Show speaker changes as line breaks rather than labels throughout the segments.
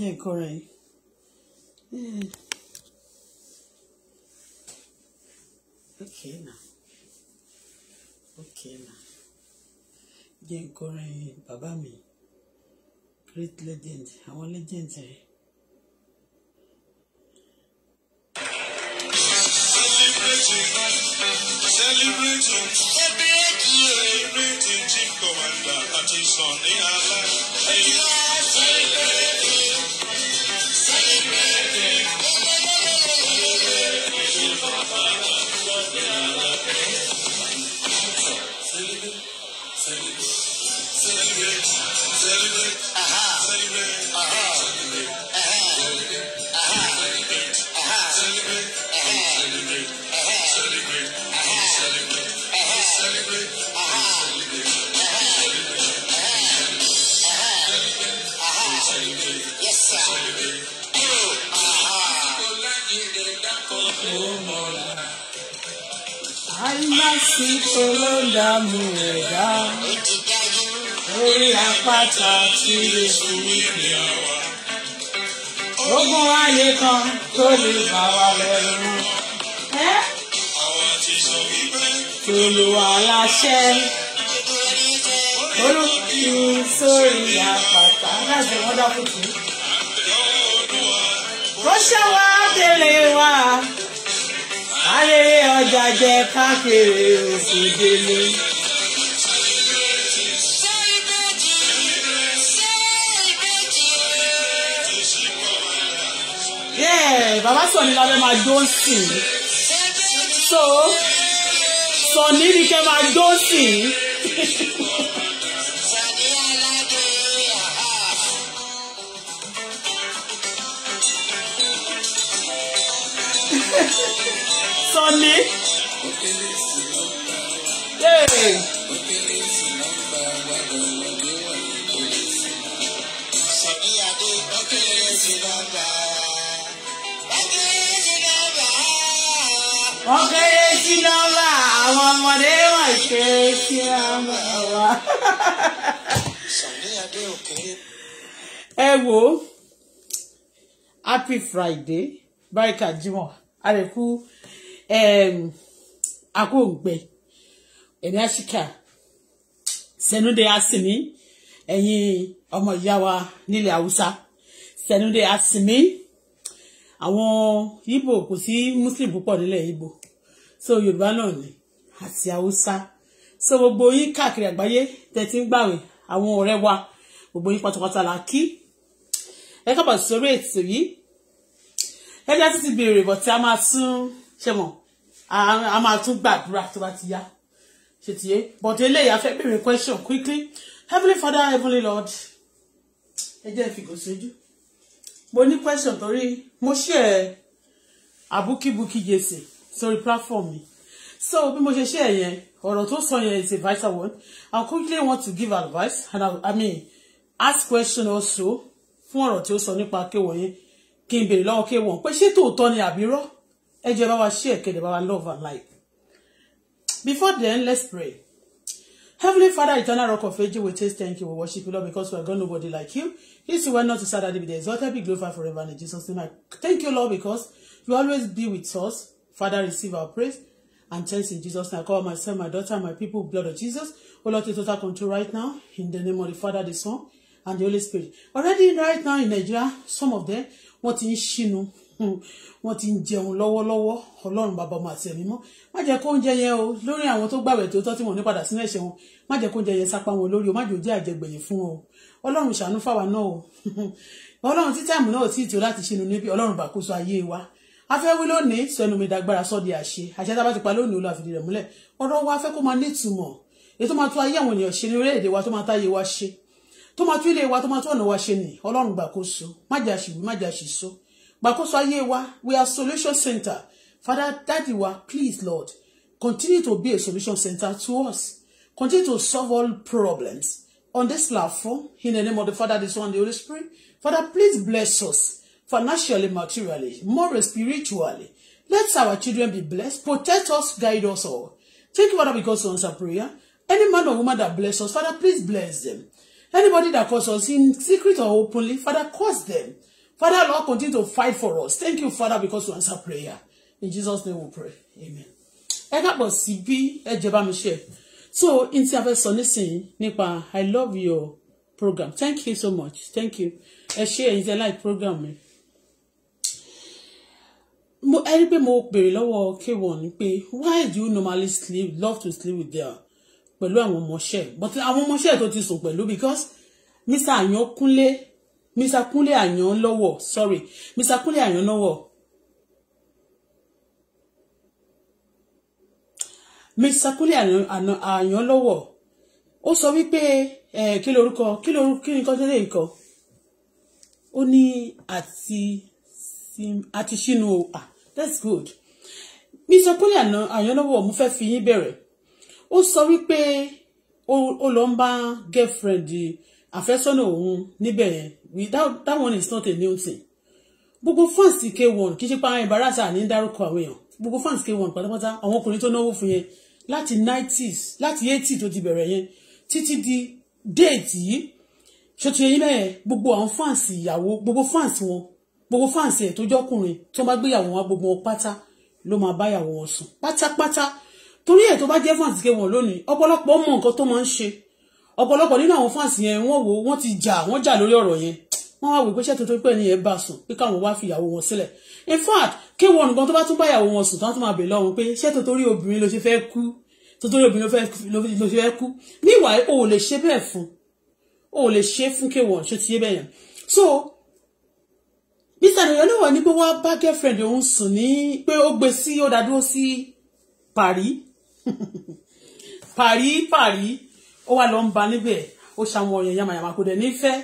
Yeah, Corey. Yeah. Okay now. Okay now. Yeah, Corey, Baba me. great legend àwọn legend rẹ̀.
Celebrating, celebrating, celebrating, chief commander àti sọ̀nìyàn.
Sísun ló ń dààmú ẹ̀dá. Orí àpáta tí Jésù wípé ọ̀wá. Ogun ayé kan tó lè bá wa lẹ́rù. Àwọn ti sọ wípé. Tolúwa láṣẹ.
Olùkìlú sórí
àpáta. That's Ó ṣe wá délé wa ayẹyẹ ọjà jẹ káàkiri òkú délé.
bàbá sọ̀ni la fẹ́ máa jó sí i so sọ̀ni ni kẹ́ máa jó sí i.
Thank you
lọ ní. wọ́n kéré sí nọ́mbà àwọn ọmọdé wọ́n kéré sí nọ́mbà wa. ẹ wo
happy friday báyìí kà jímọ̀ a lè kú akóògbẹ ẹ̀mí àṣìkà sẹ́núdé àsìmí ẹ̀yin ọmọ ìyá wa nílẹ̀ haúsá sẹ́núdé àsìmí àwọn Ìgbò kò sí muslim púpọ̀ nílẹ̀ Ìgbò so Yorùbá náà ni àti haúsá so gbogbo yín káàkiri àgbáyé tẹ̀tí ń gbàwẹ̀ àwọn ọ̀rẹ́ wa gbogbo yín pátápátá la kí ẹ kábọ̀ sórí ètò yìí ẹ jẹ́ títí béèrè bọ̀ tí a máa tún ṣe mọ̀ a máa tún gbàdúrà tó bá ti yá ṣe ti yé but eléyà fẹ́ béèrè question quickly heavenly father heavenly lord ẹ jẹ́ ìfìgò sójú mo ní question torí mo ṣe àbúkíbukí jèsè Sorry, platform mi so bí mo ṣe ṣe yẹn ọ̀rọ̀ tó sọ yẹn is advice award. one i quickly want to give advice and i, mean ask question also fún ọ̀rọ̀ tí ó sọ nípa kéwọ̀n yẹn kí n béèrè lọ́wọ́ kéwọ̀n pé ṣé tòótọ́ ni àbírọ́ ẹ jẹ́ share kéde bá wa love and light. before then let's pray heavenly father eternal rock of ages we taste thank you we worship you lord because we are gone nobody like you this you were not to saturday be the exalted be glorified forever in jesus name i thank you lord because you always be with us father receive our praise and thanks in jesus name i call myself my daughter my people blood of jesus oh lord take total control right now in the name of the father the son and the holy spirit already right now in nigeria some of them wọ́n in Shino wọ́n ti ń jẹun lọ́wọ́lọ́wọ́ ọlọ́run bàbá ọmọ àti ẹ̀mí mọ́ má jẹ́ kó oúnjẹ yẹn o lórí àwọn tó gbàwẹ̀ tó tọ́ tí wọ́n ní padà sínú ẹ̀ṣẹ̀ wọn má jẹ́ kó oúnjẹ yẹn sápá wọn lórí o má jẹ́ ó jẹ́ àjẹgbẹ̀yìn fún wọn o ọlọ́run ṣàánú fáwa náà o ọlọ́run tí táìmù náà tí ì tó láti ṣe nínú ibi ọlọ́run bàkóso ayé wa afẹ́ wí lónìí sọnù mi dàgbára sọ́ọ̀dì àṣẹ àṣẹ tá a bá ti pa lónìí olú àfìdí rẹ̀ múlẹ̀ ọ̀rọ̀ wa fẹ́ kó máa nítumọ̀ èyí tó máa tún ayé àwọn ènìyàn ṣe ní orílẹ̀-èdè wa tó máa táyé wa ṣe tó máa tún ilé wa tó máa tún ọ̀nà wa ṣe nì ọlọ́run gbàkóso má jà ṣì wí má jà gbàkóso ayé wa we are solution center father daddy wa please lord continue to be a solution center to us continue to solve all problems on this platform in the name of the father the son and the holy spirit father please bless us financially materially morally spiritually let our children be blessed protect us guide us all thank you father because you answer prayer any man or woman that bless us father please bless them anybody that calls us in secret or openly father cause them Father, Lord, continue to fight for us. Thank you, Father, because you answer prayer. In Jesus' name we pray. Amen. Ẹ káàbọ̀ sí bí ẹ jẹ́ So, in tí a fẹ́ I love your program. Thank you so much. Thank you. Ẹ share ẹ̀yin tẹ́ like program mi. Mo ẹ rí mo béèrè lọ́wọ́ k why do you normally sleep love to sleep with them pẹ̀lú àwọn ọmọọṣẹ́ but àwọn ọmọọṣẹ́ tó ti sùn pẹ̀lú because Mr. Ayankunle Mr. Kúnlé Àyànlọ́wọ́ sorry Mr. Kúnlé Àyànlọ́wọ́ Mr. Kúnlé Àyànlọ́wọ́ ó sọ wípé kí lorúkọ kí lorúkọ kí nǹkan tó lè kọ ó ní àti àti sínú ah that's good Mr. Kúnlé Àyànlọ́wọ́ mo fẹ́ fi yín bẹ̀rẹ̀ ó sọ wípé ó lọ ń bá girlfriend yìí àfẹ́sọ́nà òun níbẹ̀ yẹn that, that one is not a new thing gbogbo fans k1 kì í ṣe pa àwọn ìbárasà ní dárúkọ àwọn èèyàn gbogbo fans k1 pátápátá àwọn ọkùnrin tó náwó fún yẹn láti 90s láti 80 tó ti bẹ̀rẹ̀ yẹn títí di déètì yìí ṣètò yẹn bẹ́ẹ̀ gbogbo àwọn fans ìyàwó gbogbo fans wọn gbogbo fans ẹ̀ tó jọ́kùnrin tó bá gbéyàwó wọn gbogbo wọn pátá ló máa báyàwó wọn sùn pátápátá torí ẹ̀ tó bá jẹ́ fans k1 lónìí ọ̀pọ̀lọpọ̀ mọ nǹkan tó máa ń ṣe ọ̀pọ̀lọpọ̀ nínú àwọn fans yẹn wọ́n wò wọ́n ti jà wọ́n jà lórí ọ̀rọ̀ yẹn wọ́n wá wò pé iṣẹ́ tuntun pé ẹni yẹn bá sùn pé káwọn wá fi wọn sílẹ̀ in fact kí wọn nǹkan tó bá tún bá ìyàwó wọn sùn tó wọ́n tún máa bè lọ́wọ́ pé iṣẹ́ tuntun rí obìnrin ló ṣe fẹ́ kú tuntun rí obìnrin ló ṣe fẹ́ kú níwàá o ò lè ṣe bẹ́ẹ̀ fún o ò lè ṣe fún kí wọn ṣe ti yé bẹ́ẹ̀ yẹn so mr nìyọnìwọ ni pé wọ́n bá girlfriend òun sùn ní pé ó gbé sí ó dá sí Paris Paris Paris ó wà lọ ń ba níbẹ̀ ó ṣàwọn yamayama kò dẹ̀ nífẹ̀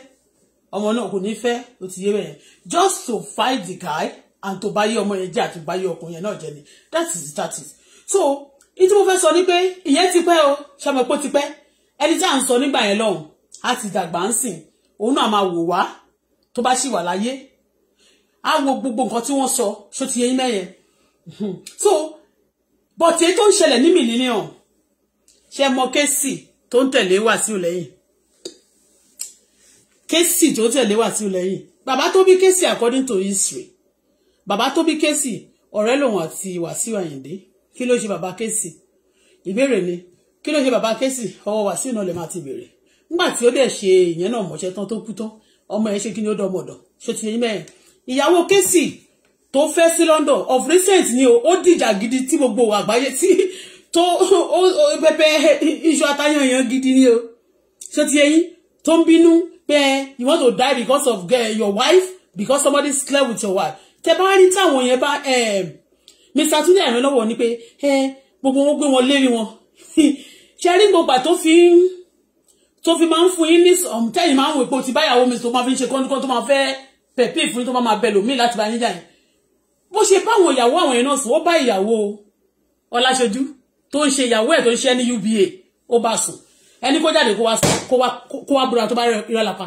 ọmọ náà kò nífẹ̀ ó ti yé bẹ́ẹ̀ just to fight the guy and to báyé ọmọ yẹn jẹ́ àti báyé ọkùnrin yẹn náà jẹ́ ni that is that is so ìtí mo fẹ́ sọ ni pé ìyẹn ti pẹ́ o ṣàmọ̀ pé ó ti pẹ́ ẹni tí à ń sọ nígbà yẹn lọ́hùn á ti dàgbà ń sìn òun náà máa wò wá tó bá ṣì wà láyé á wo gbogbo nǹkan tí wọ́n sọ ṣó ti yẹ mẹ́yẹn so bọ̀tí tó ń ṣẹlẹ̀ ní mílíọ̀nù ṣe mọ kéésì tó ń tẹ̀lé Wàsíù lẹ́yìn Kẹ́sì tó tẹ̀lé Wàsíù lẹ́yìn bàbá tó bí Kẹ́sì according to history bàbá tó bí Kẹ́sì ọ̀rẹ́ lòun àti Wàsíù Àyìndé kí ló ṣe bàbá Kẹ́sì ìbéèrè mi kí ló ṣe bàbá Kẹ́sì ọwọ́ Wàsíù náà lè máa ti béèrè nígbà tí ó dẹ̀ ṣe ìyẹn náà mọ̀ṣẹ́ tán tó kú tán ọmọ yẹn ṣe kí ni ó dọmọdọ̀ ṣó ti yẹn ìyàwó Kẹ́sì tó fẹ́ sí London of recent ni ó dìjà gidi tí gbogbo àgbáyé tí tó ó pẹpẹ iṣu atayanyan gidi ni o ṣé ti ẹyin tó ń bínú pé you want to die because of girl, eh, your wife because somebody slept with your wife tẹ bá rí táwọn yẹn bá eh, Mr. Tunde àìrán lọ́wọ́ ni pé eh, gbogbo wọn gbé wọn lérí wọn ṣe rí gbogbo àti tó fi ń tó fi máa ń fún yín ní um, tẹ́yìn máa ń wò pé o ti báyàwó mi tó máa fi ń ṣe kọ́ńtúkọ́ tó máa fẹ́ pẹ̀pẹ́ fún yín tó máa máa bẹ lòmíì láti bá yín jà yín bó ṣe báwọn ìyàwó àwọn yẹn náà sùn ó bá ìyàwó Ọláṣojú tó ń ṣe ìyàwó ẹ̀ tó ń ṣe ní UBA ó bá sùn ẹni kó jáde kó wá búra tó bá rẹ lápá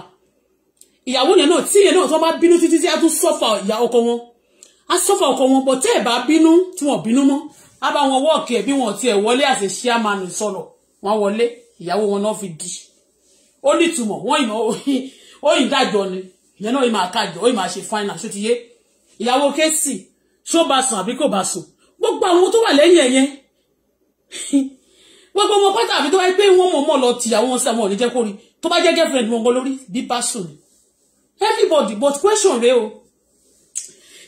ìyàwó yẹn náà tí yẹn náà tó bá bínú títí tí a tún sọ́fà ìyá ọkọ wọn a sọ́fà ọkọ wọn bọ̀ tẹ́ ẹ̀ bá bínú tí wọ́n bínú mọ́ a bá wọn wọ́ọ̀kì ẹ̀ bí wọ́n ti ẹ̀ wọlé àti ṣíàmánù sọ̀rọ̀ wọ́n wọlé ìyàwó wọn náà fi di ó ní ìtumọ̀ wọ́n ìmọ̀ ó yìn dájọ́ ni ìyẹn náà ìmọ̀ àkájọ ó ìmọ̀ àṣẹ fáìnà ṣó ti yé ìyàwó kẹ́sì ṣó bá sùn àbí kò bá sùn gbogbo àwọn tó wà lẹ́yìn ẹ̀yẹn gbogbo ọmọ pátá àbí tó bá yẹ pé wọ́n mọ̀ọ́mọ̀ lọ tìyàwó wọn sí àwọn ò ní jẹ́ kó rí tó bá jẹ́ girlfriend wọn gan lórí bí passion everybody but question rẹ o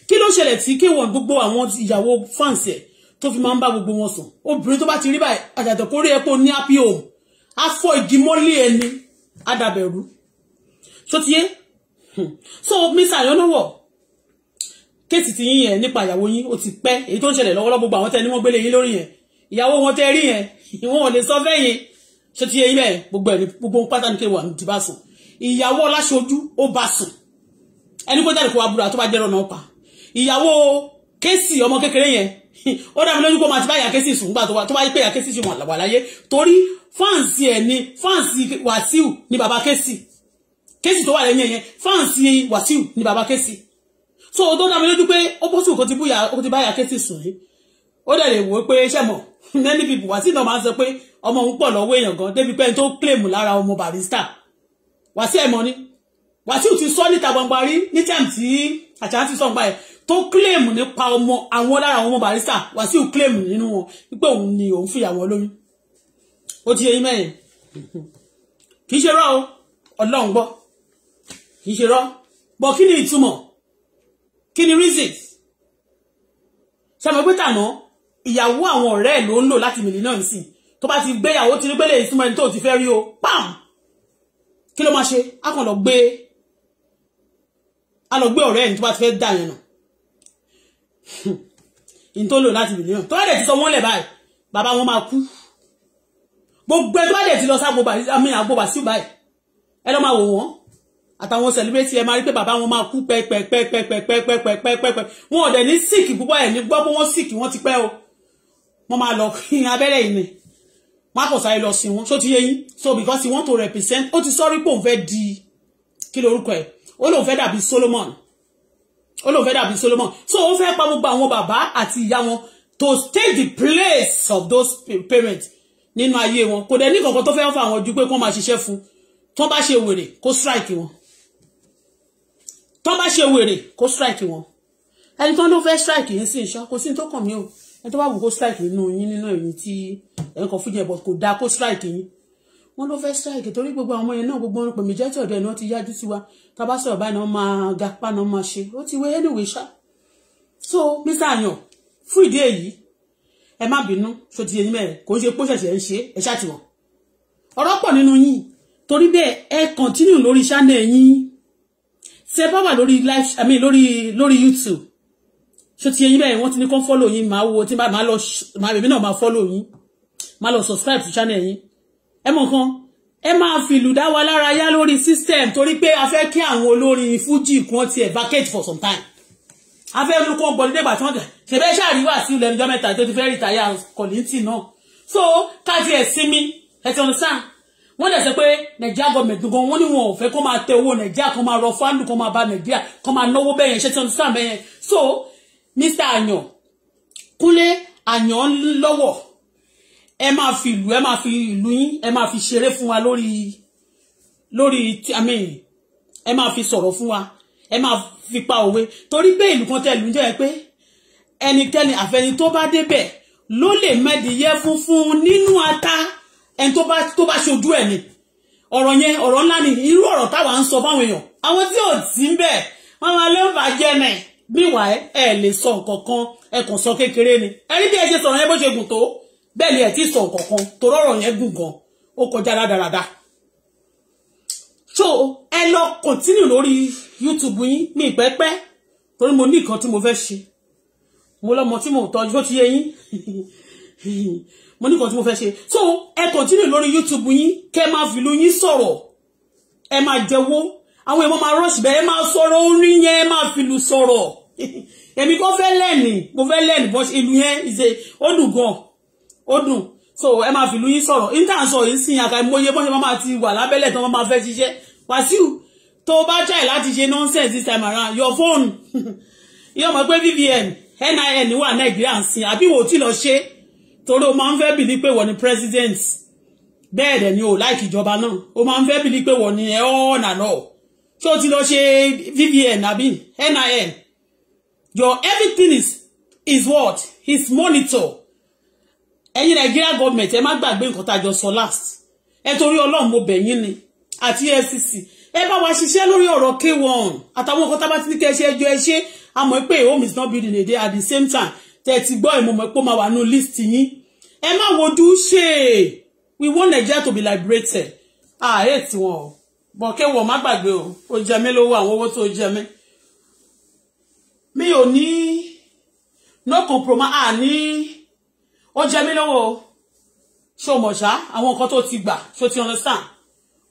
kí ló ṣẹlẹ̀ tí kéwọ̀n gbogbo àwọn ìyàwó fans ẹ̀ tó fi máa ń bá gbogbo wọn sùn obìnrin tó bá ti rí báyìí àjàtọ̀ kórè ẹ kó ní happy home afọ igi mọ́lé ẹni adàbẹ̀rú tó ti yé so mr ayonowo kéèsì ti yín yẹn nípa ìyàwó yín ó ti pẹ́ èyí tó ń ṣẹlẹ̀ lọ́wọ́lọ́wọ́ gbogbo àwọn tẹ́ ni wọ́n gbélé yín lórí yẹn ìyàwó wọn tẹ rí yẹn ìwọ̀n ò lè sọ fẹ́yìn ṣé ti yẹ ilẹ̀ gbogbo ẹ̀rí gbogbo pátá ní kéwà ní ti bá sùn ìyàwó ọláṣojú ó bá sùn ẹni kó jáde kó wa búra tó bá jẹ́rọ̀ náà pa ìyàwó kéèsì ọmọ kékeré yẹn ó dàbí lójú pé ọmọ àti báyà kéèsì sùn gbà tó bá yí pé ìyà kéèsì sùn wà láyé torí fáǹsì ẹ̀ ni fáǹsì wàsíù ni bàbá kéèsì kéèsì tó wà lẹ́yìn yẹn fáǹsì wàsíù ni bàbá kéèsì so ó tó dàbí lójú pé ó bó sùn kó ti báyà kéèsì sùn yìí ó dẹ̀ lè wò ó pé ṣẹ́mọ̀ many people Wasiu náà máa ń sọ pé ọmọ òun pọ̀ lọ́wọ́ èèyàn gan débi pé ẹni tó claim lára ọmọ Barrister Wasiu ẹ̀ mọ́ ni Wasiu ti sọ níta gbangba rí ní time tí àṣàǹtì sọ gba ẹ̀ To claim nípa ọmọ àwọn lára ọmọ Barrister Wasiu claim nínú wọn wípé òun ni òun fìyà wọn lóyún ó ti yẹ yín mẹ́rin kì í ṣe rọ́ ọlọ́run gbọ́ kì í ṣe rọ́ bọ̀ kí ni ìtumọ̀ kí ni reasons ṣe mọ̀ ìyàwó àwọn ọ̀rẹ́ ẹ̀ ló ń lò láti mìlí náà nísìn tó bá ti gbéyàwó ti rí pé lè súnmọ́ ẹni tó ti fẹ́ rí o pam kí ló máa ṣe á kàn lọ gbé á lọ gbé ọ̀rẹ́ ẹni tó bá ti fẹ́ dà yẹn nà ní tó lò láti mìlí náà tó bá dẹ̀ ti sọ wọ́n lẹ̀ báyìí bàbá wọn máa kú gbogbo ẹ tó bá dẹ̀ ti lọ sí agbóbà sí báyìí ẹ lọ́ máa wò wọ́n àtàwọn celebrate ẹ máa rí pé bàbá wọn máa kú pẹpẹpẹpẹpẹpẹpẹpẹ wọn ò dẹ̀ ní sick púpọ̀ ẹ̀ ní gbọ́ pé wọ́n sick wọ́n ti pẹ́ o wọ́n máa lọ hin abẹ́rẹ́ yìí ni wọ́n á kò sáré lọ sí wọn ṣó ti yé yín so because he want to represent ó ti sọ́rí pé òun fẹ́ di kí lorúkọ ẹ̀ ó lóun fẹ́ dàbí Solomon ó lóun fẹ́ dàbí Solomon so ó fẹ́ pa gbogbo àwọn bàbá àti ìyá wọn to take the place of those parents nínú ayé wọn kò dẹ̀ ní kankan tó fẹ́ fà wọn ju pé kí wọ́n máa ṣiṣẹ́ fún tó bá ṣe wèrè kó strike wọn tó bá ṣe wèrè kó strike wọn ẹni tó ló fẹ́ strike yìí sí ìṣọ́ kò sí tó kàn mí o ẹ tó bá wù kó strike nínú yín nínú ẹ̀yìn tí ẹ̀ ń kọ fún yẹn bọ̀ kò dáa kó strike yín wọ́n ló fẹ́ strike torí gbogbo àwọn yẹn náà gbogbo wọn pèmí jẹ́ tí náà ti yájú sí wa tá bá sọ̀rọ̀ báyìí náà máa ga pa náà máa ṣe ó ti wé anyway ṣá so mr ayan fún ìdí èyí ẹ má bínú ṣó ti yẹ ní kò ń ṣe pé ó ń ṣe é ṣáà ti wọ̀ ọ̀rọ̀ pọ̀ nínú yín torí bẹ́ẹ̀ ẹ continue lórí channel yín ṣe bá lórí youtube ṣó ti yẹn bẹ́ẹ̀ wọ́n ti ní kán fọ́lò yín máa wo tí máa lọ máa bèbí náà máa fọ́lò yín máa lọ subscribe to channel yín ẹ mọ̀ kan ẹ máa fi ìlú dá wa lára yá lórí system torí pé a fẹ́ kí àwọn olórin fújì kan tiẹ̀ vacate for some time a fẹ́ mú kó gbọ́dọ̀ nígbà tí wọ́n tẹ̀ ṣẹ̀fẹ́ ṣàríwá sí ilẹ̀ ẹnìjọ́ mẹ́ta tó ti fẹ́ rìtáyà kọ̀lìntì náà so káàtì ẹ̀ sinmi ẹ̀ ti ọ̀nà sáà wọ́n dẹ̀ sọ pé nàìjíríà gọọmẹ̀ntì gan wọ́n ní wọn ò fẹ́ kó máa tẹ owó nàìjíríà kó máa rọ fáńdù kó máa ba nàìjíríà kó máa náwó bẹ́yẹn ṣe tí wọ́n ti sàn bẹ́yẹn so mr àyàn kúnlé àyàn lọ́wọ́ ẹ máa fi ìlú ẹ máa fi ìlú yín ẹ máa fi ṣeré fún wa lórí lórí i ẹ máa fi sọ̀rọ̀ fún wa ẹ máa fi pa òwe torí pé ìlú kan tẹ ìlú jẹ́ ẹ pé ẹnikẹ́ni àfẹni tó bá débẹ̀ ló lè mẹ́dìyẹ funfun nínú ata ẹni tó bá tó bá ṣojú ẹ̀ ni ọ̀rọ̀ yẹn ọ̀rọ̀ ńlá ni irú ọ̀rọ̀ táwa ń sọ fáwọn èèyàn àwọn tí ò tí ń bẹ̀ wọ́n máa ló bàjẹ́ náà meanwhile ẹ lè sọ nǹkan kan ẹ kàn sọ kékeré ni ẹ rí bí ẹ ṣe sọ̀rọ̀ yẹn bó ṣe gùn tó bẹ́ẹ̀ ni ẹ ti sọ nǹkan kan tó rọ̀rọ̀ yẹn gùn gan ó kọjá rádaràda so ẹ lọ continue lórí YouTube yín ní ìpẹ́pẹ́ torí mo ní nǹkan tí mo fẹ́ ṣe mo lọ́mọ tí mo tọ́jú ó ti yé yín mo ní nǹkan tí mo fẹ́ ṣe so ẹ continue lórí YouTube yín kẹ́ máa fìlú yín sọ̀rọ̀ ẹ máa jẹ́wọ́ àwọn èèmọ̀ máa rọ́ọ̀ṣì bẹ́ẹ̀ ẹ máa sọ̀rọ̀ orin yẹn ẹ máa fìlú sọ̀rọ̀ èmi kò fẹ́ lẹ́ẹ̀nì mo fẹ́ lẹ́ẹ̀nì bọ́ ìlú yẹn ìṣe ó dùn gan ó dùn so ẹ máa fi ìlú yín sọ̀rọ̀ intan sọ yìí sìn àkàì mọ́yé bọ́sẹ̀ máa ti wà lábẹ́lẹ̀ tí wọ́n máa fẹ́ ṣiṣẹ́ wàsíù tó bá try láti ṣe nonsense this time around your phone yóò mọ̀ pé vvn nin wà nàìjíríà ń sin àbí wò ó tí lọ ṣe torí o máa ń fẹ́ bìlí pé ni president bẹ́ẹ̀ dẹ̀ ni o láìkì ìjọba náà o máa ń fẹ́ bìlí pé wọ́n ni ẹ̀ ọ́nà náà ṣé o ti lọ ṣe vvn àbí nin your everything is is what is monitor ẹ̀yin Nigerian government ẹ má gbàgbé nǹkan tá a jọ sọ last ẹ torí Ọlọ́run mo bẹ̀ yín ni àti EFCC ẹ bá wa ṣiṣẹ́ lórí ọ̀rọ̀ K1 àtàwọn nǹkan tá a bá ti ní kí ẹ ṣe ẹjọ́ ẹ ṣe a mọ̀ pé home is not building a day at the same time tẹ́ ẹ ti gbọ́ ìmọ̀ mọ̀ pé ó máa wà nínú list yín ẹ má wojú ṣe we want Nigeria to be liberated ààyè ah, tiwọn o bọ̀ K1 má gbàgbé o ó jẹ mí lówó àwọn owó tó jẹ mí mi ò ní no compromise àní ó jẹ mí lówó ṣó mọ̀ ṣá àwọn nǹkan tó ti gbà ṣó ti understand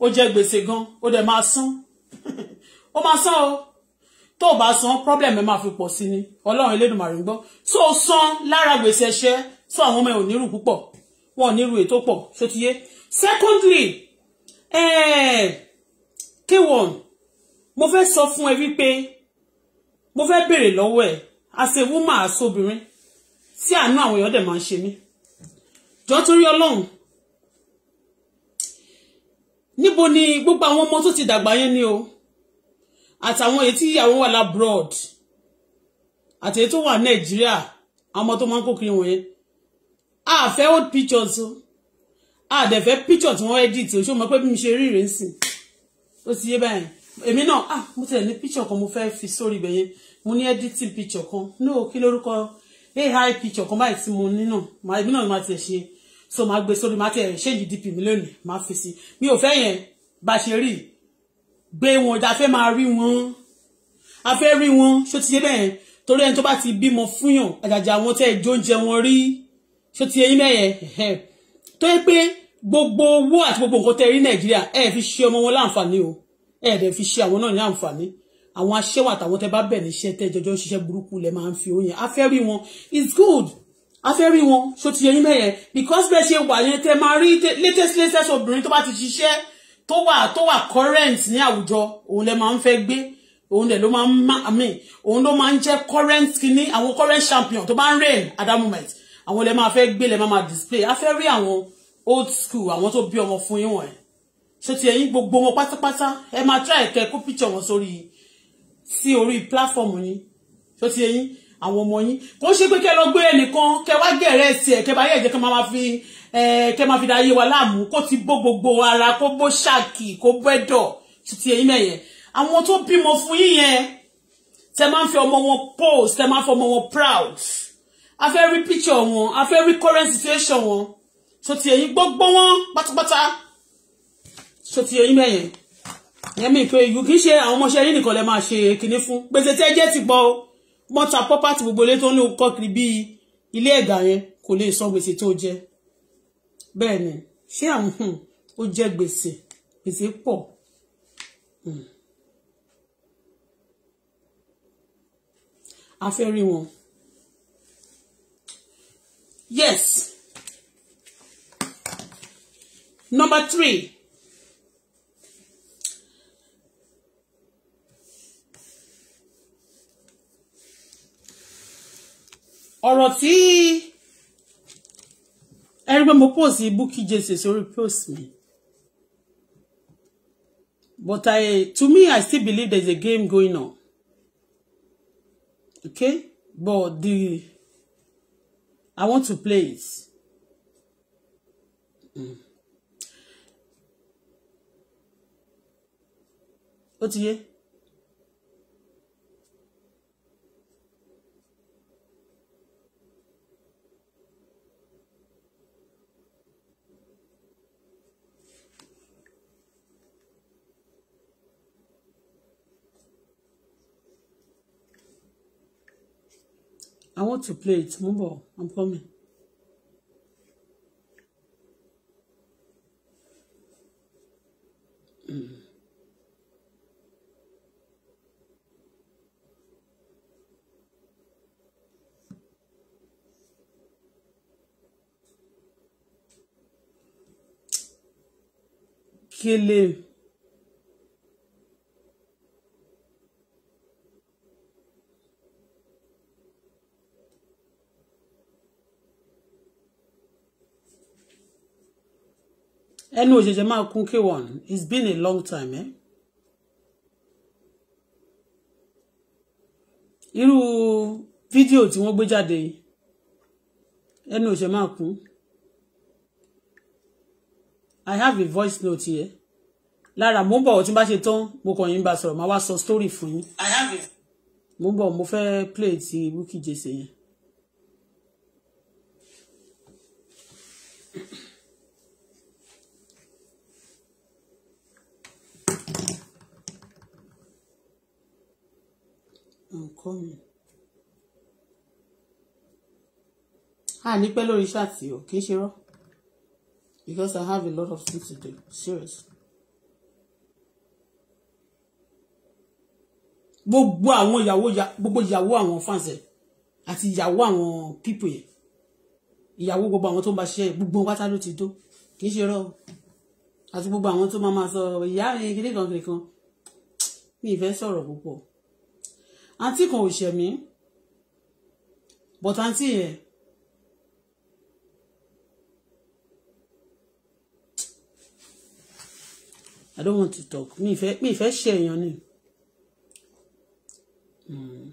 ó jẹ gbèsè gan ó dẹ̀ máa san ó máa san o tó o bá san problem ẹ máa fi pọ̀ sí ni ọlọ́run elédùnmarè ń gbọ́ so san lára gbèsè ẹ̀ṣẹ̀ so àwọn ọmọ ẹ ò nírù púpọ̀ wọn ò nírù ètò pọ̀ ṣó ti yé secondly eh, k1 mo fẹ́ sọ fún ẹ wípé mo fẹ́ béèrè lọ́wọ́ ẹ̀ àṣẹ woman àṣọbìnrin tí àánú àwọn èèyàn dẹ̀ máa ń ṣe mí jọ torí ọlọ́run níbo ni gbogbo àwọn ọmọ tó ti dàgbà yẹn ni o àtàwọn èyí tí ìyàwó wà labroad àti èyí tó wà nàìjíríà àwọn ọmọ tó máa ń kó kiri wọ̀nyẹn a fẹ́ old pictures o a dẹ̀ fẹ́ picture tí wọ́n edit o ṣé o mọ̀ pé bí mi ṣe rí ìrẹ́sìn ó ti yé báyìí èmi náà ah mo tẹ̀lé ní picture kan mo fẹ́ fi sórí ibẹ̀ yẹn mo ní editing picture kan no kí lórúkọ ai picture kan báyìí tí mo ní náà èmi náà máa tiẹ̀ ṣe so máa gbé sórí máa tiẹ̀ ṣéǹjì dp mi lónìí máa fi sí mi ò fẹ́ yẹn bá ṣe rí gbé wọn a fẹ́ máa rí wọn a fẹ́ rí wọn ṣó ti yé bẹ́ẹ̀ torí ẹni tó bá ti bímọ fúnyàn àjàjà àwọn tẹ́ ẹjọ́ oúnjẹ wọn rí ṣó ti yé yín mẹ́yẹn tó yẹ pé gbogbo owó àti gbogbo nǹkan tẹ́ rí nàìjíríà ẹ fi ṣe ọmọ wọn láǹfààní o ẹ dẹ̀ fi ṣe àwọn náà ní àǹfààní àwọn aṣẹ́wà àtàwọn tẹ́ bá bẹ̀ níṣẹ́ tẹ́ jọjọ́ ṣiṣẹ́ burúkú lẹ máa ń fi oyin afẹ́ rí wọn it's good afẹ́ rí wọn ṣó ti yẹ yín mẹ́yẹn because bẹ́ẹ̀ ṣe wà yẹn tẹ́ máa rí latest latest obìnrin tó bá ti ṣiṣẹ́ tó wà tó wà current ní àwùjọ òun lẹ máa ń fẹ́ gbé òun dẹ̀ ló máa ń má àmì òun ló máa ń jẹ́ current kìíní àwọn current champion tó bá ń reign at that moment àwọn lẹ máa fẹ́ gbé lẹ máa máa display afẹ́ rí àwọn old school àwọn tó bí ọmọ fún yín wọ̀nyẹn So ti ẹ̀yin gbogbo wọn pátápátá ẹ máa try kẹ kó picture wọn sórí sí orí platform yín So ti ẹ̀yin àwọn ọmọ yín kò ń ṣe pé kẹ lọ gbé ẹnìkan kẹ wá gẹrẹ ẹsẹ kẹ bá yẹ jẹ kẹ máa fi kẹ máa fi da ayé wa láàmú kó ti bó gbogbo ara kó bó ṣáàkì kó bẹdọ ṣé ti ẹ̀yin mẹyẹ àwọn tó bímọ fún yín yẹn tẹ máa ń fi ọmọ wọn post tẹ máa ń fi ọmọ wọn proud a fẹ́ rí picture wọn a fẹ́ rí current situation wọn ṣé ti ẹ̀yin gbogbo wọn pátápátá ṣó ti yọyín mẹ́yẹn yẹn mi pé ìlú kì í ṣe àwọn ọmọọṣẹ́ yín nìkan lè máa ṣe kinní fún gbèsè tí ẹ jẹ́ ti gbọ́ o wọ́n ta pọ́pátì gbogbo ilé ton ń lò kọ́ kiri bíi ilé ẹ̀gà yẹn kò lè sọ gbèsè tó jẹ bẹ́ẹ̀ ni ṣé àwọn hmm, ó jẹ gbèsè gbèsè pọ̀. Hmm. a fẹ́ rí wọn yes number three ọ̀rọ̀ tí ẹ̀rí pé mo post Bukky Jesse sórí post mi but I to me I still believe there is a game going on okay but the I want to play it. Mm. ó ti yé. I want to play it. Mumbo, I'm coming. Kill him. ẹnu òṣèṣẹ máa kún k1 it's been a long time eh? irú video tí wọ́n gbé jáde ẹnu òṣèṣẹ máa kún i have a voice note here Lara, mo ń bọ̀ tí n bá ṣe tán mo kàn yín bá sọ̀rọ̀ máa wá sọ story fún yín mo ń bọ̀ mo fẹ́ play ti Bukky Jesse yẹn. ẹ̀kọ́ mi. a ní pẹ́ lórí ṣáàtì o kì í because I have a lot of things to do serious. gbogbo àwọn ìyàwó gbogbo ìyàwó àwọn fáǹsẹ̀ àti ìyàwó àwọn pípò yẹn ìyàwó gbogbo àwọn tó ń bá ṣiṣẹ́ gbogbo pátá ló ti dó kì í ṣe rọ́ àti gbogbo àwọn tó máa ma sọ ìyá mi kiri kan kiri kan mi ì sọ̀rọ̀ púpọ̀ àǹtí kan ò ṣẹ̀ mí but àǹtí yẹn I don't want to talk mi ìfẹ́ mi ìfẹ́ ṣe èèyàn ni.
Hmm.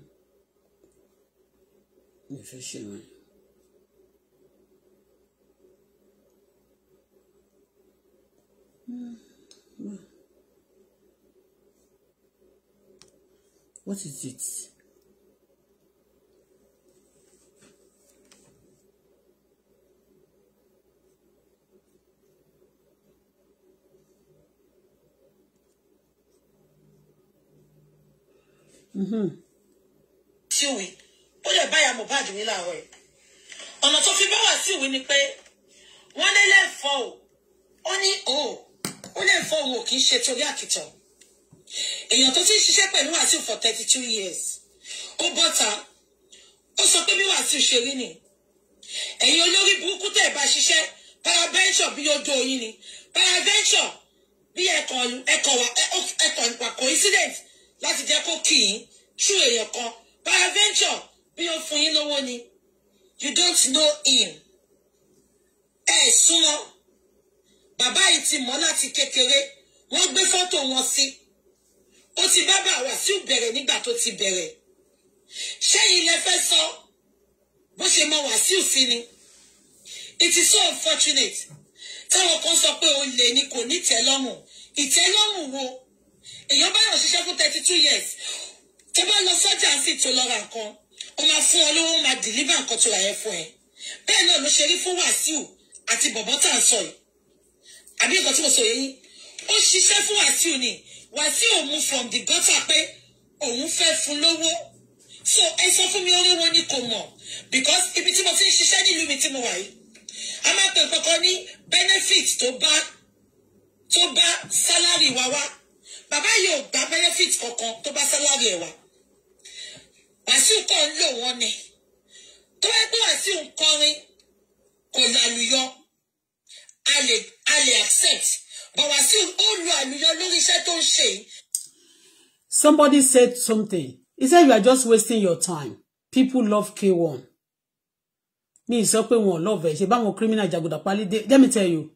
mi ìfẹ́ ṣe èèyàn ni.
Mm. What is it? Mm-hmm.
Síwì ó lè báyà Mohbad mi láàárọ̀ ẹ̀. Ọ̀nà tó fi bá wà síwì ni pe. wọ́n lé lẹ́fọ̀ọ́ ó oh, O. òun ó lẹ́fọ̀ọ́ òun ò kì í ṣe torí àkìtàn èèyàn tó ti ń ṣiṣẹ́ pẹ̀lú Wàsíù for thirty two years ó bọ́ta ó sọ pé bí Wàsíù ṣe rí ni ẹ̀yin olórí burúkú tẹ̀ bá ṣiṣẹ́ paraventure bí yóò dún ni paraventure bí ẹ̀kọ́ ẹ̀kọ́ ìpa coincident láti jẹ́ kó kì í tú èèyàn kan paraventure bí ó fún yín lówó ni you don't know him ẹ súnmọ́ bàbá yìí ti mọ̀ láti kékeré wọ́n gbé fọ́tò wọn sí. Si ó ti bá bá Wàsíù bẹ̀rẹ̀ nígbà tó ti bẹ̀rẹ̀ ṣẹ́yìn lẹ fẹ́ sọ bó ṣe mọ Wàsíù sí ni it is so unfortunate táwọn kan sọ pé olè ni kò ní ìtẹ́lọ́rùn ìtẹ́lọ́rùn wo èèyàn bá yàn ṣiṣẹ́ fún thirty two years tó bá lọ sọ́jà sí tó lọ ó máa fún ọ lówó máa dìlíbà nǹkan tó ra fún ẹ bẹ́ẹ̀ náà ló ṣe rí fún Wàsíù àti bọ̀bọ́ tá ń sọ yìí àbí nǹkan tí mo sọ yẹn yín ó ṣiṣẹ́ fún Wàsíù ni Wasiu mú from the gutter pé òun fẹ́ fún lówó so ẹ sọ fún mi orí wọn ni kò mọ̀ because ibi tí mo fi ń ṣiṣẹ́ nílùú mi tí mo wà yìí a máa pè kankan ní benefit tó bá tó bá salary wa wá bàbá yìí ò gba benefit kankan tó bá salary ẹ̀ wá Wasiu kàn ń lò wọ́n ni tó bá pé Wasiu ń kọrin kò lálùyọ a lè a lè accept but
somebody said something he said you are just wasting your time people love K1 Me, sọ pé wọn love ẹ ṣe báwọn criminal jàgùdà pali. let me tell you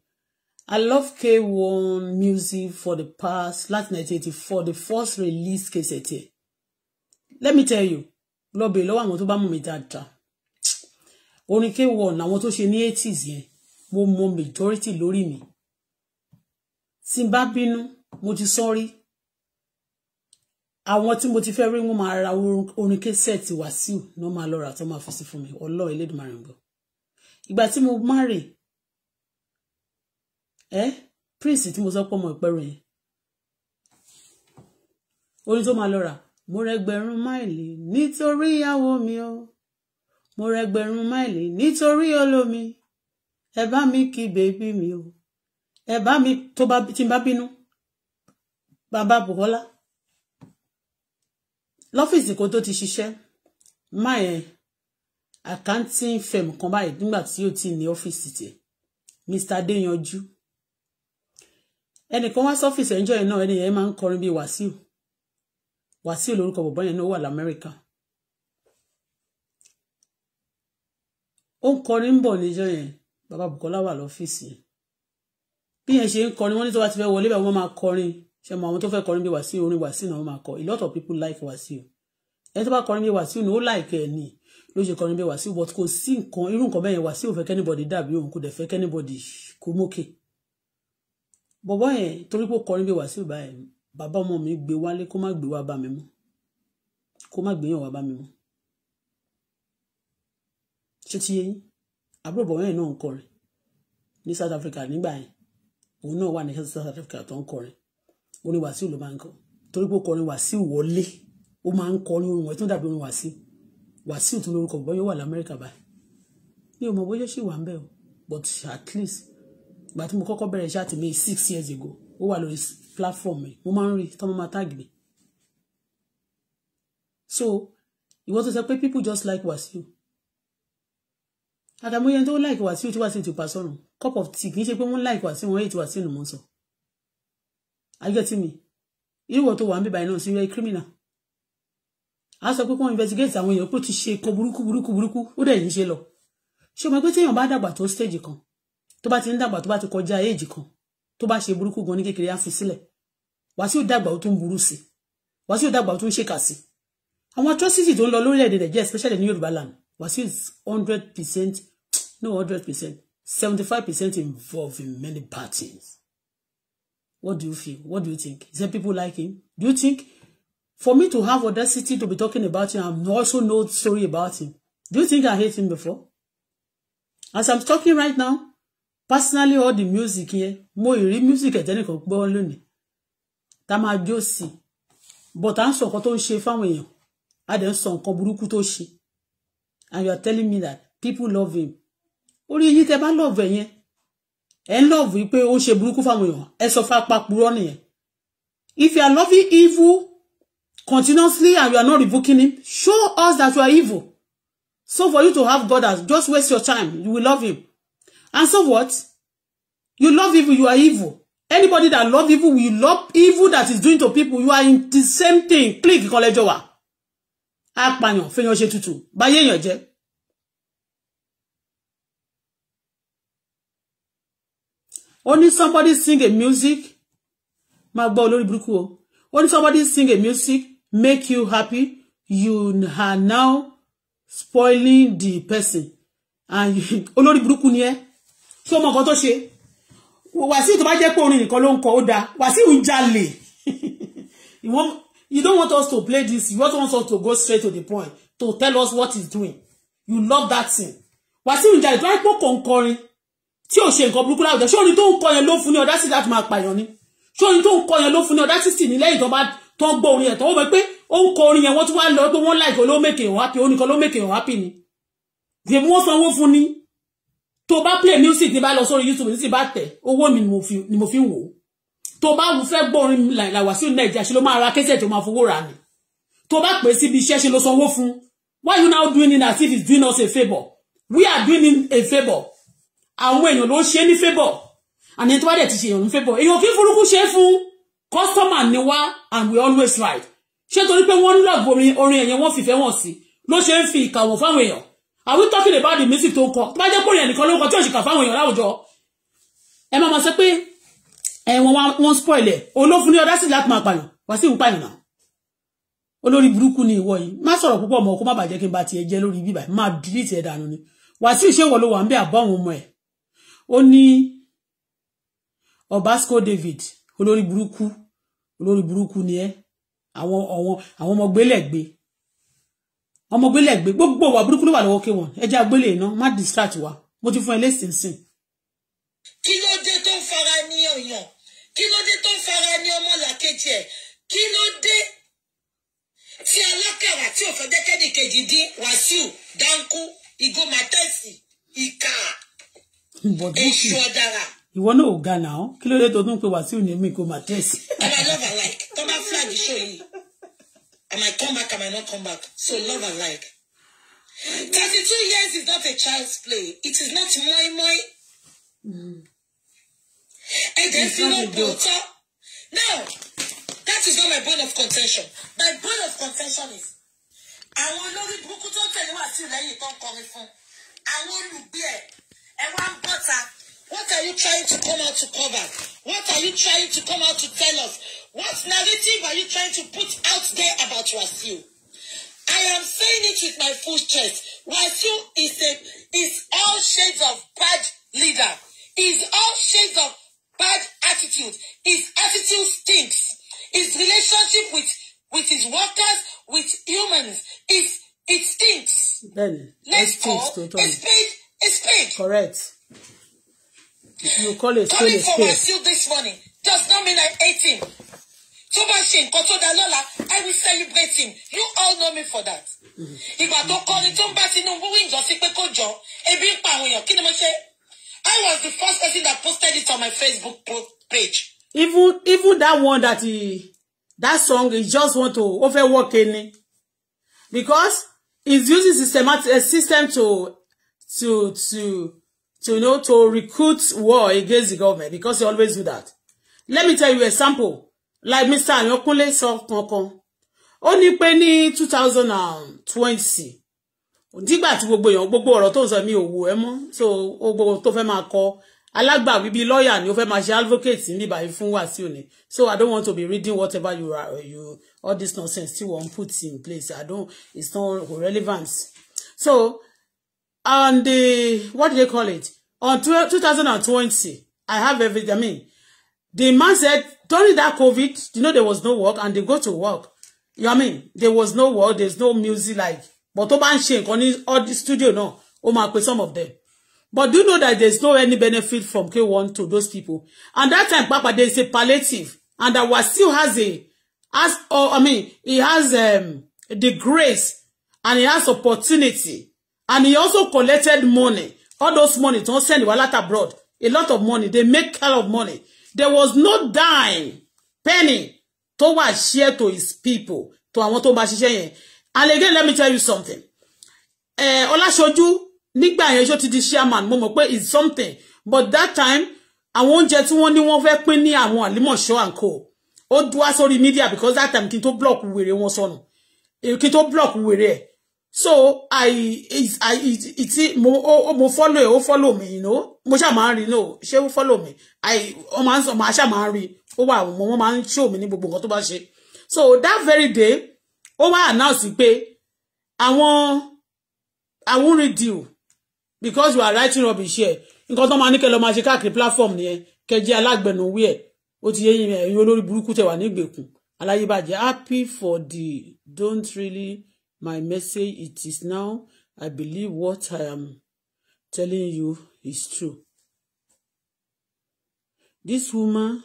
I love K1 music for the past last 1984 the first release K1 let me tell you lọ́bẹ̀ lọ́wọ́ àwọn tó bá mú mi K1 àwọn tó ṣe ní 80s yẹn mo majority lórí mi tí n bá bínú mo ti sọ rí àwọn tí mo ti fẹ́ rí wọn máa ra orin kẹsẹ̀tì wàsíù ní wọ́n máa lọ rà tó máa fi sí fún mi ọlọ́ Elédùmarè gbọ́ ìgbà tí mo má rè ẹ́ prince tí mo sọ pé ọmọ ìpẹ́rù yẹn orin tó máa lọ rà mo rẹgbẹ̀rún máìlì nítorí ìyàwó mi o mo rẹgbẹ̀rún máìlì nítorí olómi ẹ bá mi kí bèbí mi o ẹ bá mi tó bá tí n bá bínú bàbá Bùkọ́lá lọ́fíìsì kan tó ti ṣiṣẹ́ má e accounting firm kan báyìí nígbà tí ó ti ní ọ́fíìsì tiẹ̀ Mr. Adéyanjú ẹnìkan wá sọ́fíìsì ẹ̀ńjọ́ yẹn náà ẹni yẹn máa ń kọrin bíi Wàsíù Wàsíù lórúkọ bọ̀bọ́ yẹn náà wà l'Amẹ́ríkà ó ń kọrin ń bọ̀ níjọ́ yẹn bàbá bí yẹn ṣe ń kọrin wọ́n ní tó bá ti fẹ́ wọlé bẹ́ẹ̀ wọ́n máa kọrin ṣe mọ àwọn tó fẹ́ kọrin bí Wàsíù orin Wàsíù náà wọ́n máa kọ a lot of people like Wàsíù ẹni tó bá kọrin bí Wàsíù ni ó like ẹ̀ ni ló ṣe kọrin bí Wàsíù but kò sí nǹkan irú nǹkan bẹ́ẹ̀ yẹn Wàsíù fẹ́ kẹ́nìbọ̀dì dàbí òun kò dẹ̀ fẹ́ kẹ́nìbọ̀dì kò mókè bọ̀bọ̀ yẹn torí pé ó kọrin bí Wàsíù báyìí bàbá ọmọ mi gbé wálé kó má gbé wá bá mi mú kó má gbé yàn wá bá mi mú ṣé ti yẹn àbúrò bọ̀bọ̀ yẹn náà ń kọrin ní South Africa nígbà yẹn òun náà wà ní South Africa tó ń kọrin orin Wàsíù ló máa ń kọ torí pé kọrin Wàsíù wọlé ó máa ń kọrin orin wọn tó dàbí orin Wàsíù Wàsíù tó lórúkọ bọ́ yóò wà lamẹ́ríkà báyìí mi ò mọ bóyá ṣì wà ń bẹ̀ o but at least ìgbà tí mo kọ́kọ́ bẹ̀rẹ̀ iṣẹ́ àtìmí six years ago ó wà lórí platform mi mo máa ń rí tọ́mọ máa tag mi so ìwọ tó sọ pé people just like Wàsíù àtàmúyẹn tó like Wàsíù tí Wàsíù ti pa sọ́run cup of tea kì í ṣe pé wọ́n láìpẹ́ àti wọ́n ètò àti ìnùmọ sọ ayọtí mi irúwọ tó wà ń bíbá iná sí ilé criminal a sọ pé kí wọ́n investigate àwọn èèyàn pé ó ti ṣe nǹkan burúkú burúkú burúkú ó dẹ̀ yìí ṣe lọ ṣé o mọ̀ pé téèyàn bá dàgbà tó stage kan tó bá ti ń dàgbà tó bá ti kọjá éèjì kan tó bá ṣe burúkú gan ní kékeré á fi sílẹ̀ Wàsíù dàgbà ó tún burú sí Wàsíù dàgbà ó tún ṣèkà sí àwọn atrocity tó ń lọ lórílẹ̀-èdè Nàìjíríà especially ní Yorùbá land Wàsíù hundred percent no hundred percent 75 involved in many bad things. What do you feel? What do you think? Is there people like him? Do you think for me to have audacity to be talking about him, I'm also no story about him. Do you think I hate him before? As I'm talking right now, personally all the music here, mo ìrí music ẹ̀tẹ́nìkan gbọ́ lónìí tá máa jó sí i but I'm so sọ nǹkan tó ń ṣe fáwọn èèyàn a and you are telling me that people love him orí yín tẹ bá lọ́ọ̀vù ẹ̀ yẹn ẹ̀ ń lọ́ọ̀vù yìí pé ó ṣe burúkú fáwọn èèyàn ẹ sọ fún apapurọ́ nìyẹn if you are loving evil continuously and you are not rebuking him show us that you are evil so for you to have God as just waste your time you will love him and so what you love evil you are evil anybody that love evil will love evil that is doing to people you are in the same thing click kọlẹjọ wa apàyàn fẹyàn ṣe tutu. báyé èèyàn jẹ́ Only somebody sing a music máa gbọ́ olórí burúkú o ó somebody sing a music make you happy you are now spoiling the person and olórí burúkú ni ẹ tí ó mọ nǹkan tó ṣe wàsíù tó bá jẹ́ pé orin nìkan ló ń kọ ó dáa wàsíù ń you don't want us to play this you just want us to go straight to the point to tell us what he's doing you love that thing wàsíù ń jalè tó wáyé pọ̀ kọ̀ọ̀kọ̀rin tí ò ṣe nǹkan burúkú láwùjọ ṣé orin tó ń kọ yẹn ló fún ní ọdá sí láti máa pààyàn ni ṣé orin tó ń kọ yẹn ló fún ní ọdá sí sì ní lẹ́yìn tó bá tó ń gbọ́ orin yẹn tó wọ́n mọ̀ pé ó ń kọ orin yẹn wọ́n tún wá lọ pé wọ́n láìpẹ́ ló make you happy orin kan ló make you happy ni gbèmí wọ́n sanwó fún ni tó bá play music ní bá lọ sórí YouTube ní sì bá tẹ̀ owó mi ni mo fi ń wò ó tó bá fẹ́ gbọ́ orin làwàsíù nàìjíríà ṣe ló you now doing it as if it's doing us a favour we are doing it a favour àwọn èèyàn ló ń ṣe ní fébọ̀ àní tó bá dẹ̀ ti ṣe èèyàn ní fébọ̀ èèyàn kí burúkú ṣe fún kọ́sítọ́mà ni wá and we always right ṣé torí pé wọ́n ń lọ orin orin ẹ̀yẹn wọ́n fìfẹ́ wọn sí ló ṣe ń fi ìkàwọ̀ fáwọn èèyàn are we talking about the music tó ń kọ tó bá jẹ́ pé òrìn ẹnìkan ló ń kọ tí òṣìkà fáwọn èèyàn láwùjọ ẹ máa ma sọ pé ẹ̀wọ̀n wọn spoil ẹ̀ olófin ní ọdá sí láti máa pààyàn wá sí ìwúpàyàn náà olórí burúkú ni ìwọ yìí má sọ̀rọ̀ púpọ̀ mọ́ kó má bàjẹ́ kí n bá tiẹ̀ jẹ́ lórí bíbá má dìlítì ẹ̀ dànù ni wàásù ìṣèwọ̀ ló wà ń bẹ́ àbọ̀ àwọn ọmọ ẹ̀ ó ní Obasco David olórí burúkú olórí burúkú ni ẹ àwọn àwọn àwọn ọmọ gbélẹ̀gbé ọmọ gbélẹ̀gbé gbogbo wa burúkú ló wà lọ́wọ́ kéwọn ẹ jẹ́ agbélé iná má distract wa mo ti fún ẹ lẹ́sìnsìn.
kí ló dé tó ń fara ní ọyàn kí ló dé tó ń fara ní ọmọlàkejì ẹ kí ló dé tí alákàrà tí òfin dẹkẹdì kejì dín wàsíù dánkù ìgò ìkà
but Bukky ìwọ náà ò ga náà kí ló dé tó tún pé Wàsíù ní mi kò má tẹ̀sí. ọba love
and like tó bá flag show yìí I come back I might not come back so love and like. thirty-two years is not a child's play it is not moi moi. ẹ̀jẹ̀ fi ló bòótọ́ now that is not my bone of contention my bone of contention is àwọn olórí burúkú tó tẹ̀lé Wàsíù lẹ́yìn tó ń kọrin fún àwọn olùgbé ẹ̀ ẹ wá what are you trying to come out to cover what are you trying to come out to tell us what narrative are you trying to put out there about Wasiu I am saying it with my full chest Wasiu is a is all shades of bad leader is all shades of bad attitude his attitude stinks his relationship with with his workers with humans is it stinks.
Then, let's it stinks, all, a spade. Correct. You call it. spade Calling a spade. for Wasiu
this morning does not mean I hate him. Tó bá ṣe nǹkan tó dáa I will celebrate him. You all know me for that. If I don't call it bá Tinubu in sí pé just jọ, ebi ń pa àwọn èèyàn, kí ni I was the first person that posted it on my Facebook page. Even
even that one that he, that song he just want to overwork any because he's using systematic a system to to to to you know to recruit war against the government because they always do that. Let me tell you a sample like Mr. Ayokunle sọ kankan ó ní pé ní two thousand and twenty nígbà tí gbogbo èèyàn gbogbo ọ̀rọ̀ tó ń sọ mi ò wò ẹ́ mọ́ so gbogbo tó fẹ́ máa kọ alágbàwí bíi lọ́ọ̀yà ni ó fẹ́ máa ṣe advocate ní báyìí fún Wàsíù ni so I don't want to be reading whatever you are you all this nonsense tí wọ́n put in place I don't it's not relevant so on the what do they call it on 2020 i have every. i mean the man said during that covid you know there was no work and they go to work you know what i mean there was no work there's no music like but Oban bá on his nǹkan the studio No, ó máa some of them but do you know that there's no any benefit from k1 to those people and that time papa they say palliative and that still has a as or i mean he has um, the grace and he has opportunity and he also collected money all those money tó send wá lot abroad a lot of money they make hell of money there was no dime penny to share to his people to àwọn to ń bá and again let me tell you something eh, ọláṣojú nígbà yẹn ṣó ti the chairman Momo, mọ̀ pé something but that time I won't just want you ní wọ́n fẹ́ pín ní àwọn show and co ó dúwá sórí media because that time kí n tó block wèrè wọn sọnù eh, kí block wèrè ẹ̀ so i is i it mo o mo follow o follow me you know mo ṣá máa rí no ṣé o follow me i o máa sọ ma ṣá máa rí ó wà mo mo máa show me ni gbogbo nǹkan tó bá ṣe so that very day ó wá announce pé àwọn àwọn redeal because you are writing rubbish here nǹkan tó máa ke lo lọ máa ṣe káàkiri platform nìyẹn kẹ́ jẹ́ alágbẹ̀nù wí ẹ̀ ó ti yé yín ẹ̀yin olórí burúkú tẹ̀ wà nígbèkùn aláyébàjẹ́ happy for the don't really my message it is now I believe what I am telling you is true this woman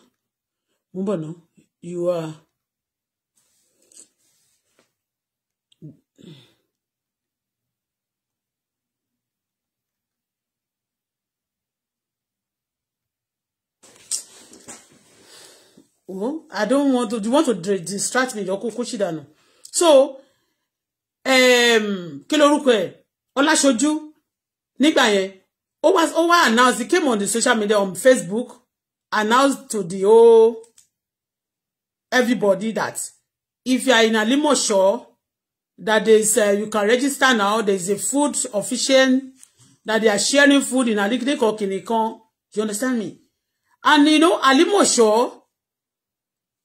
Mubano, you are Oh, I don't want to. Do you want to distract me? Yoko Kushidano. So Um, kí lorúkọ ẹ̀ ọláṣojú nígbà yẹn ó wá ó wá announce he came on the social media on Facebook announce to the whole everybody that if you are in Alimosho that there is uh, you can register now there is a food official that they are sharing food in Alikideko Kinikan you understand me and you know Alimosho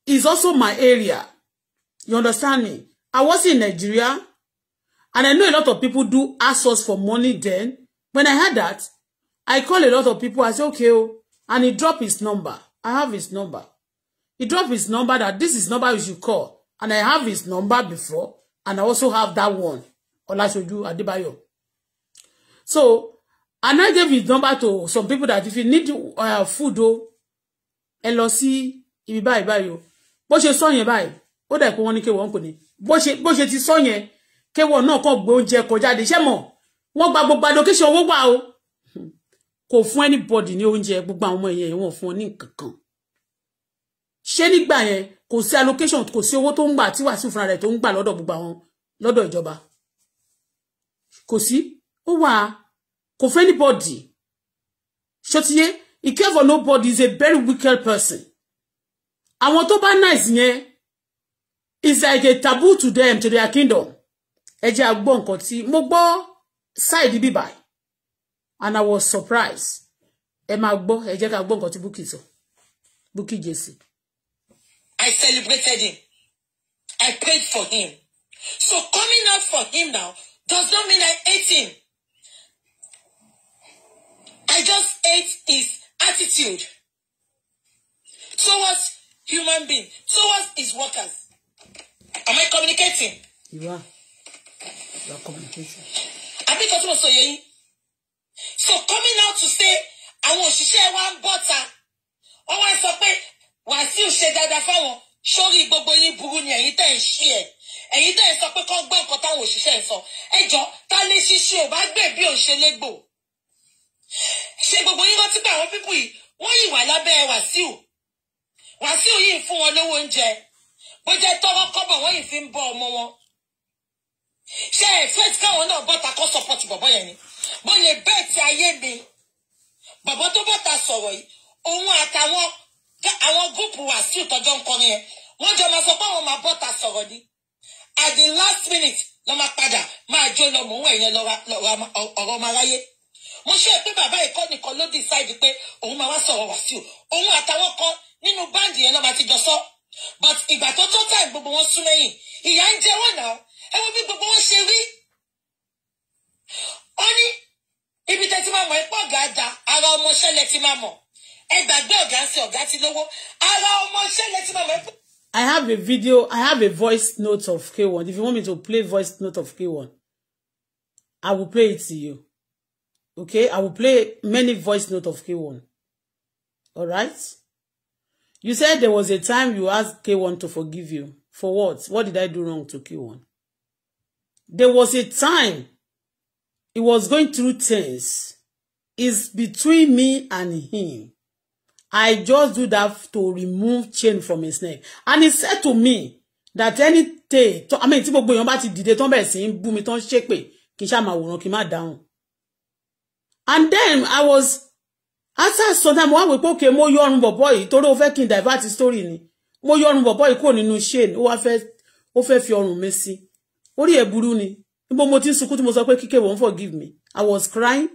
is also my area you understand me I was in Nigeria And I know a lot of people do ask us for money then. When I heard that, I call a lot of people. I say, okay, oh, and he dropped his number. I have his number. He dropped his number that this is number you should call. And I have his number before. And I also have that one. Olasoju Adebayo. So, and I gave his number to some people that if you need uh, food, oh, ẹ lọ sí ibi buy báyìí o. Oh. Bó ṣe sọ yẹn báyìí, ó dà pé wọ́n ní kéwọ́n but she Bó ṣe ti sọ yẹn, Kewo, náà kàn gbé oúnjẹ kọ jáde ṣé mọ̀ wọ́n gba gbogbo allocation owó wà o kò fún anybody ní oúnjẹ gbogbo àwọn ọmọ yẹn wọ́n fún ọ ní nǹkan ṣé nígbà yẹn kò sí allocation kò sí owó tó ń gbà tí wàásù fúnra rẹ̀ tó ń gbà lọ́dọ̀ gbogbo àwọn lọ́dọ̀ ìjọba kò sí ó wà kò fẹ́ anybody ṣọtiyé he care for nobody is a very wicked person àwọn tó bá nice yẹn is like a taboo to them to their kingdom ẹ jẹ́ a gbọ́ nǹkan tí mo gbọ́ side bíbà and I was surprised ẹ máa gbọ́ ẹ jẹ́ ká gbọ́ nǹkan tí Bukky sọ Bukky Jesse.
I celebrated him I paid for him so coming out for him now does not mean I hate him I just hate his attitude towards human being towards his workers am I communicating.
You are you are communicating.
àbí kan tí mo sọ so coming out to say àwọn òṣìṣẹ́ wa ń bọ́ta wọ́n wá sọ pé Wàsíù ṣe dáadáa fáwọn sórí gbogbo yín burú ni ẹ̀yin tẹ̀ ń ṣí ẹ̀ ẹ̀yin tẹ̀ ń sọ pé kọ́ gbọ́ nǹkan táwọn òṣìṣẹ́ ń sọ ẹ jọ ta lè ṣiṣẹ́ ò bá gbẹ̀ bí ò ṣe légbò ṣe gbogbo yín rántí pé àwọn pípù yìí wọ́n yìí wà lábẹ́ Wàsíù Wàsíù yìí ń fún wọn lówó oúnjẹ bó jẹ́ tọ́wọ́ kọ́bọ̀ wọ́n yìí fi ń bọ́ ọmọ wọn ṣé expect káwọn náà bọ́ta kọ́ support bọ̀bọ́ yẹn ni mo lè bẹ́ẹ̀ ti ayé mi bọ̀bọ́ tó bọ́ta sọ̀rọ̀ yìí òun àtàwọn àwọn gúùpù wàsíù tọjọ́ nkọrin yẹn wọ́n jọ máa sọ pé àwọn máa bọ́ta sọ̀rọ̀ ni at the last minute lọ́ máa padà máa jó lọ mò ń wẹ̀ yẹn lọ́ra ọ̀rọ̀ máa ráyé mo ṣe pé bàbá ìkọ́ nìkan ló decide pé òun máa wá sọ̀rọ̀ wàsíù òun àtàwọn kan nínú báǹdì yẹn lọ́ máa ti jọ sọ but ìgbà tó tó táì gbogbo wọn sún lẹ́yìn ìyá ń jẹ wọn náà ẹ bí gbogbo wọn ṣe rí ó ní ibi tẹ́ ti máa mọ̀ ipò ọ̀gá da ara ọmọọṣẹ́ lẹ ti máa mọ̀ ẹ gbàgbé ọ̀gá sí ọ̀gá ti lówó ara ọmọọṣẹ́ lẹ ti máa mọ̀ ipò.
I have a video, I have a voice note of K1. If you want me to play voice note of K1, I will play it to you. Okay? I will play many voice note of K1. All right? You said there was a time you asked K1 to forgive you. For what? What did I do wrong to K1? there was a time he was going through things. It's between me and him. I just do that to remove chain from his neck. And he said to me that any day, I mean, tí gbogbo èèyàn bá ti dìde tán bẹ̀rẹ̀ Boom, ń bú mi tán ṣépè kí n ṣáà máa And then I was after some time mo wá wí pé mo yọrun bọ̀bọ̀ yìí torí ó fẹ́ kí n divert story ni. Mo yọrun bọ̀bọ̀ yìí kúrò nínú chain ó wá fẹ́ ó fẹ́ fi ọrùn mi orí ẹ̀ burú ni níbo mo ti ń sunkún tí mo sọ pé kíkẹ́ wọ́n forgive me I was crying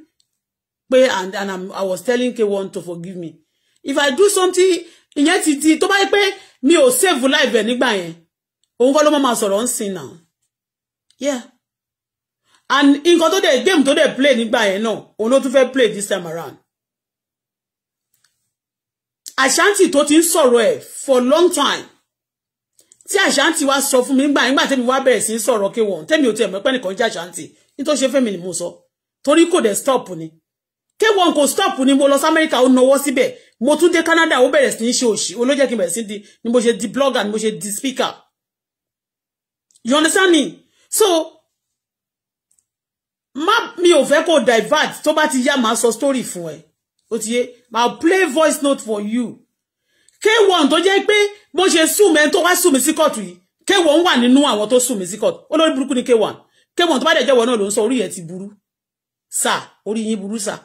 pé and and I'm, I was telling K1 to forgive me if I do something ìyẹn ti di tó bá yẹ pé mi ò save life ẹ̀ nígbà yẹn òun kọ́ ló máa sọ̀rọ̀ ń sin náà yeah and nǹkan tó dẹ̀ game tó dẹ̀ play nígbà yẹn náà òun ló tún fẹ́ play this time around Ashanti tó ti ń sọ̀rọ̀ ẹ̀ for long time tí àṣàǹtì wa sọ fún mi nígbà nígbà tẹ́mi wá bẹ̀rẹ̀ sí sọ̀rọ̀ kí wọ́n tẹ́mi ò tiẹ̀ mọ̀ pé nìkan jẹ́ àṣàǹtì nítorí ṣe fẹ́mi ni mo sọ torí kò dẹ̀ stop ni kí wọ́n kò stop ni mo lọ sí Amẹ́ríkà ó nawọ́ síbẹ̀ mo tún dé Canada ó bẹ̀rẹ̀ sí ní ṣe òṣì olójẹ́ kí n bẹ̀rẹ̀ sí di ni mo ṣe di blogger ni mo ṣe di speaker you understand me so má mi ò fẹ́ kó divert tó bá ti yá màá sọ story fún ẹ ó ti yé màá play voice note for you k1 tó jẹ́ pé bó ṣe sùn mẹ́ tó wá sùn mí sí kóòtù yìí k1 wà nínú àwọn tó sùn mí sí kóòtù olórí burúkú ni k1 k1 tó bá dẹ̀ jẹ́wọ́ náà ló ń sọ orí yẹn ti burú sà orí yín burú sà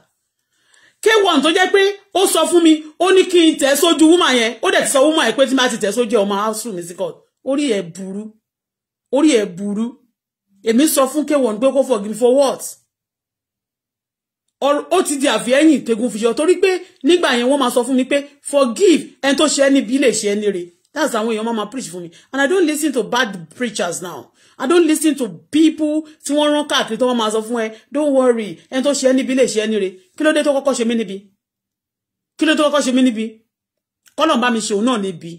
k1 tó jẹ́ pé ó sọ fún mi ó ní kí n tẹ̀ sójú wúmà yẹn ó dẹ̀ ti sọ wúmà yẹn pé tí má ti tẹ̀ sójú ọmọ á sùn mí sí kóòtù orí yẹn burú orí yẹn burú èmi sọ fún k1 pé kó forgive me for what ó ti di àfihẹ́yìn tegun fi ṣọ torí pé nígbà yẹn wọ́n máa sọ fún mi pé forgive ẹni tó ṣe ẹni bí lè ṣe ẹni rè that's àwọn èèyàn máa ma preach fún mi and I don't listen to bad preachers now I don't listen to people tí wọ́n rán káàkiri tó wọ́n máa sọ fún ẹ don't worry ẹni tó ṣe ẹni bí lè ṣe ẹni rè kí ló dé tó kọ́kọ́ ṣe mí níbi kí ló dé tó kọ́kọ́ ṣe mí níbi kọ́lọ̀ bá mi ṣe òun náà níbi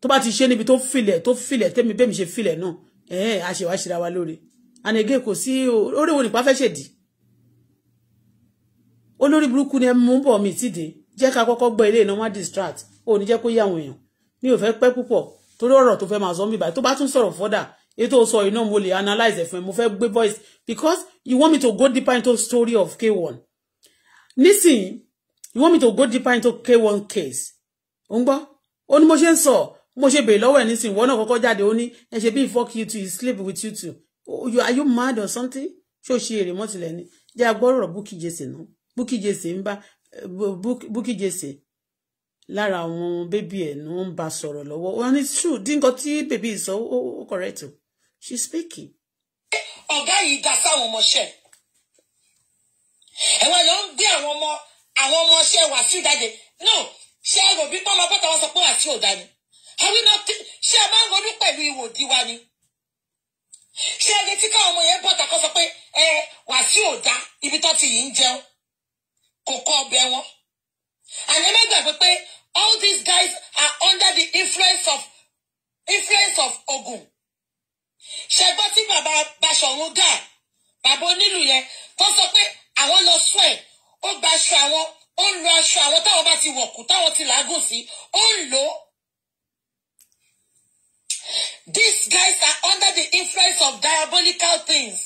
tó bá ti ṣe níbi tó filẹ̀ tó filẹ̀ tẹ́mi bẹ́ẹ̀ mi ṣe filẹ̀ náà ẹ̀ẹ́ àṣewáṣe ra wa lóore and again kò sí orí nípa fẹ́ ṣèdí olórí burúkú ni ẹ mú bọ̀ mí tìde jẹ́ ká kọ́kọ́ gbọ́ ilé iná má distract ò ní jẹ́ kó yá àwọn èèyàn mi ò fẹ́ pẹ́ púpọ̀ torí ọ̀rọ̀ tó fẹ́ máa sọ mí báyìí tó bá tún sọ̀rọ̀ fọ́dà ètò sọ iná mo lè analyze ẹ̀ fún ẹ mo fẹ́ gbé voice because you want me to go deeper into story of K1 nísìnyí you want me to go deeper into K1 case ó ń gbọ́ ó ní mo ṣe ń sọ mo ṣe bèè lọ́wọ́ ẹ̀ nísìnyí wọ́n náà kọ́kọ́ jáde ó ní ẹ ṣe bí fuck you too sleep with you too oh, you are you mad or something ṣó ṣe èrè mọ́tìlẹ̀ ni jẹ́ agbọ́rọ̀ búkì jẹ́sẹ̀ náà. Bukky Jesse ń bá Bukky Jesse lára àwọn bébí ẹ̀ ni wọ́n ń bá sọ̀rọ̀ lọ́wọ́ wọn ní true dínkàn tí bèbí sọ ó correct she speaking.
ọ̀gá yìí dá sáwọn ọmọọṣẹ́ ẹ̀wọ̀n ló ń gbé àwọn ọmọ àwọn ọmọọṣẹ́ wá sí ìdájẹ́ náà ṣé ẹ rò bí pọ́nmọ́ bọ́tà wọn sọ pé wà sí ọ̀dà ni àwọn náà ṣé ẹ máa ń ronú pẹ̀lú ìwò òdiwa ni ṣé ẹ retí káwọn ọmọ yẹn bọ́tà kan sọ pé ẹ wà sí ọ̀dà ibi tó ti yìí ń jẹun ọ̀kan ọbẹ̀ wọn. àní mẹ́gbà pé all these guys are under the influence of influence of Ogun. ṣẹgbọ́n tí bàbá Baṣọ̀run Gáà bàbá onílù yẹn tó sọ pé àwọn lọ sún ẹ̀ ó gba aṣọ àwọn ó ń lo aṣọ àwọn táwọn bá ti wọ̀kù táwọn ti làágùn sí ó ń lò ó. These guys are under the influence of diabolical things.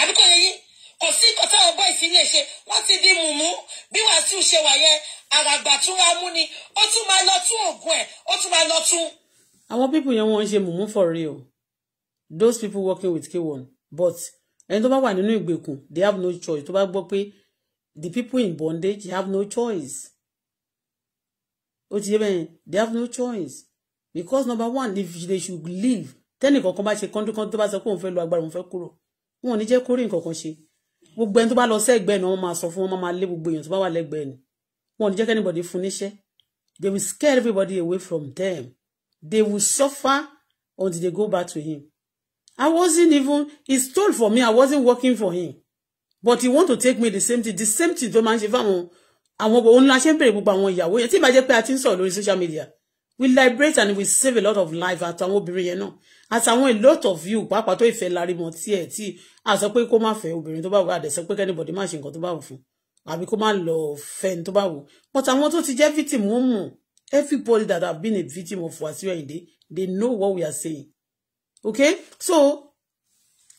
àbíkọ́ yẹn yín kò sí nǹkan táwọn bọ́ìsì lè ṣe wọ́n ti di mùmú bí Wàsíù ṣe wà yẹn àràgbà tún ra mú ni ó tún máa lọ tún òògùn ẹ̀ ó tún máa lọ tún.
àwọn pípù yẹn wọ́n ń ṣe mùmú for real those people working with K1 but ẹni tó bá wà nínú ìgbèkùn they have no choice tó bá gbọ́ pé the people in bondage have no choice ó ti yé bẹ́ẹ̀ they have no choice because number one if they should leave tẹ́nì kankan bá ṣe kọ́ńdúkọ́ńdú tó bá sọ pé òun fẹ́ lo agbára òun fẹ́ kúrò wọn ò ní jẹ́ kórè nǹkan kan ṣe gbogbo ẹni tó bá lọ sẹ́gbẹ́ ni wọ́n máa sọ fún wọn máa lé gbogbo èèyàn tó bá wà lẹ́gbẹ̀ẹ́ ni wọn ò ní jẹ́ kí anybody fún níṣẹ́ they will scare everybody away from them they will suffer until they go back to him I wasn't even he stole for me I wasn't working for him but he want to take me the same thing the same thing tó máa ń ṣe fáwọn àwọn òun la ṣe ń bèrè gbogbo àwọn ìyàwó yẹn tí ìbá pé a ti ń sọ̀rọ̀ lórí social media we liberate and we save a lot of life àtàwọn obìnrin yẹn náà àtàwọn a lot of you pàápàá tó ìfẹ́ larimọ̀ tí ẹ̀ tí a sọ pé kó má fẹ́ obìnrin tó bá wù àdẹ̀sọ pé kẹ́nìbọ̀dì má ṣe nǹkan tó bá wù fún àbí kó má lọ fẹ́ ní tó bá wù but àwọn tó ti jẹ́ victim wọn mọ̀ everybody that have been a victim of Wasiu Ayinde they know what we are saying okay so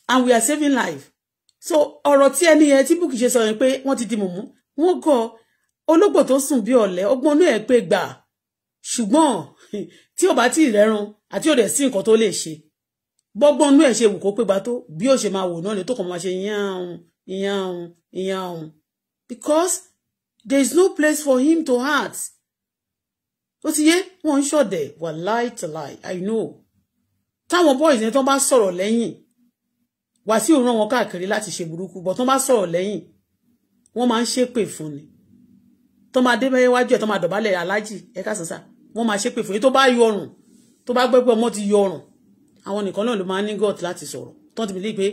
and we are saving life so ọ̀rọ̀ tí ẹni yẹn tí Bukky ṣe sọ yẹn pé wọ́n ti di mọ̀mú wọ́n gọ ológbò tó sùn bí ọ̀lẹ ọgbọ́n náà ẹ̀ pé gbà ṣùgbọ́n tí ò bá tí ì rẹran àti ò dẹ̀ sí nǹkan tó lè ṣe bọ́gbọ́n inú ẹ̀ ṣe wù kó pé bá tó bí ó ṣe máa wò náà ni tó kàn máa ṣe yáhùn yáhùn yáhùn because there is no place for him to hurt ó ti yé wọn ń ṣọ̀dẹ̀ wà láì tàláì i know táwọn boys yẹn tó bá sọ̀rọ̀ lẹ́yìn Wàsíù rán wọn káàkiri láti ṣe burúkú bọ̀ tó bá sọ̀rọ̀ lẹ́yìn wọ́n máa ń ṣépè fún ni tó máa dé mẹ́wájú ẹ̀ tó máa dọ̀bálẹ̀ aláàjì ẹ ká sàn wọ́n máa ṣépè fún yín tó bá yọ ọrùn tó bá gbé pé ọmọ ti yọ ọrùn àwọn nìkan náà ló máa ní gọ́ọ̀t láti sọ̀rọ̀ tó ti bìlí pé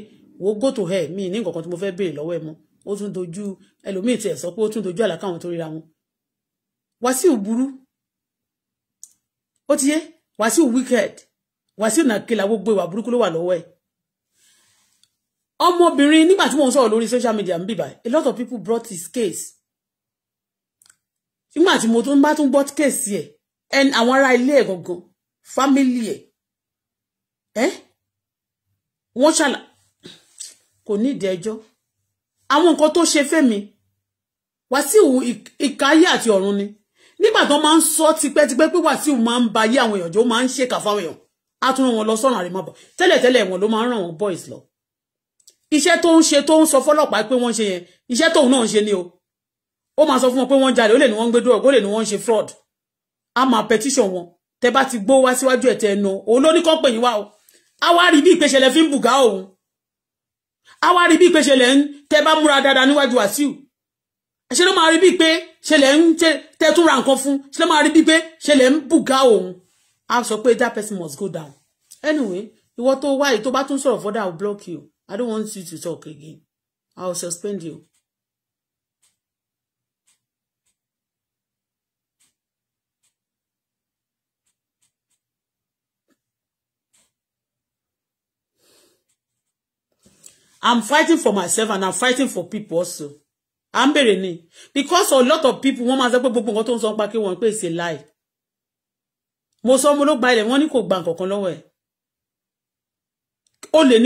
wo go to hell mi ní nǹkan kan tí mo fẹ́ béèrè lọ́wọ́ ẹ mọ́ ó tún dojú ẹlòmíì tiẹ̀ sọ pé ó tún dojú àlàkà àwọn tó ríra wọn Wàsíù burú ó ti yé Wàsíù wicked Wàsíù nàkìlà gbogbo ìwà burúkú ló wà lọ́wọ́ ẹ̀ ọmọbìnrin nígbà tí wọ́n sọ̀rọ̀ lórí social media ń bìbà a lot of people brought his case nígbà tí mo tún bá tún gbọ́ case yẹ̀ ẹni àwọn ará ilé ẹ̀ gangan family, ẹ̀ ẹ́ eh? wọ́n ṣàlà kò ní ìdí ẹjọ́ àwọn nǹkan tó ṣe fẹ́mi Wàsíù ìkáyé àti ọ̀run ni nígbà tó máa ń sọ tipẹ́tipẹ́ pé Wàsíù máa ń ba ayé àwọn èèyàn jẹ́ ó máa ń ṣèkà fáwọn èèyàn á tún ràn wọ́n lọ sọ́run àrèmọ́bọ̀ tẹ́lẹ̀tẹ́lẹ̀ wọn ló máa ń ràn wọ́n boys lọ iṣẹ́ tó ń ṣe tó ń sọ fọ́lọ́pàá pé wọ́n ṣe yẹn iṣẹ́ tóun náà ń ṣe ni o ó máa sọ fún wọn pé wọ́n jalè ó lè ní wọ́n ń gbé dúró ó lè ní wọ́n ń ṣe fraud a máa petition wọn tẹ́ bá ti gbó wá síwájú ẹ̀ tẹ́ ẹnu òun ló ní kọ́ pè yín wá o a wá rí bí ìpèsèlè fi ń bùgá òun a wá rí bí ìpèsèlè ń tẹ́ bá múra dáadáa níwájú Wàsíù ṣe ló máa rí pe pé ṣe lè ń tẹ́ tún ra nǹkan fún ṣe ló máa rí bíi pé ṣe lè ń bùgá òun a sọ pé that person must go down anyway ìwọ to wáyé tó bá tún sọ̀rọ̀ further I will block you I don't want you to talk again I will suspend you I'm fighting for myself and I'm fighting for people also. I'm ń bèrè because a lot of people One máa sọ pé gbogbo nǹkan tó ń sọ pa kí wọ́n pè ṣe láì. Mo sọ mo ló gba ilẹ̀ wọ́n ní kò gba nǹkan kan lọ́wọ́ ẹ̀.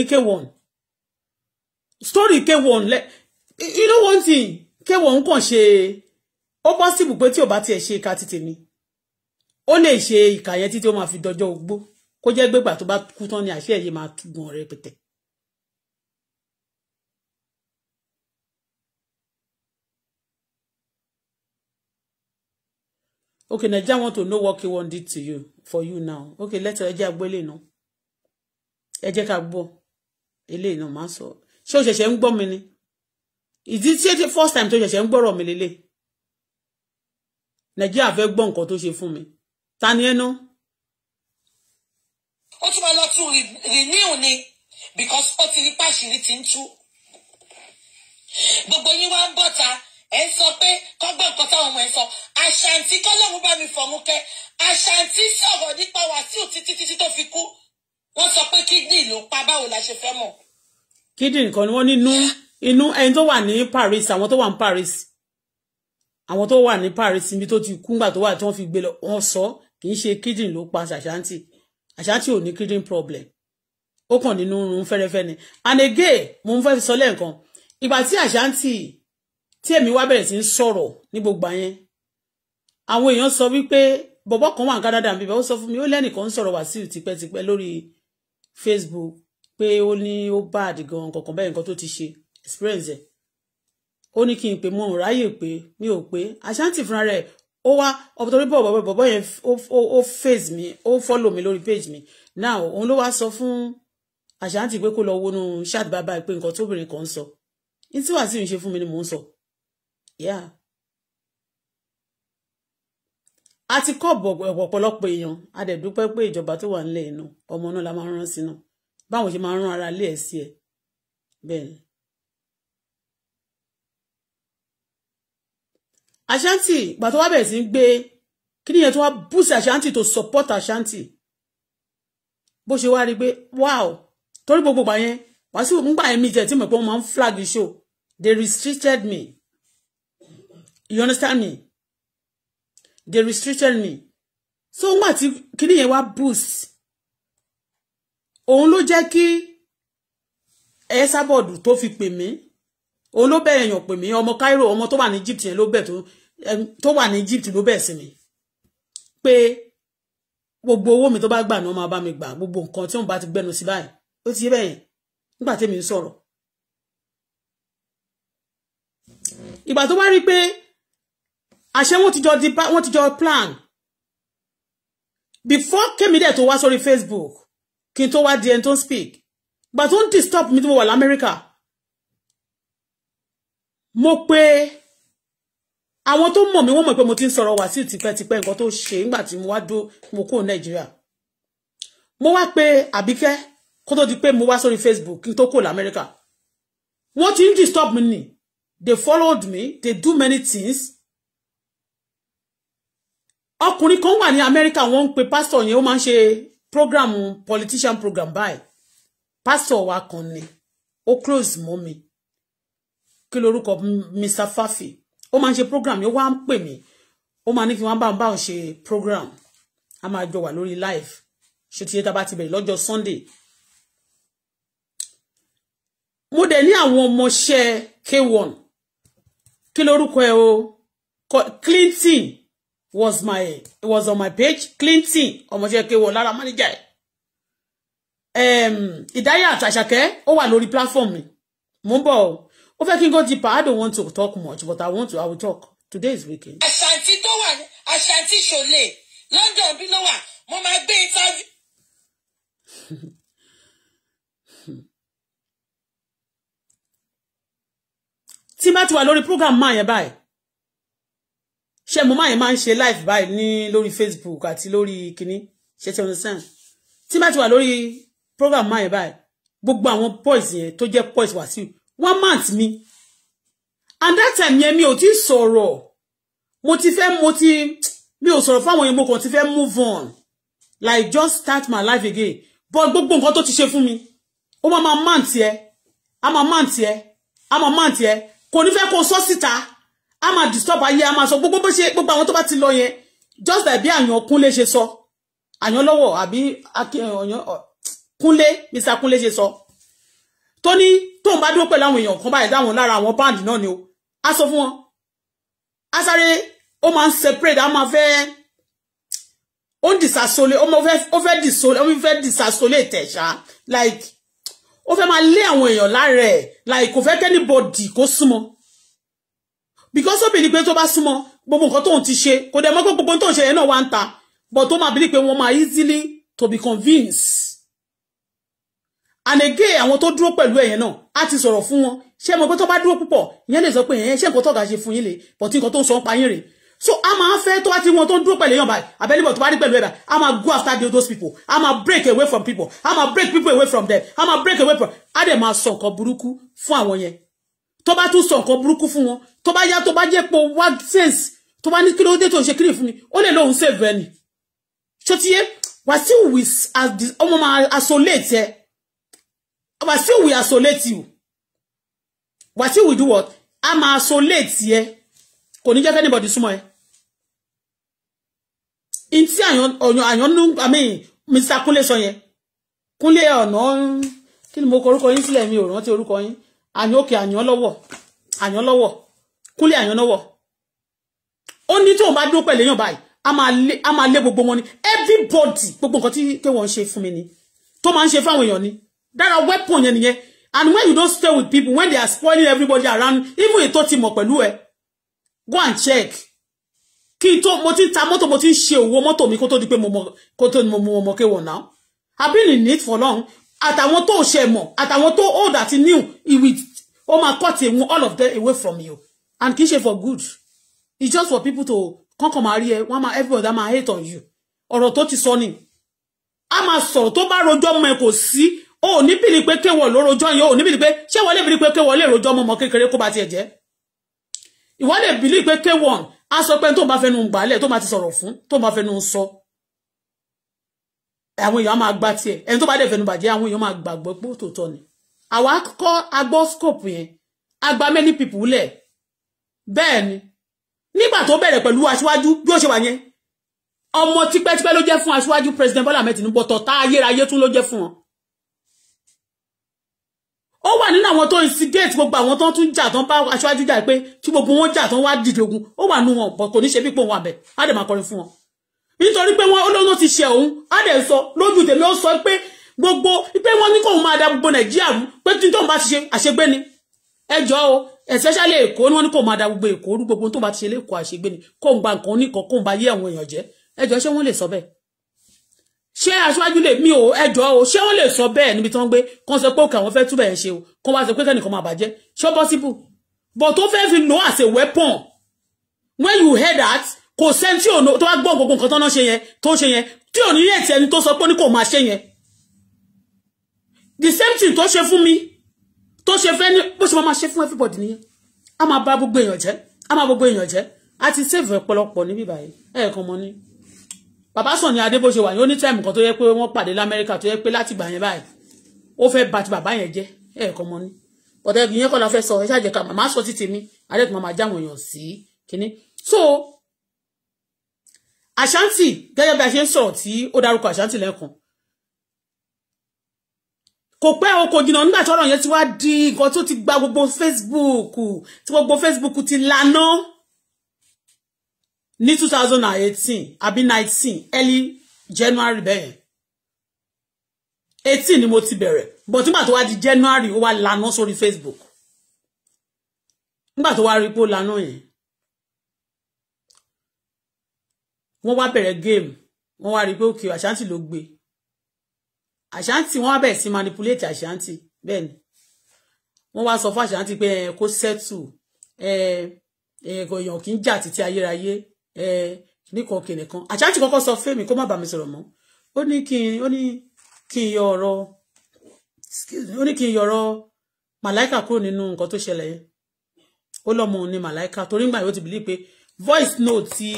K1. Story K1 lẹ you know one thing K1 kàn ṣe ó possible pé tí ò bá tiẹ̀ it ìka me. Only Ó can't ṣe ìka yẹn títí ó máa fi dọjọ́ ogbó kó jẹ́ gbégbà tó bá on your share. You might máa gbọ̀n rẹpẹtẹ. Okay, Nigeria want to know what he 1 did to you, for you now. Okay, let's ẹ jẹ́ àgbọ́ eléyìí náà. Ẹ jẹ́ ká gbọ́. Eléyìí náà máa sọ. o ṣẹ̀ṣẹ̀ ń gbọ́ mi ni? Is it ṣé the first time tó ṣẹ̀ṣẹ̀ ń gbọ́rọ̀ mi lélẹ̀? Nàìjíríà fẹ́ gbọ́ nǹkan tó ṣe fún mi. Ta ni ẹnu?
Ó tún máa lọ tún renew ni because ó ti rí pàṣírí ti ń tú. Gbogbo yín wá ń bọ́ta ẹ ń sọ pé kọ́gbọ́n nǹkan táwọn ọmọ ẹ sọ àṣàǹtí kọ́lọ́run bá mi fọ̀mù kẹ àṣàǹtí sọ̀rọ̀ nípa wàsíù títí títí tó fi kú wọ́n sọ pé kídìnì ló pa báwo la ṣe fẹ́ mọ̀.
kídìnì kan ni wọ́n nínú inú ẹni tó wà ní Paris àwọn tó wà ní Paris àwọn tó wà ní Paris níbi tó ti kú ńgbà tó wà tí wọ́n fi gbé lọ wọ́n sọ kì í ṣe kídìnì ló pa àṣàǹtí àṣàǹtí ò ní kídìnì problem ó kàn nínú run fẹ́rẹ́fẹ́ ni and again mo ń fẹ́ sọ lẹ́ẹ̀kan ìgbà tí àṣàǹtì tí èmi wá bẹ̀rẹ̀ sí ń sọ̀rọ̀ ní gbogbo àyẹn àwọn èèyàn sọ wípé bọ̀bọ̀ kan wà ní Canada bíbẹ̀ ó sọ fún mi ó lẹ́nìkan ń sọ̀rọ̀ Wàsíù tipẹ́tipẹ́ lórí Facebook pé ó ní ó bá àdìgan kankan bẹ́ẹ̀ nǹkan tó ti ṣe experience ẹ̀ ó ní kí n pè mọ́ ráyè pé mi ò pé àṣántì fúnra rẹ̀ ó wá ọ̀pọ̀tọ́rí bọ̀ bọ̀bọ̀ bọ̀bọ̀ yẹn ó face mi ó follow mi lórí page mi now òun ló wá sọ fún àṣántì pé kó lọ wọnú chat bàbá pé nǹkan tóbìnrin kan ń sọ ní tí Wàsíù ń ṣe fún mi ni mò ń sọ yeah a ti kọ́ ọ̀pọ̀lọpọ̀ èèyàn a dẹ̀ dúpẹ́ pé ìjọba tó wà nílẹ̀ inú ọmọ náà la máa rán sí náà báwọn ṣe máa rán ara lé ẹ̀ sí ẹ̀ ni. Ashanti ìgbà tó wá bẹ̀rẹ̀ sí ń gbé kí nìyẹn tó wá boost Ashanti to support Ashanti bó ṣe wá rí pé wow torí gbogbo gbà yẹn wàásù ńgbà yẹn mi jẹ́ tí mo pé wọ́n máa ń flag show they restricted me you understand me they restricted me so ngbà tí kinní yẹn wá boost òun ló jẹ́ kí ẹ sábọ̀dù tó fi pè mí òun ló bẹ̀rẹ̀ èèyàn pè mí ọmọ Cairo ọmọ tó wà ní Egypt yẹn ló to. tó wà ní Egypt ló bẹ̀ sí mi pé gbogbo owó mi tó bá gbà ní wọn máa bá mi gbà gbogbo nǹkan tí wọn bá ti gbẹnu sí báyìí ó ti yé bẹ́yẹn nígbà tẹ́mi ń sọ̀rọ̀ ìgbà tó bá rí àṣẹ wọ́n ti jọ di wọ́n ti jọ plan before kémi dẹ̀ tó wá sórí Facebook kí n tó wá di ẹni tó ń speak gbà tó ń disturb mi tí mo wà lamẹ́ríkà mo pé àwọn tó mọ̀ mí wọ́n mọ̀ pé mo ti ń sọ̀rọ̀ Wàsíù tipẹ́tipẹ́ nǹkan tó ṣe nígbà tí mo wá dó mo kúrò Nàìjíríà mo wá pé Àbíkẹ́ kó tó di pé mo wá sórí Facebook kí n tó kúrò lamẹ́ríkà wọ́n ti ń disturb mi nì they followed me they do many things ọkùnrin kan wà ní Amẹ́ríkà wọ́n ń pe pásítọ̀ yẹn ó máa ń ṣe program politician program báyìí pásítọ̀ wa kan ni ó close mọ́ mi kí lorúkọ Mr. Fafi ó máa ń ṣe program yẹn ó wá ń pè mí ó máa ní kí wọ́n bá ń bá òun ṣe program a máa jọ wà lórí live ṣe ti yẹ tá bá ti bẹ̀rẹ̀ lọ́jọ́ Sunday mo dẹ̀ ní àwọn ọmọọṣẹ́ K1 kí lorúkọ ẹ o Clinton was my it was on my page Clinton ọmọṣẹ́kẹ́ wọ lára mánìjà ẹ̀ Ìdáyà àṣàkẹ́ ó wà lórí platform mi mo ń bọ̀ o ó fẹ́ kí n go deeper I don't want to talk much but I want to I will talk today is weekend.
àṣàntì tó wà àṣàntì ṣòlè London bí ló wà mo máa gbé interview.
tí má ti wà lórí program máa yẹn báyìí ṣé mo máa yẹn máa ń ṣe live báyìí ní lórí Facebook àti lórí kínní ṣe ti understand tí bá ti wà lórí program máa yẹn báyìí gbogbo àwọn boys yẹn tó jẹ́ boys Wàsíù one month mi and that time yẹn mi ò ti sọ̀rọ̀ mo ti fẹ́ mo ti mi ò sọ̀rọ̀ fáwọn yẹn mo kàn ti fẹ́ move on like just start my life again but gbogbo nǹkan tó ti ṣe fún mi ó máa máa mount yẹ á máa mount yẹ á máa mount yẹ kò ní fẹ́ kó sọ síta a máa disturb ayé a máa sọ gbogbo bó ṣe gbogbo àwọn tó bá ti lọ yẹn just like bí àyàn kúnlé ṣe sọ àyàn lọ́wọ́ àbí kúnlé mr kúnlé ṣe sọ tó ní tóun bá dúró pẹ̀lú àwọn èèyàn kan báyìí dáwọn lára àwọn band náà ni o a sọ fún wọn a sáré ó máa ń separate a máa fẹ́ ó ń disasole ó fẹ́ disole ó fẹ́ disasole tẹ̀ ṣá like ó fẹ́ máa lé àwọn èèyàn lára like kò fẹ́ kẹ́nibọ̀dì kó súnmọ́ because obìnrin pé tó bá súnmọ́ gbogbo nǹkan tóun ti ṣe kò dẹ̀ mọ́ pé gbogbo tóun ṣe yẹn náà wá ń ta but tó máa bìlí pé wọ́n máa easily to be convinced and again àwọn tó dúró pẹ̀lú ẹ̀yẹn náà á ti sọ̀rọ̀ fún wọn ṣé mo pé tó bá dúró púpọ̀ ìyẹn lè sọ pé ẹ̀yẹn ṣé nǹkan tọ́ga ṣe fún yín lè but nǹkan tó ń sọ ń pa yín rè so a máa fẹ́ tó bá ti wọn tó ń dúró pẹ̀lú èèyàn báyìí abẹ́lẹ́bọ̀ tó bá rí pẹ̀lú ẹ̀bà a máa go after those people a máa break away from people a máa break people away from them a máa break away from a dẹ̀ máa sọ nǹkan burúkú fún àwọn yẹn tó bá tún sọ nǹkan burúkú fún wọn To bá yá to bá jẹ́ pé what sense To bá ní kí ló dé tó ṣe kílì fún mi ó lè lóun save ẹni ṣótiyé as? wì ọmọ máa isolate ẹ Wàsíù wì isolate you Wàsíù wì do what a isolate ẹ kò ní jẹ́ kí anybody súnmọ́ ẹ in ti àyàn ọ̀yàn àyàn nù I mean Mr Kúnlé sọ yẹn Kúnlé ọ̀nà kí mo kọ orúkọ yín mi ò rántí orúkọ yín àyàn òkè àyàn lọ́wọ́ àyàn lọ́wọ́ Kúnlé Àyànnáwọ̀ ó ní tóun bá dúró pẹ̀lú èèyàn báyìí a máa lé a máa lé gbogbo wọn ni everybody gbogbo nǹkan tí kéwọ́n ṣe fún mi ni tó máa ń ṣe fáwọn èèyàn ni dára weapon yẹn nìyẹn and when you don't stay with people when they are spoiling everybody around even ètò ti mọ̀ pẹ̀lú ẹ go and check kí n tó mo ti ń ta mọ́tò mo ti ń ṣe owó mọ́tò mi kó tó di pé mo mọ mo mọ mọ kéwọ̀n náà I've been in it for long àtàwọn tó ṣe mọ̀ àtàwọn tó old àti new ìwì ó máa cut all of them away from you and kì í for good it's just for people to come come rí ẹ wọ́n máa everybody máa hate on you ọ̀rọ̀ tó ti sọ ni a máa sọ̀rọ̀ tó bá rojọ́ mọ́ ẹ kò sí o ò ní bìlì pé kéwọ̀ ló rojọ́ yẹn o ò ní bìlì pé ṣé wọ́n lè bìlì pé kéwọ̀ lè rojọ́ mọ́ ọmọ ba kó bá tiẹ̀ jẹ́ ìwọ́n lè bìlì pé kéwọ̀ a to ba tó bá fẹnu gbàálẹ̀ tó bá ti sọ̀rọ̀ fún tó bá fẹnu sọ àwọn èèyàn máa gba tiẹ̀ ẹni tó bá dẹ̀ fẹnu bàjẹ́ àwọn èèyàn máa gbàgbọ́ pé tòótọ́ ni àwa kọ́ agbọ́ scope yẹn agba many people le bẹ́ẹ̀ ni nígbà tó bẹ̀rẹ̀ pẹ̀lú aṣíwájú bí ó ṣe wà yẹn ọmọ tipẹ́tipẹ́ ló jẹ́ fún aṣíwájú president Bọ́lá Ahmed Tinubu ọ̀tọ̀ tá ayérayé tún ló jẹ́ fún wọn ó wà nínú àwọn tó instigate gbogbo àwọn tó tún jà tán bá aṣáájú jà pé tí gbogbo wọn jà tán wá dìde ogun ó wà nù wọn bọ kò ní ṣe bí pò wọn àbẹ á dẹ̀ máa kọrin fún wọn nítorí pé wọn olóńgbò ti ṣe òun á dẹ̀ sọ lójú tèmi ó sọ pé gbogbo pé wọn ní kóun máa da gbogbo Nàìjíríà rú pé tí tóun bá ti ṣe àṣegbé ni ẹ jọ o especially èkó ni wọ́n ní kò máa da gbogbo èkó rú gbogbo tó bá ti ṣe lẹ́kọ̀ọ́ àṣegbé ni kó ń gba nǹkan oníkan kó ń ba yé àwọn èèyàn jẹ́ ẹjọ́ ṣé wọ́n lè sọ bẹ́ẹ̀ ṣé aṣáájú lè mí o ẹjọ́ o ṣé wọ́n lè sọ bẹ́ẹ̀ níbi tí wọ́n gbé kán sọ pé òkè àwọn fẹ́ túbẹ̀ ẹ̀ ṣe o kán wá sọ pé kẹ́nìkan máa bàjẹ́ ṣó possible but tó fẹ́ fi lò as a weapon when you hear that kò sẹ́ni tí òun tó wá gbọ́ gbogbo nǹkan tó ń ṣe yẹn tó ń ṣe yẹn tí òun ní ti ẹni tó sọ pé ní kò máa ṣe yẹn the same thing tó ṣe fún mi tó ṣe fẹ́ ní bó ṣe máa ṣe fún everybody nìyẹn a máa bá gbogbo èèyàn jẹ́ a máa gbogbo èèyàn jẹ́ a ti save ọ̀pọ̀lọpọ̀ níbí báyìí ẹ̀ẹ̀kan mọ́ ni bàbá Sànni Adé bó ṣe wà yóò ní táìmù kan tó yẹ pé wọ́n pàdé l'Amẹ́ríkà tó yẹ pé láti gbà yẹn báyìí ó fẹ́ bà ti bàbá yẹn jẹ́ ẹ̀ẹ̀kan mọ́ ni ọ̀tẹ̀ ìyẹn kọ́ la fẹ́ sọ ẹ ṣáà jẹ́ ká màmá sọ títì mi adé kan máa jáwọn èèyàn so Ashanti gẹ́gẹ́ bí a ṣe ń sọ̀rọ̀ tí ó kò pẹ́ o kò jìnnà nígbà tọ́rọ̀ yẹn ti wá di nǹkan tó ti gba gbogbo Facebook tí gbogbo Facebook ti lànà ní two àbí nineteen early January bẹ́ẹ̀ 18 ni mo ti bẹ̀rẹ̀ but nígbà tó wá di January ó wá lànà sórí Facebook nígbà tó wá rí pé ó lànà yẹn wọ́n wá bẹ̀rẹ̀ game wọ́n wá rí pé òkè àṣántì ló gbé àṣántì wọ́n á bẹ̀rẹ̀ sí manipulate àṣántì bẹ́ẹ̀ ni wọ́n wá sọ fún àṣántì pé ẹ kó settle Eh, ẹ kò yàn kí n jà títí ayérayé ẹ nìkan kìnìún kan àṣántì kọ́kọ́ sọ fẹ́mi kó má bàa mi sọ̀rọ̀ mọ́ ó ní kí n o ní kí n yọ ọ̀rọ̀ ó ní kí n yọ ọ̀rọ̀ màláìkà kúrò nínú nǹkan tó ṣẹlẹ̀ yẹn ó lọ́mọ ni màláìkà torí ngbà yóò ti bìlí pé voice note ti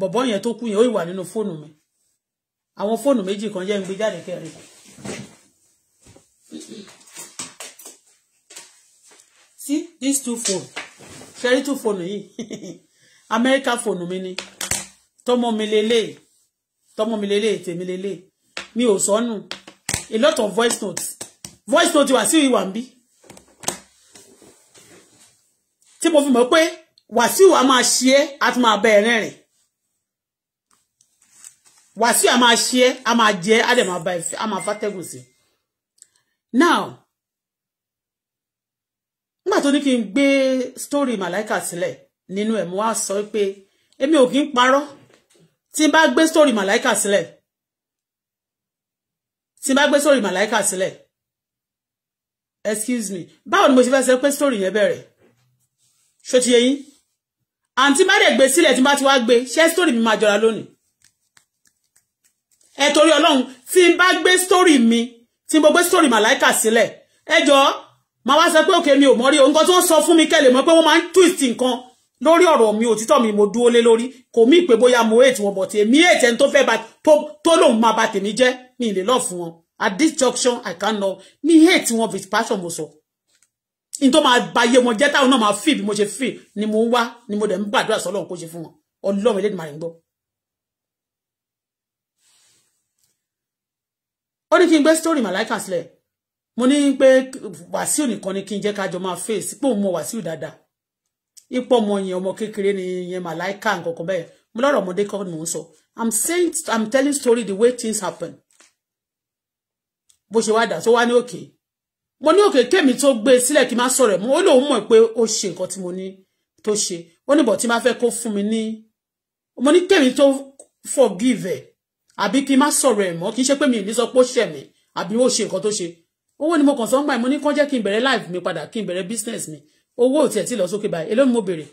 bọ̀bọ́ yẹn tó kú yẹn ó wà nínú fóònù mi àwọn fóònù méjì kan jẹ́ ń gbé jáde kẹrin. see these two phone ṣẹ́rí two phone yìí amẹ́ríkà fóònù mi ni tọmọ mi lélẹ̀ tọmọ mi lélẹ̀ tèmi lélẹ̀ mi ò sọnù a lot of voice notes voice notes. wà sí ìwà ń bí tí mo fi mọ̀ pé wàsíù a máa ṣe é a máa bẹ ẹ̀rẹ́rìn Wàsíù a máa ṣe é, a máa jẹ ẹ́, á dẹ̀ Now, nígbà tó ní kí n story Màláìkà sílẹ̀ ninu ẹ̀ mo wá sọ pé èmi ò kí ń parọ́ tí n story Màláìkà sílẹ̀ tí n bá story Màláìkà sílẹ̀ excuse me báwo ni mo ṣe fẹ́ sọ pé story yẹn bere. ṣó ti yẹ yín àǹtí má dẹ̀ gbé sílẹ̀ tí ti wá gbé ṣé story mi máa jọra lónìí ẹ torí ọlọ́run tí n bá gbé story mi tí mo gbé story màláìkà sílẹ̀ ẹ jọ̀ọ́ màá wá sọ pé òkè mi ò mọ̀ rí o nǹkan tó ń sọ fún mi kẹ́lẹ̀ mọ́ pé wọ́n máa ń twist nǹkan lórí ọ̀rọ̀ mi òtítọ́ mi mo dúró lé lórí kò mí pé bóyá mo èètì wọn bọ̀ tí èmi èètì ẹni tó fẹ́ bá tó lòun máa bá tèmi jẹ́ mi lè lọ fún wọn at this junction i can know mi èètì wọn with passion mo sọ in tó máa bayé wọn jẹ́ táwọn náà máa fì bí mo ṣe fì ni mo ń wá ni mo dẹ̀ ń gbàdúrà sọ́lọ́run kó ṣe fún wọn ọlọ́run elédìí ń gbọ́. ó ní kí n gbé story màláìkà sílẹ̀ mo ní pé wàsíù nìkan ni kí n jẹ́ ká jọ máa face pé òun mọ wàsíù dáadáa ipò ọmọ yẹn ọmọ kékeré ni yẹn màláìkà nǹkankan bẹ́ẹ̀ mo lọ́rọ̀ ọmọdé kan mò ń sọ i'm saying i'm telling story the way things happen bó ṣe wá dà tó wá ní òkè mo ní òkè kémi tó gbé e sílẹ̀ kí n má sọ̀rọ̀ mo ó lóun mọ̀ pé ó ṣe nǹkan tí mo ní tó ṣe ó ní bọ̀ tí n bá fẹ́ kó fún mi ní mo ní kémi tó forgive ẹ̀ àbí kí n má sọ̀rọ̀ ẹ̀ mọ́ kì í ṣe pé mi ní sọ pé ó ṣẹ̀ mí àbí ó ṣe nǹkan tó ṣe owó ni mo kàn sọ ń gbà mo ní kán jẹ́ kí n bẹ̀rẹ̀ life mi padà kí n bẹ̀rẹ̀ business mi owó ò tiẹ̀ ti lọ sókè báyìí èló ni mo bèrè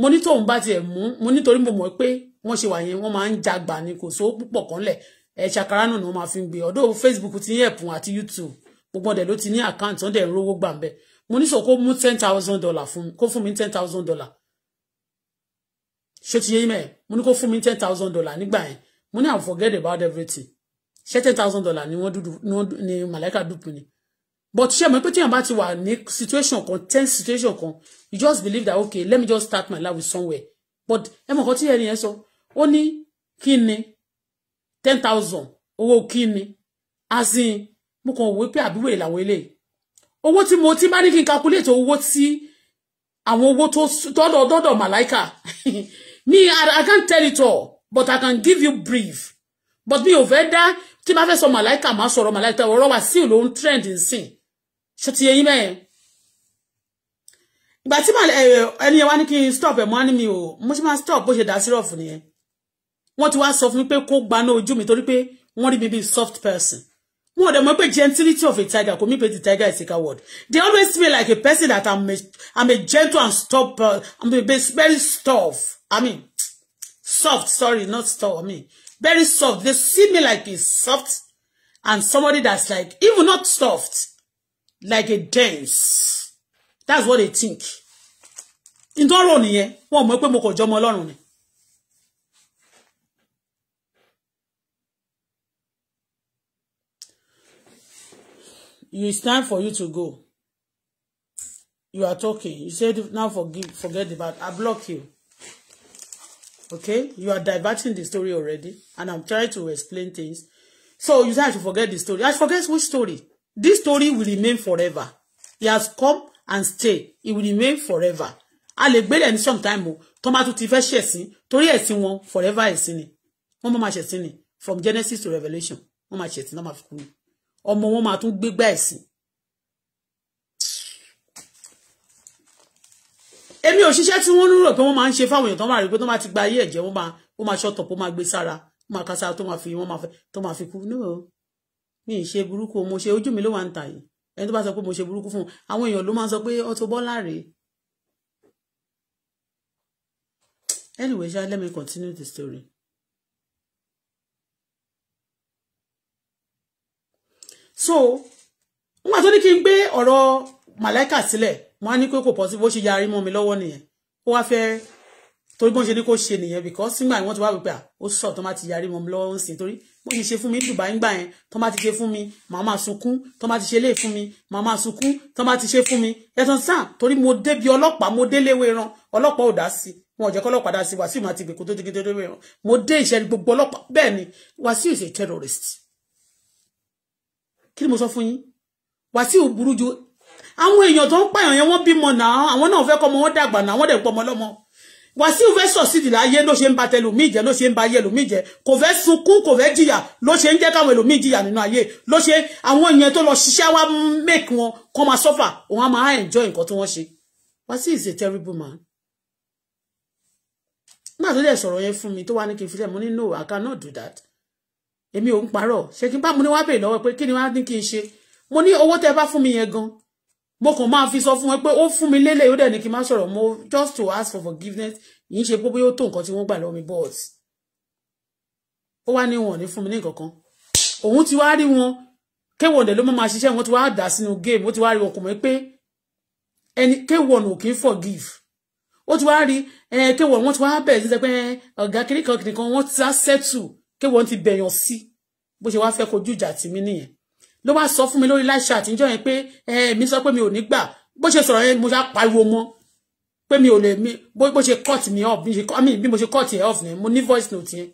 mo ní tóun bá tiẹ̀ mú mo nítorí mo mọ̀ pé wọ́n ṣe wà yẹn wọ́n máa ń jagbà ni kò sówó púpọ̀ kan lẹ̀ ẹ̀ ṣàkárá nù ni wọ́n máa fi gbé ọ̀dọ̀ Facebook ti ní ẹ̀pùn àti YouTube gbogbo ọ̀dẹ̀ ló ti ní àkáǹtì wọ́n dẹ̀ ten thousand dollar fún mi ten thousand dollar ṣé ti yé yín mẹ́ẹ̀ ten thousand dollar nígbà Money, ní forget about everything ṣé thousand dollar ni wọ́n dúdú ni màláìka dúpin ni but ṣé mo pé téèyàn bá ti wà ní situation kan tense situation kan you just believe that okay let me just start my life with somewhere but ẹ mọ̀ kan tí ẹni yẹn sọ ó ní kí ni ten thousand owó kí ni as in mo kàn wò pé àbíwèrè làwọn eléyìí owó tí mo ti bá ní kí n calculate owó tí àwọn owó tó dọ́dọ̀ dọ́dọ̀ màláìka mi I, I can't tell it all but I can give you brief but mi ò fẹ́ dá tí bá fẹ́ sọ màláìka máa sọ̀rọ̀ màláìka ọ̀rọ̀ wà sí ìlò trend nsìn ṣe ti yẹyin mẹ́ẹ̀. ìgbà tí eh, ẹni yẹn wá ní kí n stop ẹ̀ mọ́ ní mi ò mo ṣe máa stop bó ṣe dá sírọ̀fù nìyẹn wọ́n ti wá sọ fún mi pé kó gbaná ojú mi torí pé wọ́n rí mi bí soft person wọn ò dẹ̀ mọ̀ pé gentility of a tiger kò mí pé the tiger is a coward they always feel like a person that i'm a i'm a gentle and stop uh, i'm a very stuff i mean soft, sorry, not store me. Very soft. They see me like a soft and somebody that's like, even not soft, like a dense. That's what they think. In tọ́rọ̀ nìyẹn, wọ́n mọ̀ pé mo kò jọmọ Ọlọ́run ni. It's time for you to go. You are talking. You said now forgive, forget the bad. I block you. Okay? You are diverting the story already. And I'm trying to explain things. So you have to forget the story. I forget which story. This story will remain forever. He has come and stay. It will remain forever. A lè gbélé ní sometime o. Tó máa tún ti fẹ́ ṣẹ̀sìn. Torí ẹ̀sìn forever ẹ̀sìn ni. Wọ́n ma máa ṣẹ̀sìn ni. From Genesis to Revelation. Wọ́n máa ṣẹ̀sìn náà máa fi kú ni. Ọmọ wọn máa tún gbégbá ẹ̀sìn. èmi ò ṣiṣẹ́ tí wọ́n rò pé wọ́n máa ń ṣe fáwọn èèyàn tó máa rí pé tó máa ti gba ayé ẹ̀jẹ̀ wọ́n máa ṣọ́tọ̀ pé wọ́n máa gbé sára wọ́n máa kására tó máa fi wọ́n máa fẹ́ tó máa fi kú níwò mi ì ṣe burúkú mo ṣe ojú mi ló wà ń tà yìí ẹni tó bá sọ pé mo ṣe burúkú fún un àwọn èèyàn ló máa sọ pé Auto Bola rèé anyway ṣá let me continue the story. so wọ́n wá tó ní kí n gbé ọ̀rọ̀ màláìkà sílẹ̀ wọn á ní pé kò possible bó ṣe yarí mọ́ mi lọ́wọ́ nìyẹn ó wá fẹ́ torí bó ṣe ní kó ṣe nìyẹn because nígbà wọn ti wá wípé à ó sọ tó má ti yarí mọ́ mi lọ́wọ́ ń sìn torí bó ṣe ṣe fún mi dùbà ńgbà yẹn tó má ti ṣe fún mi màá máa sunkún tó má ti ṣe lé fún mi màá máa sunkún tó má ti ṣe fún mi ẹtàn sáà torí mo débi ọlọ́pàá mo dé léwé ran ọlọ́pàá ò dá sí wọn ò jẹ́ kọ́lọ́pàá dá sí wàsíù má ti gbèkó tó ti gbé mo dé ìṣẹ́ gbogbo ọlọ́pàá bẹ́ẹ̀ ni wàsíù is a terrorist kí ni mo sọ fún yín wàsíù burú ju àwọn èèyàn tó ń pààyàn yẹn wọ́n bímọ náà àwọn náà fẹ́ kọ́ ọmọ wọn dàgbà náà wọ́n dẹ̀ pọ̀ ọmọ lọ́mọ Wàsíù fẹ́ sọ̀sídìí láyé ló ṣe ń ba tẹlòmíì jẹ́ ló ṣe ń ba ayé ẹlòmíì jẹ́ kò fẹ́ sunkún kò fẹ́ jìyà ló ṣe ń jẹ́ káwọn ẹlòmíì jìyà nínú ayé ló ṣe àwọn èèyàn tó lọ ṣiṣẹ́ wá make wọn kọ́ máa suffer òun á máa enjoy nǹkan tí wọ́n ṣe Wàsíù is a terrible man. nígbà tó dẹ̀ sọ̀rọ̀ yẹn fún mi tó wá ní kí n fi tẹ̀ mo ní no I cannot do that èmi ò ń parọ́ ṣe kí n bá mo ní wá bèè lọ́wọ́ pé kí ni wá ní kí n ṣe mo ní owó tẹ bá fún mi yẹn gan mo kàn máa fi sọ fún wọn pé ó fún mi lélẹ̀ ó dẹ̀ ní kí n má sọ̀rọ̀ mo just to ask for forgiveness yìí ṣe pé bóyá ó tó nǹkan tí wọ́n gbà lọ́wọ́ mi but ó wá ní wọn ò ní fún mi ní nǹkan kan òun ti wá rí wọn kéwọn ọ̀dẹ̀ ló máa máa ṣiṣẹ́ wọn ti wá dà sínú game ó ti wá rí wọn kò mọ̀ pé ẹni kéwọn ò kì í forgive ó ti wá rí kéwọn wọn ti wá bẹ̀rẹ̀ sí pé ọ̀gá kìnìkan kìnìkan wọn ti á settle kéwọn ti bẹ̀yàn sí bó ṣe wá fẹ́ kojú ìjà tì mí nìyẹn ló wá sọ fún mi lórí láìṣe àtijọ́ yẹn pé ẹ̀mí sọ pé mi ò ní gbà bó ṣe sọ̀rọ̀ yẹn mo ṣá pariwo mọ́ pé mi ò lè mi bó ṣe cut me off bí mo ṣe cut ẹ̀ off yẹn mo ní voice note yẹn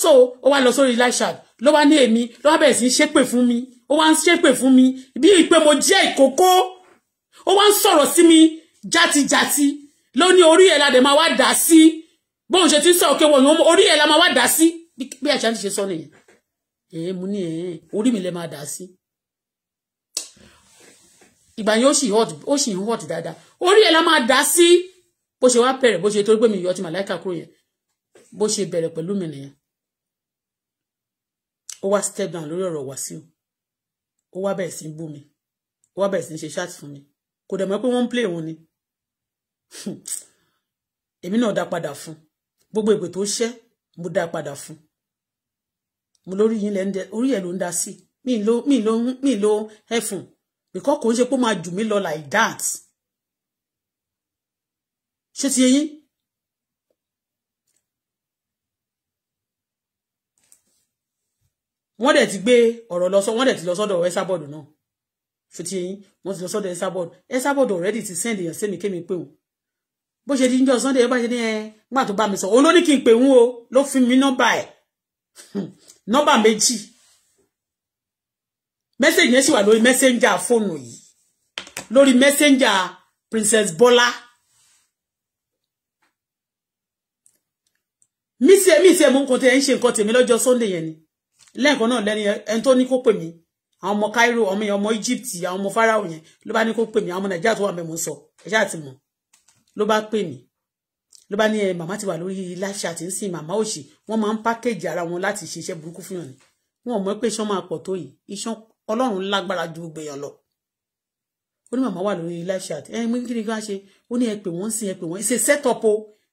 so ó wá lọ sórí láìṣe ló wá ní èmi ló wá bẹ̀rẹ̀ sí í ṣépè fún mi ó wá ń ṣépè fún mi bíi pé mo jẹ́ ìkókó ó wá ń sọ̀rọ̀ sí mi játijàti ló ní orí ẹ̀ la dẹ̀ máa wá dà sí bóun ṣe ti ń sọ̀rọ̀ kéwọ́n orí ẹ̀ la máa wá dà sí bí àṣà ti ṣe sọ nìyẹn ẹ̀ẹ́ mo ní ẹ̀ẹ́ orí mi lè máa dà sí ìgbà yẹn ó sì hot ó sì ń hot dáadáa orí ẹ̀ la máa dà sí bó ṣe wá bẹ̀rẹ̀ bó ṣe torí pé mi yọ ọtí màláìka kúrò yẹn bó ṣe bẹ̀rẹ̀ pẹ̀lú mi nìyẹn ó wá step down lórí ọ̀rọ̀ Wàsíù ó wá bẹ̀rẹ̀ sí ń bú mi ó wá bẹ̀rẹ̀ sí ń ṣe ṣáàtì fún mi kò dẹ̀ mọ́ pé wọ́n ń play wọn ni èmi náà dá padà fún gbogbo ìpè tó ṣẹ́ mo dá padà fún mo lórí yín lẹ́nu orí ẹ̀ ló ń da sí mi lo mi lo mi lo ẹ̀fùn because kò ń ṣe pé ó máa jù like that ṣé ti yín. wọ́n dẹ̀ ti gbé ọ̀rọ̀ lọ sọ wọ́n dẹ̀ ti lọ sọ́dọ̀ Esabod náà ṣé ti yín wọ́n ti lọ sọ́dọ̀ Esabod Esabod already ti send èèyàn sẹ́mi kémi pé òun bó ṣe di njọ́ Sunday bá ṣe ní ẹ nígbà tó bá mi sọ òun ló ní kí n pè o ló fi mí nọ́mbà ẹ̀ nọ́mbà méjì mẹ́sẹ̀gì yẹn sì wà lórí mẹ́sẹ̀njà fóònù yìí lórí mẹ́sẹ̀njà Princess Bola. mi se mi se mo nǹkan tẹ́ ń ṣe nǹkan tèmi lọ́jọ́ Sunday yẹn ni lẹ́ẹ̀kan náà lẹ́ni ẹni tó ní kó pè mí àwọn ọmọ Cairo ọmọ yẹn ọmọ Egypt àwọn ọmọ Pharaoh yẹn ló bá ní kó pè mí àwọn ọmọ Nàìjíríà tó wà mẹ́mọ̀ sọ ẹ ṣáà ti mọ̀ ló bá pè mí ló bá ní ẹ màmá ti wà lórí láṣà tí ń sìn màmá òṣì wọ́n máa ń pákéjì ara wọn láti ṣiṣẹ́ burúkú fún yàn ni wọn ò mọ̀ pé iṣan máa pọ̀ tó yìí iṣan Ọlọ́run lágbára ju gbogbo èèyàn lọ ó ní màmá wà lórí láṣà ẹ mú kí ni kí wọ́n ṣe ó ní ẹ pè wọ́n sìn ẹ pè wọ́n ṣe set up o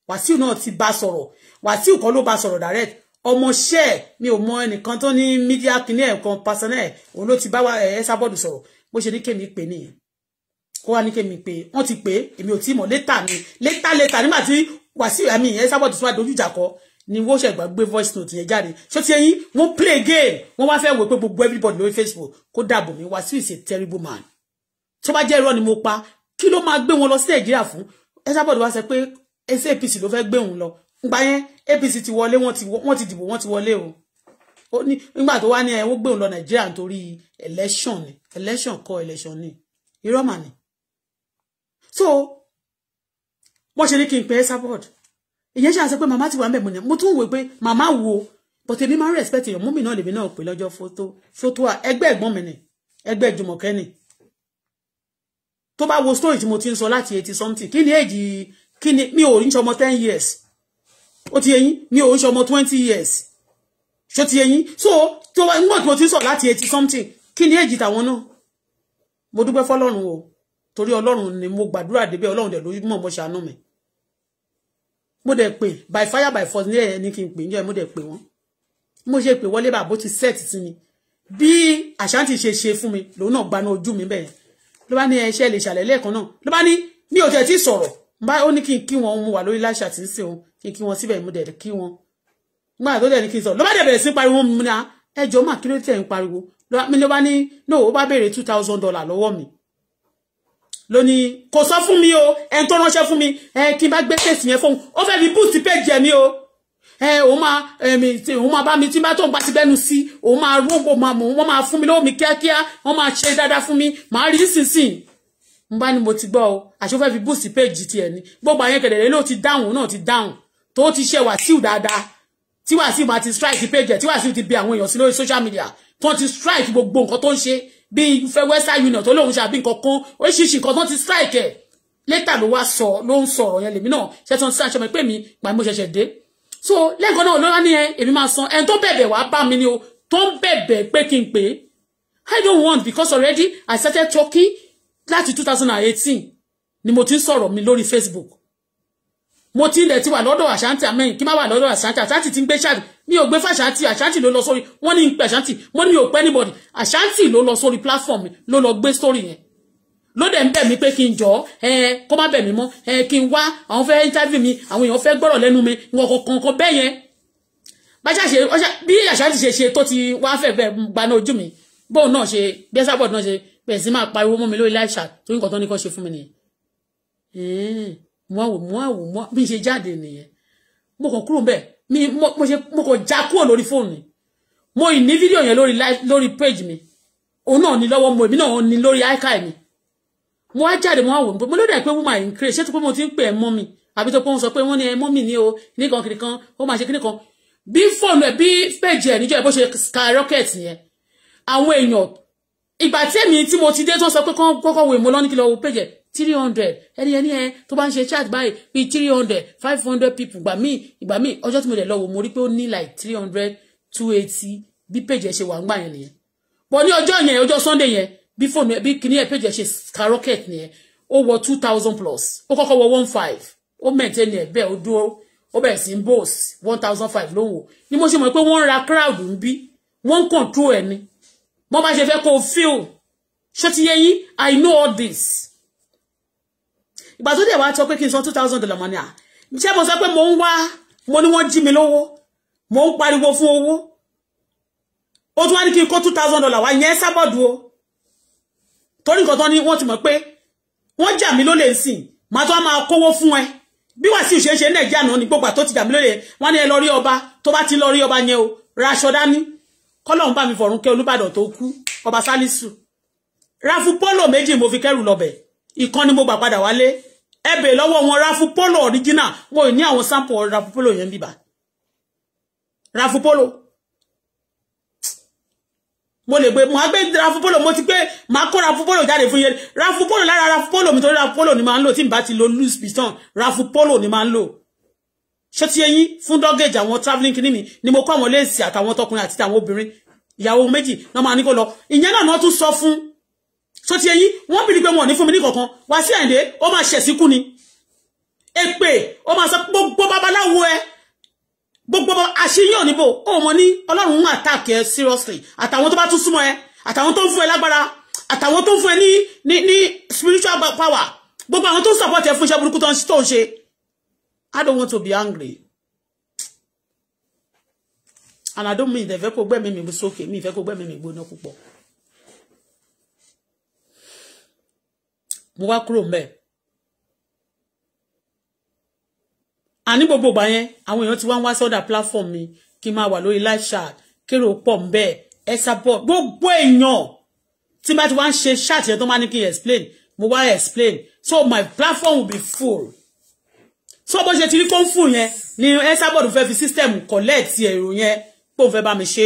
Wàsíù náà ti bá sọ̀rọ̀ Wàsíù kan ló bá sọ̀rọ̀ direct ọmọṣẹ́ mi ò mọ ẹnìkan tó ní mídíà kìíní ẹ̀kan pàṣánẹ́ òun ló ti bá ẹ sábọ́ọ̀dù sọ̀rọ̀ bó ṣe ní kémi pè nìyẹn kó wá ní kémi pè wọ́n ti pè èmi ò tí mọ̀ létà ni létà létà nígbà tí Wasiu àmì ìyẹn sábọ̀ tó tún wá dojú ìjà kọ ni wọ́n ṣẹ̀gbà gbé voice note yẹn jáde ṣó ti ẹyin wọ́n play game wọ́n wá fẹ́ wò pé gbogbo everybody lórí Facebook kó dààbò mi Wasiu is a terrible man tó bá jẹ́ irọ́ ni mo pa kí ló máa gbé wọn lọ sí Nàìjíríà fún ẹ sábọ̀ tó wá sọ pé ẹsẹ̀ APC ló fẹ́ gbé òun lọ nígbà yẹn APC ti wọlé wọ́n ti dìbò wọ́n ti wọlé o ó ní nígbà tó wá ní ẹ wọ́n gbé òun lọ Nàìjíríà nítorí election election kọ́ election ni irọ́ mà ni so bó ṣe ní kí n pè é sábọ̀d ìyẹn ṣáà sọ pé màmá ti wà ń bẹ̀ mo tún wò pé màmá wo but èmi máa ń respect èèyàn múmi náà lèmi náà pè lọ́jọ́ fótó fótó ẹgbẹ́ ẹ̀gbọ́n mi ni ẹgbẹ́ jùmọ̀kẹ́ ni tó bá wo story tí mo ti ń sọ láti eighty something kí ni èjì kí ni mi ò ń ṣọmọ ten years ó ti yẹyin mi ò ń ṣọmọ twenty years ṣó ti yẹyin so tó bá nígbà tí mo ti ń sọ láti eighty something kí ni èjì tàwọn náà mo dúpẹ́ fọlọ́run o torí ọlọ́run ni mo gbàdúrà débẹ̀ ọlọ́run dẹ̀ ló mọ̀ mọ́ ṣàánú mi mo dẹ̀ pè by fire by force ní ẹ̀yẹ ní kí n pè níjọ́ ẹ̀ mo dẹ̀ pè wọ́n mo ṣe pè wọlé bàbá ti set sí mi bí àṣántì ṣe ṣe fún mi lòun náà gbaná ojú mi bẹ́ẹ̀ ló bá ní ẹṣẹ́ lè ṣàlẹ̀ lẹ́ẹ̀kan náà ló bá ní mi ò tẹ̀ tí sọ̀rọ̀ bá ó ní kí n kí wọn mo wà lórí láṣà tí ń sè wọn kí n kí wọn síbẹ̀ mo dẹ̀ kí wọn nígbà tó dẹ̀ ní kí n sọ̀rọ̀ ló bá dẹ̀ bẹ̀rẹ̀ sí pariwo mi ní ah, ẹjọ́ mà kí ló tẹ̀ ń pariwo mi ló bá ní no ó bá béèrè two thousand dollar lọ́wọ́ mi lónìí kò sọ fún mi o ẹni tó ránṣẹ́ fún mi ẹ kí n bá gbé kéèsì yẹn fóun ó fẹ́ fi boost page ẹ̀ mi o ẹ òun máa ẹmí tí òun máa bá mi tí bá tó ń gbàsí bẹ́nu sí òun máa rúgbò máa mọ̀ wọ́n máa fún mi lọ́wọ́ mi kíákíá wọ́n máa ṣe dáadáa fún mi màá rí sísìn mo bá ní mo ti gbọ́ o àṣọ fẹ́ fi boost page tiẹ̀ ni gbogbo àyẹn kẹ̀dẹ̀rẹ́ ló ti dáhùn náà ti dáhùn tó ti ṣe wàsíù dáadáa tí wàsíù máa ti strike page ẹ̀ tí wàsíù ti bi àwọn èèyàn sí lórí social media tó ti strike gbogbo nǹkan tó ń ṣe bí fẹ́ western union tó lóun ṣe àbí nǹkan kan oríṣiríṣi nǹkan tán ti strike ẹ̀ later ló wá sọ ló ń sọ ọ̀rọ̀ yẹn lèmi náà ṣe tán sáà ṣọmọ pé mi pàmò ṣẹ̀ṣẹ̀ dé so lẹ́ẹ̀kan náà ló wá ní ẹ èmi máa san ẹni tó bẹ̀bẹ̀ wá bá mi ni o tó ń bẹ̀bẹ̀ pé kí n pè é I don't want because already I started talking láti two thousand and eighteen ni mo ti ń sọ̀rọ̀ mi lórí Facebook mo ti ń dẹ̀ ti wà lọ́dọ̀ àṣántì àmẹ́yìn kí má wà lọ́dọ̀ àṣántì àṣántì ti ń gbé ṣáàdì mi ò gbé fàṣántì àṣántì ló lọ sórí wọ́n ní ń pè àṣántì wọ́n ní mi ò pẹ́ anybody àṣántì ló lọ sórí platform ló lọ gbé sórí yẹn ló dẹ̀ ń bẹ̀ mí pé kí n jọ ẹ kó má bẹ̀ mí mọ́ ẹ kí n wá àwọn fẹ́ interview mi àwọn èèyàn fẹ́ gbọ́rọ̀ lẹ́nu mi nǹkan kankan bẹ́ẹ̀ yẹn bájá ṣe bí àṣántì ṣe ṣe tó ti wá fẹ́ bẹ́ẹ̀ gbaná ojú mi bóun náà ṣe gbẹ́sàbọ̀d náà ṣe bẹ̀rẹ̀ sí máa pariwo mọ́ mi lórí láìṣà tó nǹkan tó ní kàn ṣe fún mi nìyẹn mọ́ àwò mọ́ àwò mọ́ bí ṣe jáde nìyẹn mo kàn kúrò bẹ́ẹ̀ mi mo ṣe mo kò já kúrò lórí fóònù ni mo ì ní fídíò yẹn lórí lórí page mi òun náà ní lọ́wọ́ mo èmi náà ní lórí áíkà mi mo wá jáde mo wá wò ó mo lóde pé woman in craze ṣé tó pé mo ti ń pè ẹ mọ́ mi àbí tó pé wọ́n sọ pé wọ́n ní ẹ mọ́ mi ní o nìkan kiri kan ó máa ṣe kíní kan bí fóònù ẹ bí page ẹ níjọ́ ẹ bó ṣe skyrocket yẹn àwọn èèyàn ìgbà tẹ́mi tí mo ti dé tó sọ pé kọ́kọ́ wo èmo lọ́ní kí lọ́wọ́ page ẹ three hundred ẹni ẹni ẹ tó bá ń ṣe chat báyìí bíi three hundred five hundred people gbà míì ìgbà míì ọjọ́ tí mo dẹ̀ lọ wò mo rí pé ó ní like three hundred two eighty bí page ẹ ṣe wà ń gbà yẹn nìyẹn bọ̀ ní ọjọ́ yẹn ọjọ́ sunday yẹn bí fóònù ẹ bí kìíní ẹ page ẹ ṣe skyrocket nìyẹn ó wọ two thousand plus ó kọ́kọ́ wọ one five ó maintain ẹ̀ bẹ́ẹ̀ ó dúró ó bẹ̀rẹ̀ sí ń bòs one thousand five ló ń wò ni mo ṣe mọ̀ pé wọ́n ra crowd ń bí wọ́n ń control ẹ̀ ni wọ́n bá ṣe fẹ́ kó o feel ṣé ti yẹ yín I know all this ìgbà tó dẹ̀ wá sọ pé kí n san two thousand dollar money à ṣé mo sọ pé mo ń wá mo ní wọ́n jí mi lówó mo ń pariwo fún owó ó tún wá ní kí n kó two thousand dollar wá ìyẹn sábọ̀dù o torí nǹkan tán ni wọ́n ti mọ̀ pé wọ́n jà mí lólè ń sìn màá tó máa kówó fún ẹ bí Wàsíù ṣe ń ṣe nàìjíríà náà ní gbogbo àtó ti jà mí lólè wọ́n ní ẹ lọ rí ọba tó bá ti lọ rí ọba yẹn o ra aṣọ dání kọ́lọ́hún bá mi fọ̀run kẹ́ Olúbàdàn tó kú ọba Sálísù ra pọ́lọ̀ méjì mo fi kẹ́rù lọ́bẹ̀ ìkan ni mo gbà padà wálé Ebe bèè lọ́wọ́ wọn rafu polo original wọn ni ní àwọn sample rafu polo yẹn bíbá rafu polo mo lè gbé mo á gbé rafu polo mo ti gbé máa kó rafu polo jáde fún yẹn rafu polo lára rafu polo mi torí rafu polo ni máa ń lò tí ti lo loose piston rafu polo ni máa ń lò ṣé ti eyín fún dọ́gẹ̀jì àwọn travelling kìíní mi ni mo kọ́ àwọn léèsì àtàwọn tọkùnrin àti tàwọn obìnrin ìyàwó méjì náà máa ní kó lọ ìyẹn náà ni wọ́n tún sọ so ti ẹ̀yin wọ́n bi ni pé wọ́n ní fún mi ní kankan wá sí Àyìndé ó máa ṣe síkú ni èpè ó máa sọ gbogbo babaláwo ẹ gbogbo àṣeyàn níbo ó mọ ní Ọlọ́run ń attack ẹ seriously àtàwọn to bá tún súnmọ́ ẹ àtàwọn tó ń fún ẹ lágbára àtàwọn tó ń fún ẹ ní ní ní spiritual power gbogbo àwọn tó ń support ẹ fún iṣẹ́ burúkú tó ń tó I don't want to be angry and I don't mean the ìdẹ̀fẹ́ kó gbẹ́mìí mi sókè mi ìfẹ́ kó gbẹ́mìí mi gbóná púpọ̀. mo wá kúrò mbẹ̀ àní gbogbo ìgbà yẹn àwọn èèyàn ti wá ń wá sọ́dà platform mi kí n máa wà lórí live chat kérò pọ̀ mbẹ̀ ẹ̀sà pọ̀ gbogbo èèyàn tí bá ti wá ń ṣe chat yẹn tó máa ní kí n explain mo wá explain so my platform will be full so bó ṣe ti rí kó ń fún yẹn ni ẹsàbọọdù fẹ́ fi sísítẹmù kọlẹẹtì èrò yẹn pò ń fẹ́ bá mi ṣe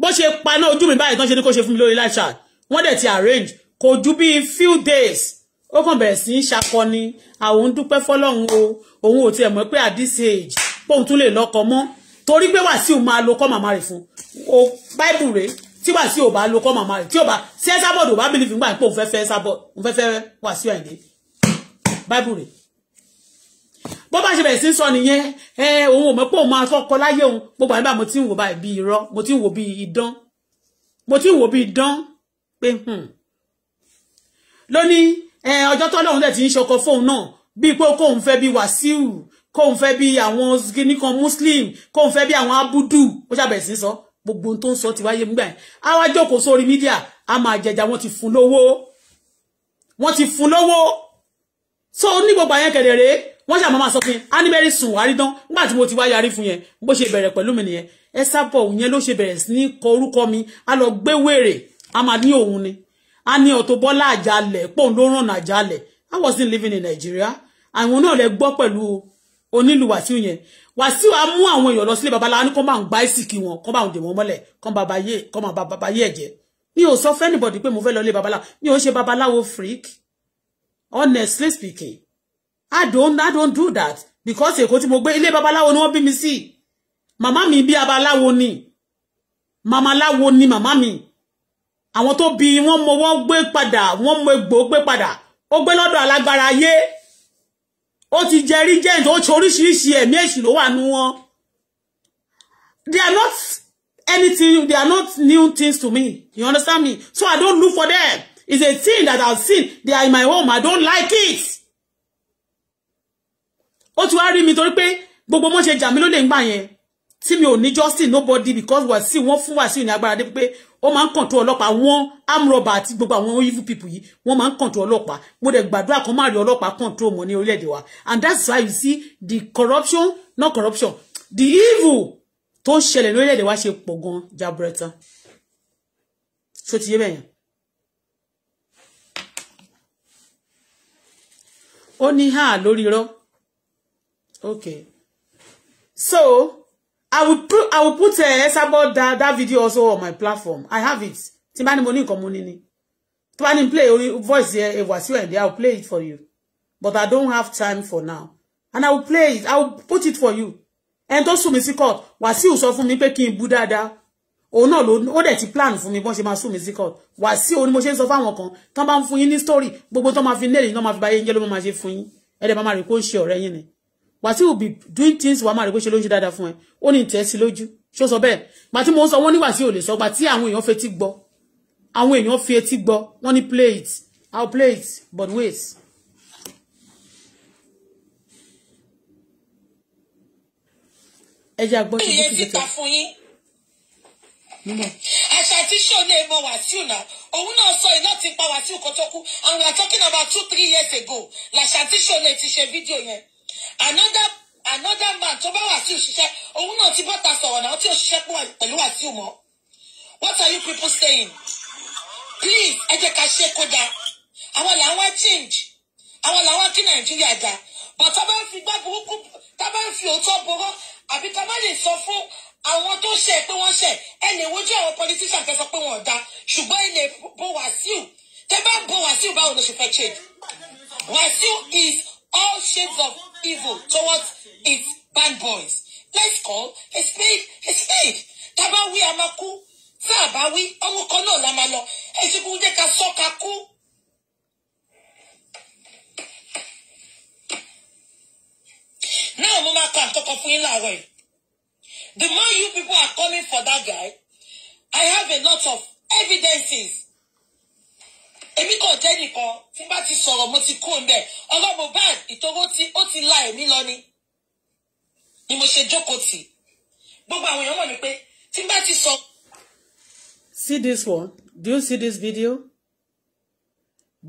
bó ṣe paná ojú mi báyìí tán ṣe ní kó ṣe fún mi lórí láṣà wọ́n dẹ̀ ti arrange kò ju bíi few days ó kàn bẹ̀rẹ̀ sí í ṣakọni àwọn ń dúpẹ́ fọlọ́run o òun ò tiẹ̀ mọ̀ pé at this age póun tún lè lọ́kọ mọ́ torí pé Wàsíù máa lo kọ́ màmá rẹ̀ fún o báìbù rẹ̀ tí Wàsíù ò bá lo kọ́ màmá rẹ̀ tí ò bá sí Esabod ò bá bìlìfì gbà pé òun fẹ́ fẹ́ Esabod òun fẹ́ fẹ́ Wàsíù Àyìndé báìbù rẹ̀ bó bá ṣe bẹ̀rẹ̀ sí sọ nìyẹn ẹ òun ò mọ̀ pé òun máa fọ́kọ láyé òun gbogbo àyíbá mo ti ń wò báyìí bí irọ́ mo ti ń wò bí idán mo ti ń wò bí idán pé hmm ló ní ọjọ́ tọ́lọ́run dẹ̀ ti ń ṣọkọ fóun náà bíi pé kóun fẹ́ bíi wàsíù kóun fẹ́ bíi àwọn gíní kan muslim kóun fẹ́ bíi àwọn abudu ó ṣàbẹ̀ sí sọ gbogbo tó ń sọ ti wáyé nígbà yẹn á wá jókòó sórí mídíà á máa jẹjà wọ́n ti fún lówó wọ́n ti fún lówó so ní gbogbo àyẹn kẹ̀dẹ̀rẹ́ wọ́n ṣàmọ́ máa sọ fún yẹn ánimẹ́rì sùn àrídán nígbà tí mo ti wá yarí fún yẹn bó ṣe bẹ̀rẹ̀ pẹ̀lú mi nìyẹn ẹ sábọ̀ òun yẹn ló ṣe bẹ̀rẹ̀ sí ní kọ orúkọ mi á lọ gbé wèrè á máa ní òun ni a ní Auto Bola Ajale pòun ló ràn Ajale I wasn't living in Nigeria àwọn náà lè gbọ́ pẹ̀lú onílù Wàsíù yẹn Wàsíù á mú àwọn èèyàn lọ sílé babaláwa ní kó máa ń gba ìsìnkì wọn kó máa ń dè wọn mọ́lẹ̀ kó máa ba Baba. yé ẹ̀jẹ̀ mi ò sọ fẹ́nìbọ̀dì pé mo fẹ́ lọ lé babaláwo mi ò ṣe babaláwo freak honestly speaking I don't I don't do that because èkó tí mo gbé ilé babaláwo ni wọ́n bí mi sí Mama mi bí abaláwo ni Mama láwo ni Mama mi àwọn tó bí wọ́n mọwọ́ gbé padà wọ́n mọ egbò gbé padà ó gbé lọ́dọ̀ alágbára ayé ó ti jẹ regent ó ṣe oríṣiríṣi ẹ̀mí èṣù ló wà nú wọn they are not anything they are not new things to me you understand me so i don't look for them it's a thing that i've seen they are in my home i don't like it ó ti wá rí mi torí pé gbogbo mo ṣe jà mí ló lè ń gbà yẹn tí mi ò ní justin nobody because wàsíù wọn fún wàsíù ní agbára dé pé ó máa ń kọ̀ǹtò ọlọ́pàá wọn amrọ̀bà àti gbogbo àwọn evil people yìí wọ́n máa ń kọ̀ǹtò ọlọ́pàá mo dẹ̀ gbàdúrà kan má rí ọlọ́pàá kọ̀ǹtò mọ́ ní orílẹ̀ wa and that's why you see the corruption not corruption the evil tó ń ṣẹlẹ̀ ní orílẹ̀-èdè wa ṣe pọ̀ gan jaburẹ́ta ṣó ti yé bẹ́yẹn. ó ní hà lórí irọ́ okay so. I will put I will put uh, eh, Esabod that that video also on my platform. I have it. Tí bá ní mo ni. Tó play voice here eh, e eh, Wasiu and I will play it for you. But I don't have time for now. And I will play it. I will put it for you. And tó sùn mí sí court. Wasiu sọ fún mi pé kí n bú dáadáa. Òun náà ló ó dẹ̀ ti plan fún mi bọ́n ṣe máa sùn mí sí court. Wasiu ó ní mo ṣe ń sọ fáwọn story Bobo tán máa No nẹ́ẹ̀lì náà máa fi báyé ń jẹ́ ló máa ṣe wàtí ò be doing things wàá máa rí pé ṣe ló ń ṣe dáadáa fún ẹ ó ní ìtẹ́ sí lójú ṣó sọ bẹ́ẹ̀ gbà tí mo ń sọ wọ́n ní wàtí ò lè sọ gbà tí àwọn èèyàn fetí gbọ́ àwọn èèyàn fi etí gbọ́ wọ́n ní play it I'll play it but wait. ẹ jẹ́ àgbọ̀ ṣe bó ti jẹ́ tẹ̀.
àṣà tí ṣòlè mọ wàsíù náà òun náà sọ iná ti pa wàsíù kó tó kú and we are talking about two three years ago làṣà tí ṣòlè ti ṣe fídíò yẹn another another man tó bá Wasiu ṣiṣẹ́ òun náà ti bọ́ta sọ̀rọ̀ náà tí ò ṣiṣẹ́ pẹ̀lú Wasiu mọ́ what are you people saying please ẹ jẹ́ ká ṣe kódà àwọn làwọn change àwọn làwọn kí Nàìjíríà dá but tá bá ń fi gbá burúkú tá bá ń fi òótọ́ borọ́ àbí tá bá lè sọ fún àwọn tó ṣe pé wọ́n ṣe ẹ lè àwọn politician fẹ́ sọ pé wọ́n dá ṣùgbọ́n ẹ lè bo Wasiu tẹ bá bo Wasiu báwo ló ṣe fẹ́ change Wasiu is all shades of evil towards its bad boys. Let's call a spade a spade. Tábà wí a máa kú. Tá a bá wí, ọmọ Now Mama can talk of fún yín láàárọ̀ The more you people are coming for that guy, I have a lot of evidences èmi kò jẹ́ nìkan tí bá ti sọ̀rọ̀ mo ti kó nbẹ̀ ọ̀rọ̀ Mohbad ìtòwó tí ó ti la èmi lọ ni ni mo ṣe jókòó tì gbogbo àwọn èèyàn mọ̀ ni pé tí bá ti sọ.
see this one do you see this video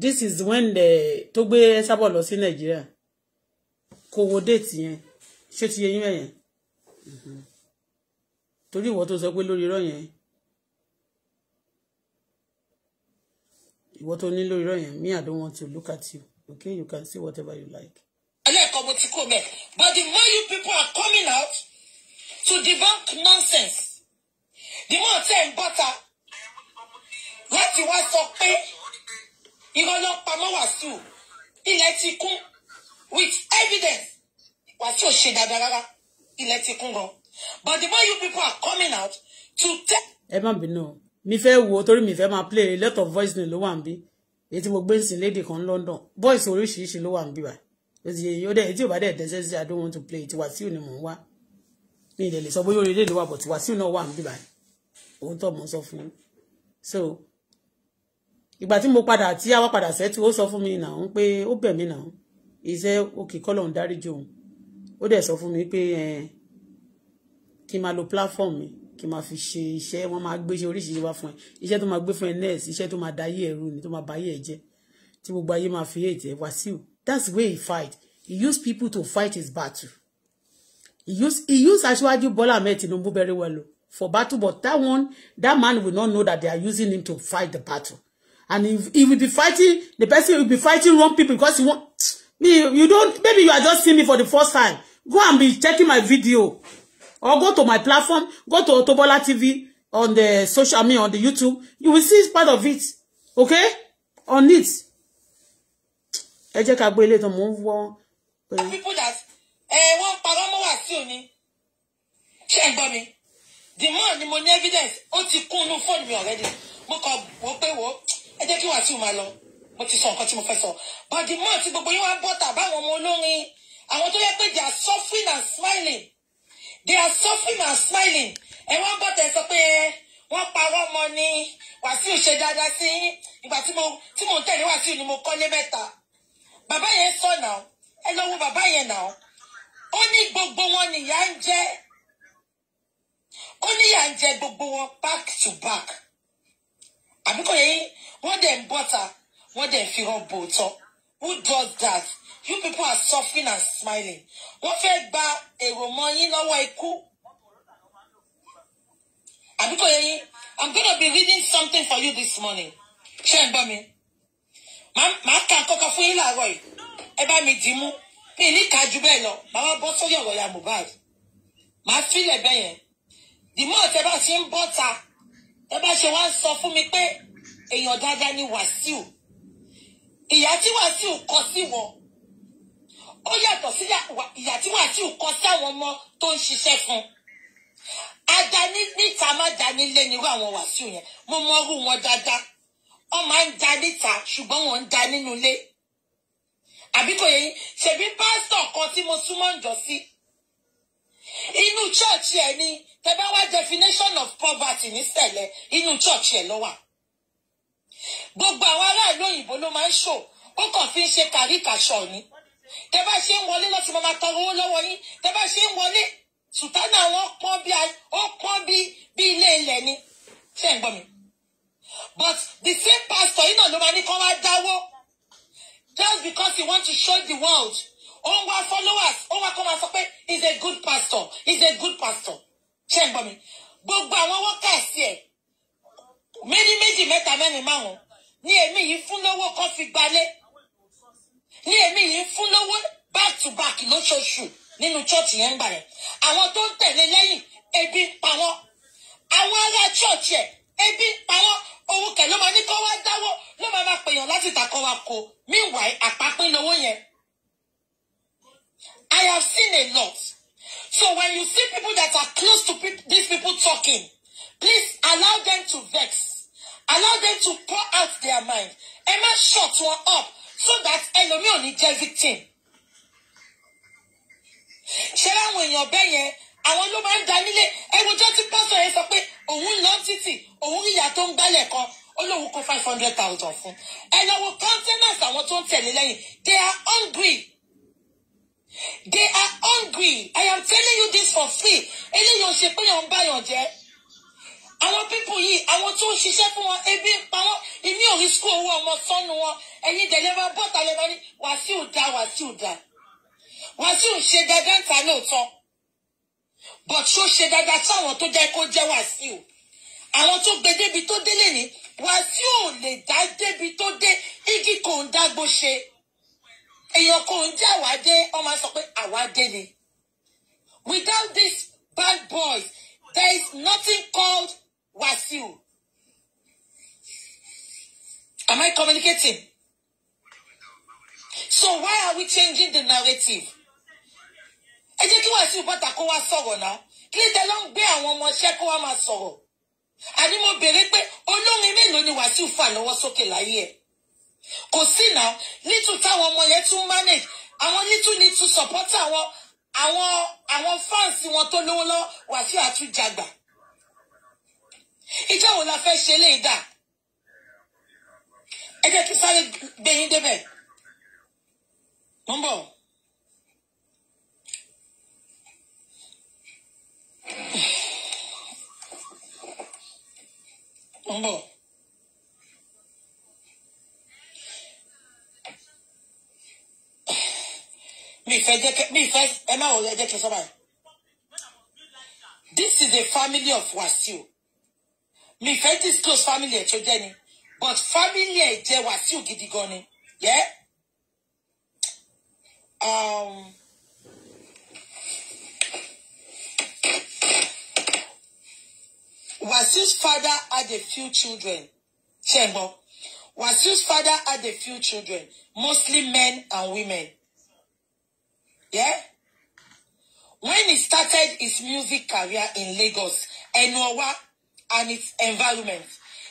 this is when the tó gbé sábọ̀ lọ sí nàìjíríà kò wo déètì yẹn ṣé ti yẹ yín ẹ̀yẹn mhm. torí ìwọ tó sọ pé lórí irọ́ yẹn ìwọ tó ní lórí ìròyìn me i don't want to look at you okay you can see whatever you like.
ẹlẹ́ẹ̀kan mo ti kó mẹ́ but the more you people are coming out to debunk nonsense the more tẹ́ ń bọ́ta láti wá sọ pé irọ́ ló pamọ́ Wàsíù ilẹ̀ ti kún with evidence Wàsíù ò ṣe dáadáa rárá ilẹ̀ ti kún gan but the more you people are coming out to
tell. ẹ má bínú o mi fẹ́ wo torí mi fẹ́ máa play a lot of voice note ló wà níbí èyí tí mo gbé sí lédè kan London voice oríṣiríṣi ló wà níbí báyìí ó ti yẹ ó dẹ̀ tí ò bá dẹ̀ dẹ́sẹ̀ I don't want to play tiwa sí òní mò ń wá ní ilẹ̀ lè sọ bóyá orílẹ̀ èdè wa bọ̀ tiwa sí òní wà níbí báyìí òun tó mọ̀ sọ fún so ìgbà tí mo padà tí a wá padà sẹ́tù ó sọ fún mi nà ń pé ó bẹ̀ mí nà ń iṣẹ́ òkè kọ́lọ̀ ń dáríjì òun ó dẹ̀ sọ fún mi pé kí n máa lo platform mi kí máa fi ṣe iṣẹ́ wọ́n máa gbé iṣẹ́ oríṣiríṣi wá fún ẹ iṣẹ́ tó máa gbé fún ẹ nẹ́ẹ̀sì iṣẹ́ tó máa dayé ẹ̀rú ni tó máa bayé ẹ jẹ́ tí gbogbo ayé máa fi hate ẹ Wàsíù that's the way he fight he use people to fight his battle he use he use Aṣíwájú Bọ́lá Ahmed Tinubu very well o for battle but that one that man will not know that they are using him to fight the battle and if he will be fighting the person will be fighting wrong people because he want me you don't maybe you are just seeing me for the first time go and be checking my video or go to my platform, go to Otobola TV on the social, I mean on the YouTube. You will see part of it. Okay? On it. Ẹ jẹ́ ká gbé ilé tán
People that eh, wọ́n parọ́ mọ́ wà sí òní. Ṣé ẹ gbọ́ mi? The more ni mo ní evidence, ó ti kún inú mi already. Mo kàn wọ́n pé wọ́n ẹ jẹ́ kí wàá o máa lọ mo ti sọ nǹkan tí mo fe sọ but the more tí gbogbo yín wá bọ́tà báwọn ọmọ olórin àwọn to yẹ pé they are suffering and smiling they are suffering and smiling ẹ wọ́n gbọ́ tẹ̀ sọ pé wọ́n parọ́ mọ́ ni wàsíù ṣe dáadáa sí ìgbà tí mo ń tẹ̀lé ni mo kọ́lé mẹ́ta bàbá yẹn sọ náà ẹ lọ wo bàbá yẹn náà ó ní gbogbo wọn nìyà ń jẹ gbogbo wọn back to back àbíkọ yẹn wọ́n dẹ̀ ń bọ́ta wọ́n dẹ̀ ń who does that you people are suffering and smiling wọ́n fẹ́ gba èrò mọ́ yín lọ́wọ́ ikú àbíkò yẹn yín i'm gonna be reading something for you this morning ṣé ń gbọ́ mi màá kà kọ́kọ́ fún yín láàárọ̀ yìí ẹ bá mi dì í mú mi ní ká ju bẹ́ẹ̀ lọ màá bọ́ sórí ọ̀rọ̀ ya Mohbad màá fílẹ̀ bẹ́ẹ̀ yẹn dìmọ́ ọ̀tẹ́ bá ṣe ń bọ́ta ẹ bá ṣe wá ń sọ fún mi pé èèyàn dáadáa ni Wàsíù ìyá tí Wàsíù kọ sí wọn ó yàtọ̀ sí ìyá tí Wàsíù kọ sáwọn ọmọ tó ń ṣiṣẹ́ fún adani níta má dání lé nírú àwọn Wàsíù yẹn mo mọrú wọn dáadáa wọn máa ń da níta ṣùgbọ́n wọn ń da nínú ilé àbí kò yẹ yín ṣèbí pásítọ̀ kan tí mo súnmọ́ ń jọ sí inú church ẹ̀ ni tẹ bá wá definition of poverty ní sẹ̀lẹ̀ inú church ẹ̀ ló wà gbogbo àwọn aráàlú òyìnbó ló máa ń ṣò ó kàn fi ń ṣe kàríkàṣọ ni tẹ bá ṣe ń wọlé lọ́sùn máa tọrọ owó lọ́wọ́ yín tẹ bá ṣe ń wọlé sùtánà wọn pọ́n bí ó pọ́n bí bí ilé ilẹ̀ ni ṣé ń gbọ́ mi but the same pastor yìí náà ló máa ní kán wá dáwó just because he want to show the world ó ń wá followers ó wá kó máa sọ pé he is a good pastor he is a good pastor ṣé ń gbọ́ mi gbogbo àwọn wọ́kà sí ẹ̀ méjì méjì mẹ́ta mẹ́rin márùn ní èmi yìí fún lówó kan fi gbalé ní èmi yìí fún lówó back to back lóṣooṣù nínú chọ́ọ̀chì yẹn ń gbà yẹn àwọn tó ń tẹ̀lé lẹ́yìn ebi ń pa wọ́n àwọn ará chọ́ọ̀chì ẹ̀ ebi ń pa wọ́n òun kẹ̀ ló máa ní kó wá dáwọ́ ló máa máa pèèyàn láti tàkọ́ wa kó meanwhile àpapín lówó yẹn I have seen a lot so when you see people that are close to pe these people talking please allow them to vex allow them to pour out their mind ẹ má shut wọn up so that ẹlòmíràn ní jẹ́ victim. ṣé láwọn èèyàn bẹ́ẹ̀ yẹn àwọn ló máa ń da nílé ẹgbẹ́jọ́ tí pásítọ̀ yẹn sọ pé òun lọ títì òun ìyá tó ń gbálẹ̀ kan olówó kó five hundred thousand fún ẹ lọ wo containers àwọn tó ń tẹ̀lé lẹ́yìn they are hungry they are hungry i am telling you this for free eléyìí ò ṣe pé yàn ń báyàn jẹ́ àwọn pípù yìí àwọn tó ń ṣiṣẹ́ fún wọn ebi ń pa wọ́n ìní òrí skul owó ọmọ sọ́nu wọn ẹ̀yin dẹ̀lẹ́bà bọ́ta lẹ́bà ní wàsíù dá wàsíù dá wàsíù ṣe dáadáa ń ta lóòótọ́ but ṣó ṣe dáadáa sáwọn tó jẹ́ kó jẹ́ wàsíù àwọn tó gbé débi tó délé ní wàsíù lè dá débi tó dé igi kò ń dágbó ṣe èèyàn kò ń jẹ́ àwádé wọ́n máa sọ pé àwádé ni without these bad boys there is nothing called Wasiu. Am I communicating? So why are we changing the narrative? Ẹ jẹ́ kí Wasiu bọ́tà kó wá sọ̀rọ̀ náà. Kí ló dé ló ń gbé àwọn ọmọọṣẹ́ kó wá máa sọ̀rọ̀? Àní mo béèrè pé olórin mélòó ni Wasiu fà lọ́wọ́ sókè láyé ẹ̀? Kò sí náà nítú táwọn ọmọ yẹn tún manage àwọn nítú nítú support àwọn àwọn àwọn fans wọn tó lówó lọ́wọ́ Wasiu àtújàgbà ìjọ wo la fẹ́ ṣe léyìí dà ẹ jẹ́ kí sáré gbẹ̀yìn débẹ̀ mo ń bọ̀. mo ń bọ̀. mi fẹ́ jẹ́ kẹ́ mi fẹ́ ẹ má wọ ẹ jẹ́ kí n sọ this is the family of Wasiu mi fẹ́ disclose family ẹ̀ tó jẹ́ ni but family ẹ̀ jẹ́ Wàsíù gidi gan ni yẹ́ um, Wasiu's father had a few children ṣẹ́gbọ́n Wasiu's father had a few children mostly men and women yeah? when he started his music career in Lagos Enowa and its environment.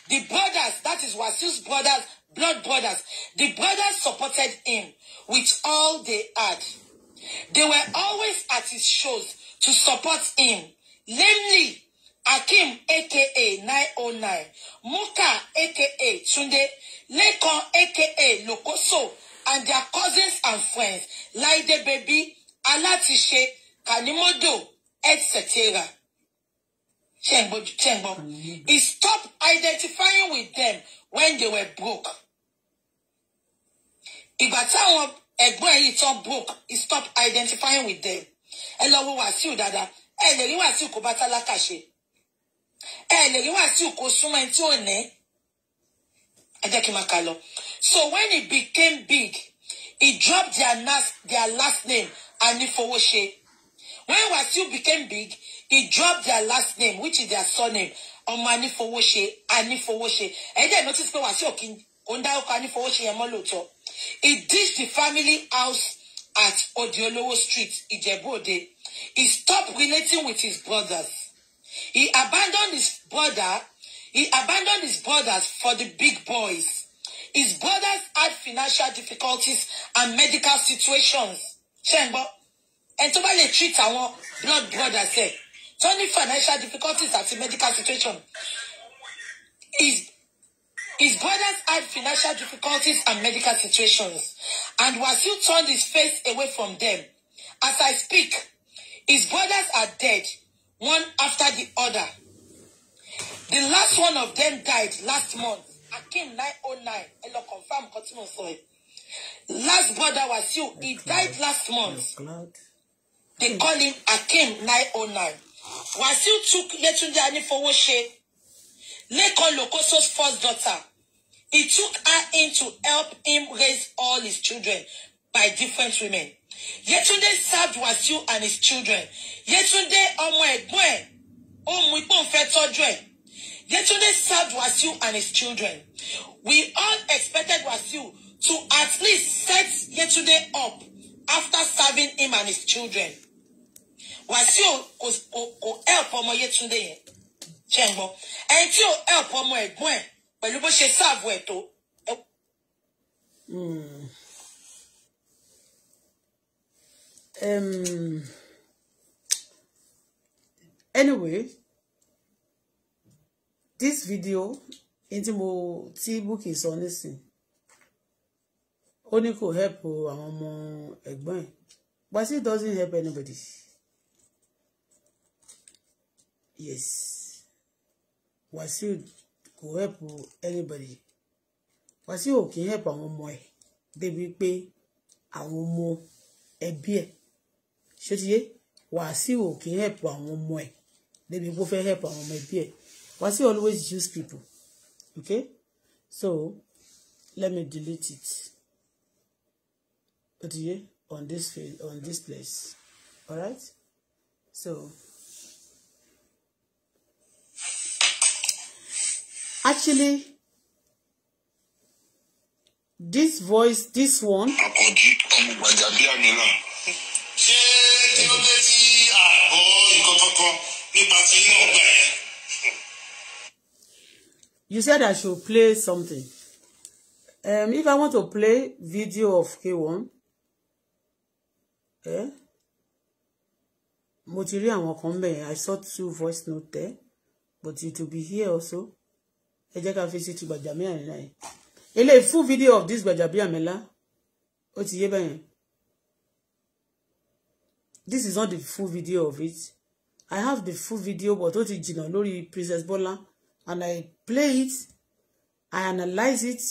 The brothers, that is Wasu's brothers, blood brothers, the brothers supported him with all they had. They were always at his shows to support him. Namely, Akim aka 909, Muka aka Tunde, Lekon aka Lokoso, and their cousins and friends, like the Baby, Alatiche, Kanimodo, etc. He stopped identifying with them when they were broke. Ìgbà táwọn ẹ̀gbọ́n yìí tán broke, he stopped identifying with them. Ẹ lọ wo Wàsíù dáadáa, ẹ lè rí Wàsíù kó bá tálákà ṣe. Ẹ lè rí Wàsíù kó súnmọ́ ẹni tí ò ní. Ẹ jẹ́ kí n máa kà lọ. So when he became big, he dropped their, last their last name, and Anifowose. When Wàsíù became big, He dropped their last name, which is their surname. Ọmọ Anífowóṣe, Anífowóṣe. Ẹ̀yin dẹ̀ notice pé Wàsíù òkín ondayọkọ Anífowóṣe yẹn mọ́ lóòótọ́. He ditched the family house at Odiolowo Street, ìjẹ̀bú He stopped relating with his brothers. He abandoned his brother. He abandoned his brothers for the big boys. His brothers had financial difficulties and medical situations. Ṣé ń gbọ́? Ẹni tó bá lè treat àwọn blood brothers ẹ̀. Eh? tó financial difficulties a medical situation His his brothers had financial difficulties and medical situations and Wasiu turned his face away from them as I speak his brothers are dead one after the other the last one of them died last month Akin nine oh nine ẹ lọ confam last brother was you. he died last month they call him Akin nine oh nine. Wasiu took Yetunde Anifowose, Lekan Lokoso's first daughter. He took her in to help him raise all his children by different women. Yetunde served Wasiu and his children. Yetunde Omo ẹ̀gbọ́n ẹ̀ ó mú ipò ń fẹ́ tọ́jú Yetunde served Wasiu and his children. We all expected Wasiu to at least set Yetunde up after serving him and his children. Wàsíù kò kò kò help ọmọ Yétúndé yẹn ṣe ń gbọ́ ẹni tí ò help ọmọ ẹ̀gbọ́n ẹ̀ pẹ̀lú bó ṣe sáàbù ẹ̀ tó.
Hmm.
anyway this video tí mo ti Bukky sọ nísìn ó ní kò help àwọn ọmọ ẹ̀gbọ́n ẹ̀ Wàsíù doesn't help anybody yes Wasiu kò help anybody Wasiu ò kì í help àwọn ọmọ ẹ̀ débi pé àwọn ọmọ ẹbí ẹ̀ ṣé ti yé Wasiu ò kì í help àwọn ọmọ ẹ̀ débi pé ó fẹ́ help àwọn ọmọ ẹbí ẹ̀ Wasiu always use people okay so let me delete it ó ti yé on this field on this place alright so. Actually, this voice, this one. You said I should play something. Um, if I want to play video of K1, eh? Mo ti rí I saw two voice note there, but it will be here also ẹ jẹ́ ká fèsì tu gbàjàmí àmìlá yẹn eléyìí full video of this gbàjàmí àmìlá ó ti yé bẹ́yẹn this is not the full video of it I have the full video but ó ti jìnnà lórí Princess Bola and I play it I analyse it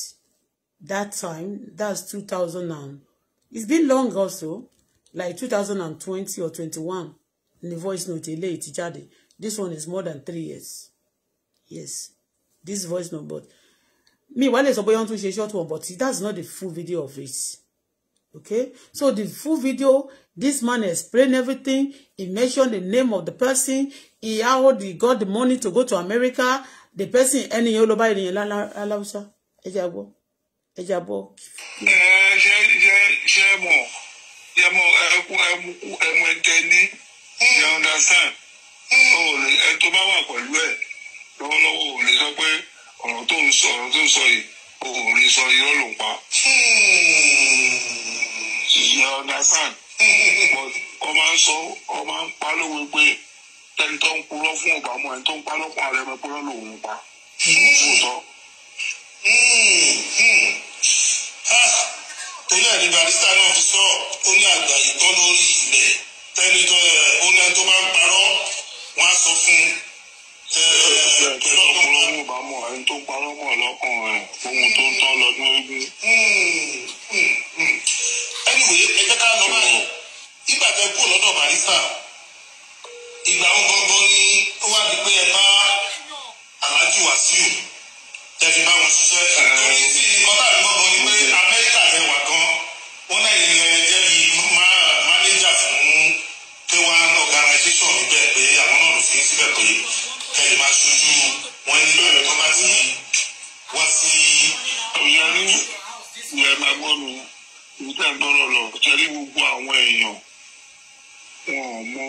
that time that's two thousand and it's been long also like two thousand and twenty or twenty-one ni voice note eléyìí ti jáde this one is more than three years yes this voice note but mi wá lè sọ bóyá wọ́n tún ṣe short one but that's not the full video of it okay so the full video this man explained everything he mentioned the name of the person he how he got the money to go to America the person ẹnìyẹn ló bá ènìyàn láláwùsá ẹjà bọ ẹjà bọ.
ẹ ṣe ṣe ṣe mọ ṣe mọ ẹkú ẹmu ẹmu ẹtẹ ní you understand ẹ tó bá wà pẹ̀lú ẹ lọ́wọ́lọ́wọ́ ò lè sọ pé ọ̀rọ̀ tó ń sọ ọ̀rọ̀ tó ń sọ yìí ò lè sọ irọ́ ló ń pa. Hmm. you understand? ọ máa ń sọ ọ máa ń pa lówe pé ẹni tó ń purọ́ fún ọba mọ́ ẹni tó ń pa lọ́pọ̀ ààrẹ mọ́ purọ́ lòun pa. Hmm. Hmm. torí ẹni barista náà fi sọ ó ní àgbà ìtọ́ lórí ilẹ̀ tẹ́ni ẹ̀ eh, ó ní ẹni tó bá ń parọ́ wọ́n á sọ fún un ẹ pé tọpọlọwọ bá mọ ẹni tó parọ́ mọ́ lọ́kàn rẹ̀ ohun tó ń tán lọ́dún eégún. anyway ẹ jẹ́ ká lọ báyìí nígbà tẹ kú lọ́dọ̀ barista ìgbà ń gbọ́ngbọ́n ní ó wá di pé ẹ bá aláàjì Wàsíù ẹ fi bá wọn ṣiṣẹ́ torí sí nǹkan tá à ń gbọ́ngbọ́n ni pé Amẹ́ríkà fẹ́ wà gan wọn náà yẹn jẹ́ bí máa. aṣojú wọn ní lóòrè tó bá ti wọ́n sí. òye rí ìyá ẹ̀ka bọ́ọ̀lù ìgbà gbọ́dọ̀ lọ jẹ́rí gbogbo àwọn èèyàn wọn ò mọ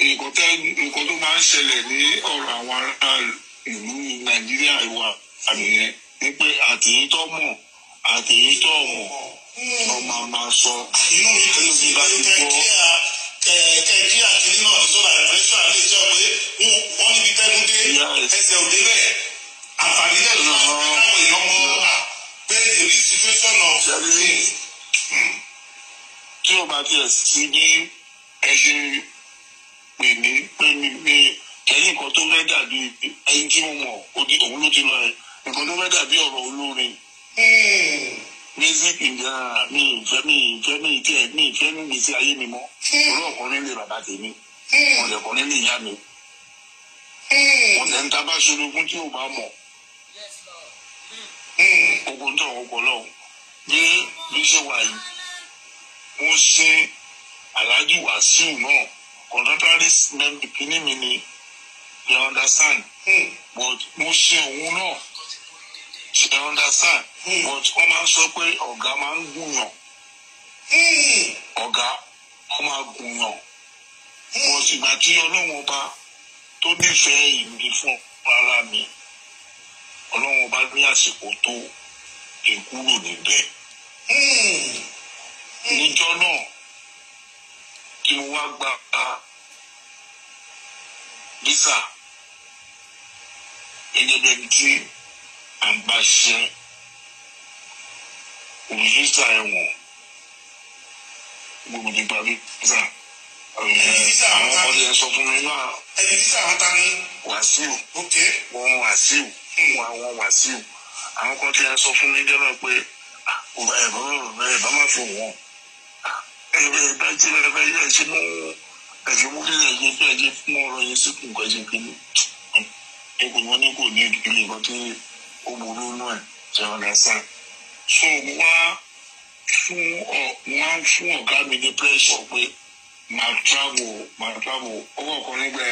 nǹkan tó máa ń ṣẹlẹ̀ ní ọ̀rọ̀ àwọn ará ìlú nàìjíríà ìwà àmì ni pé àtìyítọ́ mọ̀ àtìyítọ́ mọ̀ ọmọ máa sọ inú mi kò sí bá ti gbọ́ kẹ̀kẹ́ kí àkíní náà ti sọ́dà ìpẹ́sọ̀ àlẹ́ ìjọ pé wọ́n níbi tẹ́nu dé ẹsẹ̀ òde bẹ́ẹ̀ àǹfààní náà ló máa ń káwọn èèyàn mọ́ à pé èrí situation of things. Hmm. tí o bá tiẹ̀ sí ní ẹ ṣe pè mí pé mi pé kẹ́yìn nǹkan tó fẹ́ dàbí ẹni tí mo mọ̀ òun ló ti lọ ẹ̀ nǹkan tó fẹ́ dàbí ọ̀rọ̀ olórin. Hmm music ìjà mi ìjẹ́ mi ìjẹ́ mi ìjẹ́ mi ìjẹ́ mi ìgbésí ayé mi mọ́ òun ọkùnrin lè bàbá tèmi òun ọkùnrin lè yá mi òun lẹ́nu tá a bá ṣorogún tí ò bá mọ̀ gbogbo ń tọ̀ ọpọlọ ní bí ṣe wà yìí mo ṣe Alhaji Wasiu náà contemporary men bikini you understand hmm. but wọ́n máa ń sọ pé ọ̀gá máa ń gùnyàn hmm. ọ̀gá wọ́n máa gùnyàn mo hmm. sì gbà tí ọlọ́run ọba tó nífẹ̀ẹ́ ìmí fún ara mi ọlọ́run ọba ní àsìkò tó èkúrò níbẹ̀ níjọ́ náà tí mo wá gba visa gẹ́gẹ́ bẹ́ẹ̀ tí an ba hyɛ obisu sa yɛ wɔ gbogbo nipa bi sa àwọn ọdẹ sọ fún mi náà wàsíù wọn wàsíù wọn àwọn wàsíù àwọn kan tí a sọ fún mi jọlọ pé ẹ bá má fò wọn ẹ bá jẹ ẹ bá yẹ ẹ ṣe mú ẹ̀fọ́ bí ẹ̀jẹ̀ bí ẹ̀jẹ̀ fún ọ̀rọ̀ yẹn síkùn gbẹ̀jẹ̀ kìíní ẹ̀kọ́ ni wọ́n ní kò ní ìdílé nǹkan tí ó burú nù ẹ̀ jẹ́ ọ̀nà sàn. so wá fún ọ wá fún ọ̀gá mi ní pẹ́ṣọ̀ pé màá travel màá travel ó kọ̀ọ̀kan nígbà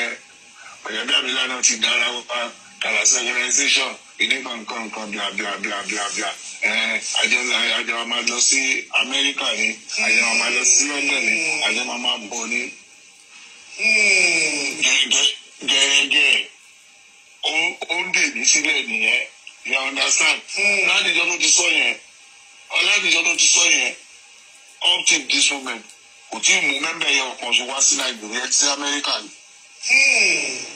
ọ̀yọ́dábílá náà ti dára wá kàlàsí organisation ìdíkan nǹkan nǹkan bla bla bla bla bla àjọ àjọ máa lọ sí Amẹ́ríkà ni àjọ máa lọ sí London ni àjọ máa bọ̀ ni hmm. gẹ́gẹ́ gẹ́gẹ́ ó ń dè mí sílẹ̀ nìyẹn you understand ládìjọ́ ló ti sọ yẹn ọládìjọ́ ló ti sọ yẹn up till this moment kò tí ì mú mẹ́mbẹ́ yẹn ọ̀kan ṣe wá sí nàìjíríà sí amẹ́ríkà yìí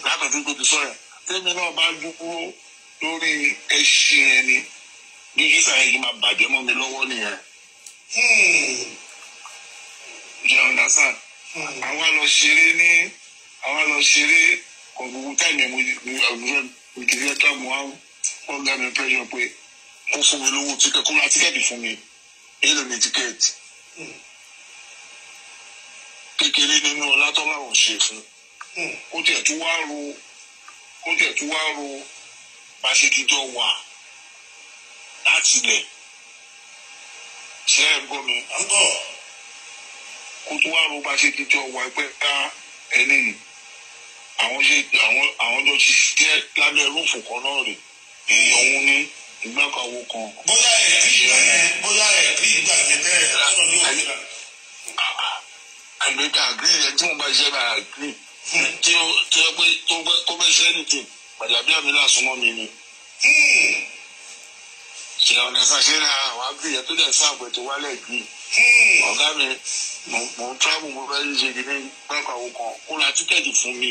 látọ̀tún tó ti sọ yẹn tẹ́mi náà bá dúkúrò Did you say bí jísà yẹn ti máa bàjẹ́ mọ́ mi lọ́wọ́ nìyẹn you understand I I want want to àwa lọ ṣeré ní àwa lọ ṣeré ọ̀gbọ̀n táìmù ẹ̀mú ìjìnlẹ̀ tó àmú àwọn wọ́n gbà mí pressure pé kó fún mi lówó tíkẹ́ kó ra tíkẹ́ẹ̀tì fún mi èlò ní tíkẹ́ẹ̀tì kékeré nínú ọlá tó láwọn ṣe fún ó tiẹ̀ tún wá ro ó tiẹ̀ tún wá ro bá ṣe dídọ́ wà láti lẹ̀ ṣe é gbọ́ mi kó tún wá ro bá ṣe dídọ́ wà pẹ́ ká ẹni àwọn ṣe àwọn àwọn jọ ṣiṣẹ́ lábẹ́ rúfù kan náà rèé òun ní ìgbẹ́kọ̀wó kan. bóyá ẹ̀ tí ìgbà yẹn bóyá ẹ̀ tí ìgbà yẹn bẹ́ẹ̀ lọ́dọ̀ ní òwúrọ̀. àgbẹ̀ka àgbẹ̀ yẹn tí mo bá ṣe máa gbìn hmm. tí ó tí ó pé tó pé kó bẹ́ ṣe nìkan pàdàbí àmì náà súnmọ́ mi ni. Hmm. ṣe ọ̀nà ṣàṣẹ ra àwọn àgbẹ̀ yẹn tó dẹ̀ sáàgbẹ̀ tó wálẹ̀ gbìn. Hmm. ọ̀gá mi mo ń travel mo fẹ́ ṣe kí ní ìgbẹ́kọ̀wó kan kó ra tíkẹ́ẹ̀tì fún mi.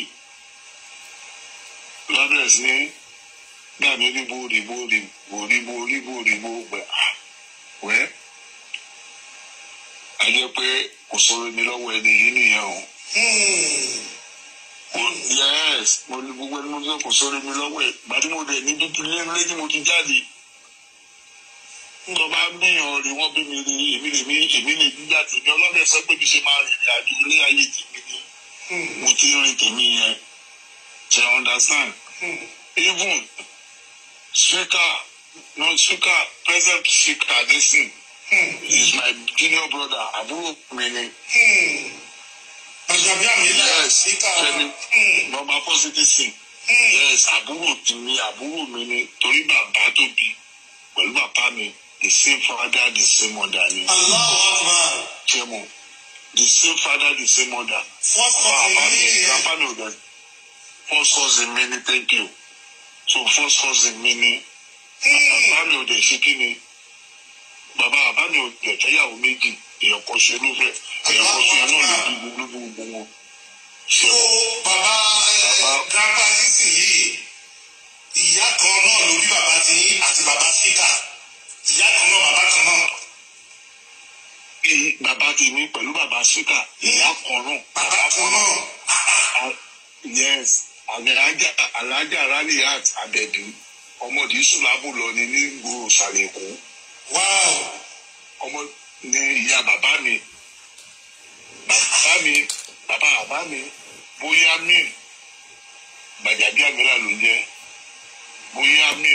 lọ́dọ̀ ẹ̀sìn náà mi ríbo ríbo ríbo ríbo ríbo ríbo gbà ah, wẹ́ a jẹ́ pé kò hmm. yes mo ní gbogbo ẹni mo sọ kò sọ̀rọ̀ mi lọ́wọ́ ẹ̀ gbàtí mo dẹ̀ ní dúdú lé tí mo ti jáde tó bá gbìyàn rí wọn bí mi rí èmi lè mi èmi lè gbígbà tèmi ọlọ́dẹ sọ pé mi ṣe máa rìnrìn àjò ilé ayé tèmi ni hmm. mo understand hmm. even Sweetheart, no sweetheart, present sweetheart, listen. Hmm. He's my junior brother, Abu Mene. Hmm. Yes, Femi, Bàbá hmm. Positive Sin. Hmm. Yes, àbúrò tèmi, àbúrò mi ni, torí bàbá
tó bí, pẹ̀lú bàbá the same father, the same mother Allah Allahu Akbar. the same father, the same mother. Fourth cousin mi
ni. Bàbá cousin Mene, thank you so first cousin mi ni bàbá mi ò dẹ̀ ṣe kí ni bàbá bàbá mi ò dẹ̀ fẹ́yàwó méjì èèyàn kan ṣe ló fẹ́ èèyàn kan ṣe náà ló dùn ló dùn gbogbo wọn. so bàbá eh, grandpa nísìnyìí ìyá kan náà ló bí bàbá ti ní àti bàbá síkà ìyá kan náà bàbá kan náà. bàbá ti ní pẹ̀lú bàbá síkà hmm? ìyá kan náà. bàbá kan náà. Ah, ah, yes alájà raliat abẹ̀dù ọmọdé sùlábù lọ ni nígboro sàlẹ̀kù ọmọ ni ìyá bàbá mi bàbá mi bàbá bàbá mi bóyá mi gbàjàbí àgbẹ̀là ló ń jẹ́ bóyá mi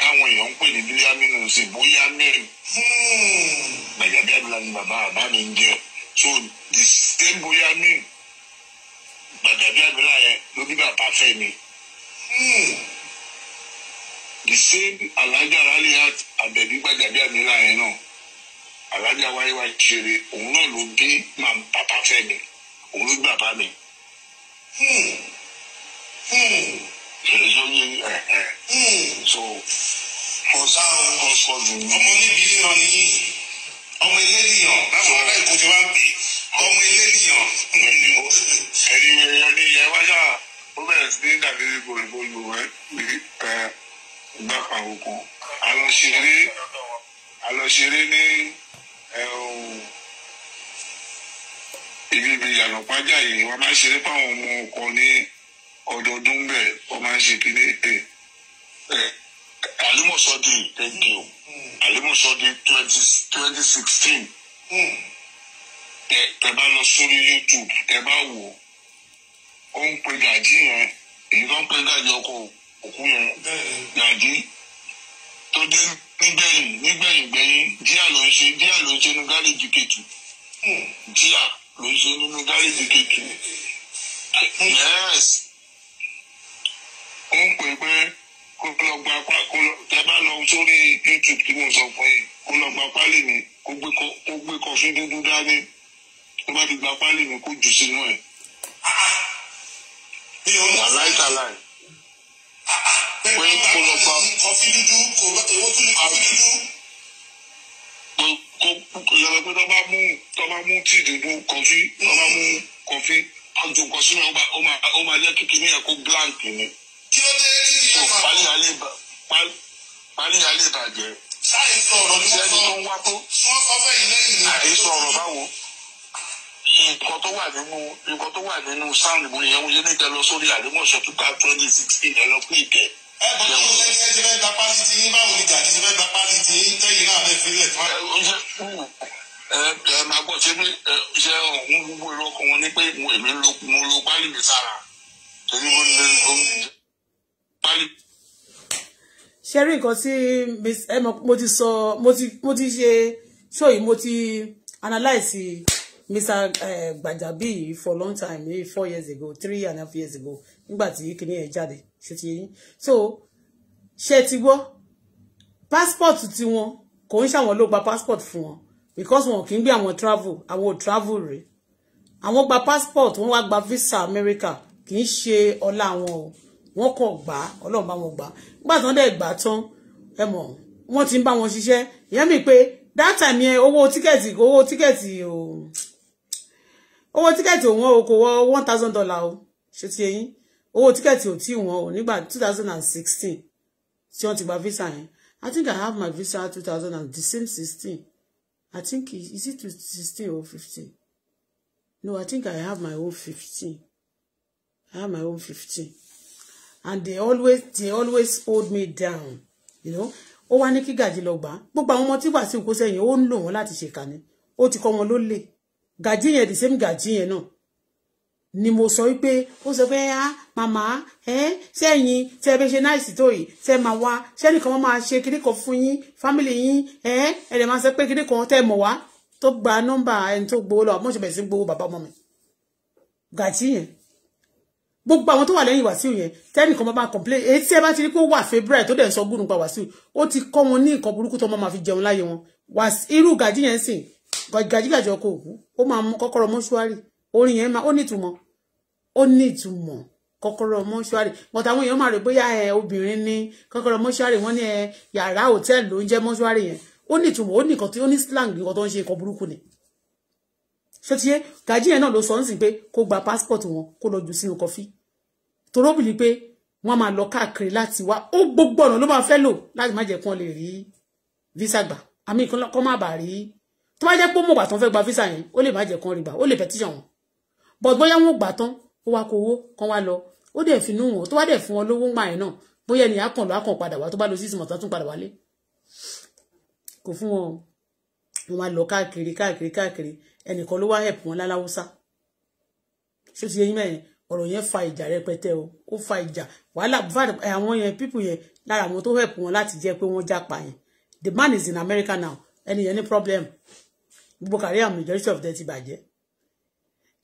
táwọn èèyàn ń pè ní bílámínú sí bóyá mẹ́rin hmm. gbàjàbí àgbẹ̀là ni bàbá bàbá mi ń jẹ́ so the same bóyá mẹ́rin gbàgàdì àgbélà yẹn ló bí bàbá fẹ́ mi. Hmm. the same alájà raliat abẹbí gbàgàdì àgbélà yẹn náà alájà wáyéwá kiri òun náà ló bí màá bàbá fẹ́ mi òun ló bí bàbá mi. ṣèṣọ́ yín ẹ̀ ẹ̀ so ọ̀sán ọ̀sán ọmọ níbi ìran nìyí ọmọ eléyìí hàn láwọn ará èkó ti wá ń pè. lẹ́kọ̀ọ́ ìbọ̀lù ẹ̀ pé gbàpà òkun alọ́ṣeré alọ́ṣeré ní ibi ibi ìyànà pàjá yìí wọ́n máa ń ṣeré fáwọn ọmọ ọkọ ní ọdọọdún bẹ́ẹ̀ wọ́n máa ń ṣe kíní ẹ̀ alimusodi thank you alimusodi twenty twenty sixteen tẹ́ bá lọ sórí YouTube tẹ́ bá wò ó ń pe dàdí yẹn èyí tó ń pè dájú ọkọ òkú yẹn dàdí tó dé nígbẹ̀yìn nígbẹ̀yìn gbẹ̀yìn díà ló ń ṣe díà ló ń ṣe ní gáréjì kejì díà ló ń ṣe nínú gáréjì kejì yẹ́sì hmm. ó ń pè pé kó lọ gba apá kó lọ tẹ bá lọ sórí youtube tí mo sọ fún yìí kó lọ gba pálí mi kó gbé kọfí dúdú dání tó bá ti gba pálí mi kó jù sínú ẹ̀ mi ò mú aláìtàláì pé kó lọ bá kọfí dúdú kò bá èwo tún ní kọfí dúdú. pé kó yọrọ pé tó bá mú tó bá mú tíì dúdú kọfí tó bá mú kọfí àjò nǹkan sínú ọba ó máa jẹ́ kíkí ní ẹ̀kọ́ blank ni. kí ló dé tí kí ló máa bọ̀ parí alẹ́ bàjẹ́. sáyẹn sọ̀rọ̀ ni wọ́n sọ fún ọ̀fẹ́ yìí lẹ́yìn. àìsọ̀rọ̀ báwo nǹkan tó wà nínú nǹkan tó wà nínú sound mo yẹn mo yẹn ní ìtẹ́lọ sórí àdémọ̀ṣọ́ tó ká twenty sixteen ẹ lọ pé ìbẹ̀. ẹ ní ẹni ẹ fẹ́ gba pálí yín báwo ni jàdí ti fẹ́ gba pálí yín tẹ́yìn náà lè fi lẹ̀ tán. ẹ ẹ máa gbọ́ ṣé pé ṣé ọ̀hún gbogbo èrò ọkàn wọn ni pé èmi mo lo pálí mi sára
ṣe rí nǹkan tí mo ti sọ mo ti ṣe ṣóyìn mo ti analyze. Mr. Uh, eh, Gbajabi for long time maybe eh, four years ago three and a half years ago nígbà tí kinní yẹn jáde ṣe ti yẹn so ṣe ti gbọ́ passport tiwọn kò ń ṣàwọn ló gba passport fún wọn because wọn kì í gbé àwọn travel àwọn ò travel rè àwọn gba passport wọn wá gba visa America kì í ṣe ọlá wọn o wọn kàn gbà Ọlọ́run bá wọn gbà nígbà tí wọn dẹ̀ gbà tán ẹ mọ̀ wọn ti ń bá wọn ṣiṣẹ́ ìyẹn mi pé that time yẹn owó tíkẹ́ẹ̀tì owó tíkẹ́ẹ̀tì o. Oh, owó tíkẹ́ẹ̀tì òun o kò wọ one thousand dollar o ṣe ti eyín owó tíkẹ́ẹ̀tì ò tí wọ́n o nígbà two thousand and sixteen tí wọ́n ti gba visa yẹn I think I have my visa two thousand and the same sixteen I think is it sixteen or fifteen no I think I have my own fifteen I have my own fifteen and they always they always hold me down you know ó wá ní kí gàjí lọ gbà gbogbo àwọn ọmọ tí wàásù kó sẹ́yìn ó ń lò wọ́n láti ṣèkà ni ó ti kọ́ wọn ló lè gàjí yẹn the same gàjí yẹn náà ni mo sọ wípé ó sọ pé ah màmá ẹ sẹ́yìn tẹ bẹ ṣe náìsì tó yìí tẹ máa wá sẹ́nìkan máa ṣe kinní kan fún yín fámìlì yín ẹ ẹ lè máa sọ pé kinní kan tẹ mọ̀ wá tó gba nọ́mbà ẹni tó gbowó lọ àmọ́ ìṣẹ̀bẹ̀ sí gbowó bàbá ọmọ mi gàjí yẹn gbogbo àwọn tó wà lẹ́yìn wàsíù yẹn tẹ́nìkan bá máa complain èyí tí ẹ bá ti rí pé ó wà favourite tó dẹ̀ ń sọ gúrùn wàsíù ó ti kọ́ wọn ní nǹkan burúkú tó máa fi jẹun láyé wọn irú gàjí yẹn sìn gàjígàjọ kò kú ó máa mú kọ́kọ́rọ́ mọ́ṣúárì orin yẹn máa ó ní ìtumọ̀ ó ní ìtumọ̀ kọ́kọ́rọ́ mọ́ṣúárì but àwọn èèyàn máa rò bóyá ẹ obìnrin ní kọ́kọ́rọ́ mọ́ṣúárì wọ́n ní ẹ yàrá hòtẹ́ẹ̀lì ló ń jẹ́ mọ́ṣúárì yẹn ó ní ìtumọ̀ ó ní nǹkan tí ó ní slang nǹkan tó ń ṣe nǹkan burúkú ni ṣètìyẹ gàjí yẹn náà ló sọ ń sìn pé kó gba passport wọn kó lọ jù sínú kọfí toróbìlì pé wọ́n máa lọ káàkiri láti wá ó gbogbo ọ̀nà ló máa fẹ́ lò láti má jẹ́ kí wọ́n lè rí visa gbà àmì ìkọ́lọ́kọ́ má bàa rí tó bá jẹ́ pé mọ̀gbà tán fẹ́ gba visa yẹn ó lè má jẹ́ kán rí gbà ó lè petition wọn but bóyá wọn gbà tán ó wá kówó kán wá lọ ó dẹ̀ fi nú wọn tó bá dẹ̀ fún wọn lówó ń gbà yẹn náà bóyá ẹni àkàn lọ àkàn padà wá tó bá lọ sí ìsìnmọ̀ tán tún padà wálé kò fún wọn wọn máa lọ káàkiri káàkiri káàkiri ẹnìkan ló wá help wọn láláwúsá ṣé ti yẹ yín mẹ́rin ọ̀rọ̀ yẹn fa ìjà rẹpẹtẹ o ó fa ìjà wàhálà àwọn yẹn people yẹn lára àwọn tó help wọn láti jẹ́ pé wọ́n jápa yẹn the man is in America now ẹni yẹn ní problem gbogbo kàrí àwọn majority of them ti bàjẹ́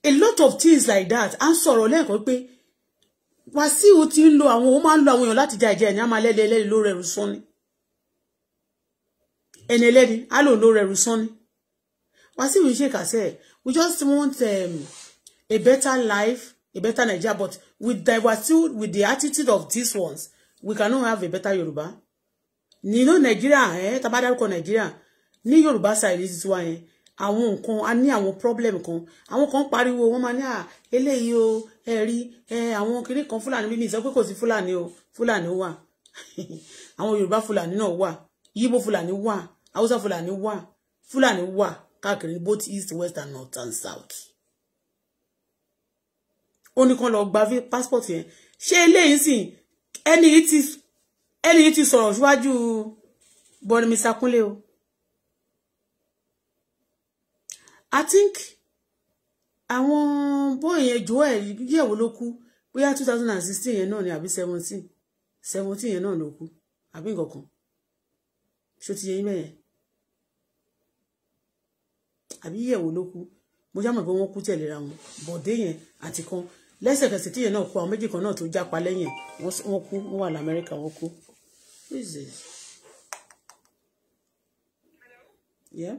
a lot of things like that à ń sọ̀rọ̀ lẹ́ẹ̀kan pé Wàsíù ti ń lo àwọn ó máa ń lo àwọn èèyàn láti ja ìjà ẹni á máa lẹ́ni ẹlẹ́ni ló rẹrù sán ni ẹni ẹlẹ́ni á lòun ló rẹrù sán ni Wàsíù ń ṣe kàṣẹ́ we just want um, a better life a better Nigeria but with the Wàsíù with the attitude of these ones we cannot have a better Yorùbá nínú Nàìjíríà ẹ tá bá dárúkọ Nàìjíríà ní Yorùbá side ti wá yẹn àwọn nǹkan a ní àwọn problem kan àwọn kan pariwo wọn máa ní à eléyìí o ẹ rí ẹ àwọn kinní kan fúlàní bíbí sọ pé kò sí fúlàní o fúlàní wà àwọn yorùbá fúlàní náà wà yíbó fúlàní wà haúsá fúlàní wà fúlàní wà káàkiri both east west and north and south. ó ní kán lọ gba passport yẹn ṣé eléyìí sì ẹni yìí ti sọ̀rọ̀ síwájú bọ́ni mi sakunlé o I think àwọn bọ́ọ̀ yẹn Joel yẹ̀wò ló kú bóyá two thousand and sixteen yẹn náà ni àbí seventeen seventeen yẹn náà ló kú àbí nǹkan kan ṣó ti yẹ yín bẹ́yẹn àbí yẹ̀wò ló kú mo já mọ̀ pé wọ́n kú tẹ̀léra wọn bọ̀dé yẹn àti kan lẹ́sẹ̀kẹsẹ̀ tíyẹn náà kú àwọn méjì kan náà tó jápa lẹ́yìn wọ́n kú wọ́n wà lamẹ́ríkà wọ́n kú. Yeah.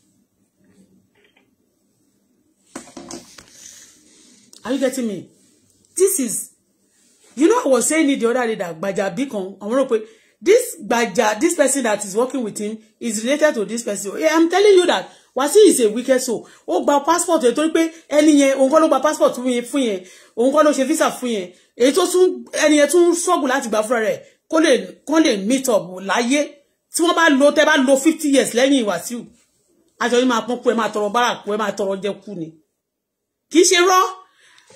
Are you getting me? This is, you know, I was saying it the other day that Gbajabi kan, I want to put, this Gbaja, this person that is working with him is related to this person. Yeah, I'm telling you that Wasi is a wicked soul. Oh, gba passport you torí pé ẹni yẹn òun kọ́ passport fún yẹn fún yẹn. Òun kọ́ ló ṣe visa fún yẹn. Èyí tó tún ẹni yẹn tún struggle láti gbà fúnra rẹ̀ kó meet up Lie ye. wọ́n bá lo tẹ́ low lo fifty years Lenny Wasiu. Àjọ yìí máa pọ́n kú ẹ máa tọrọ bárà kú ẹ máa tọrọ jẹ kú ni. Kì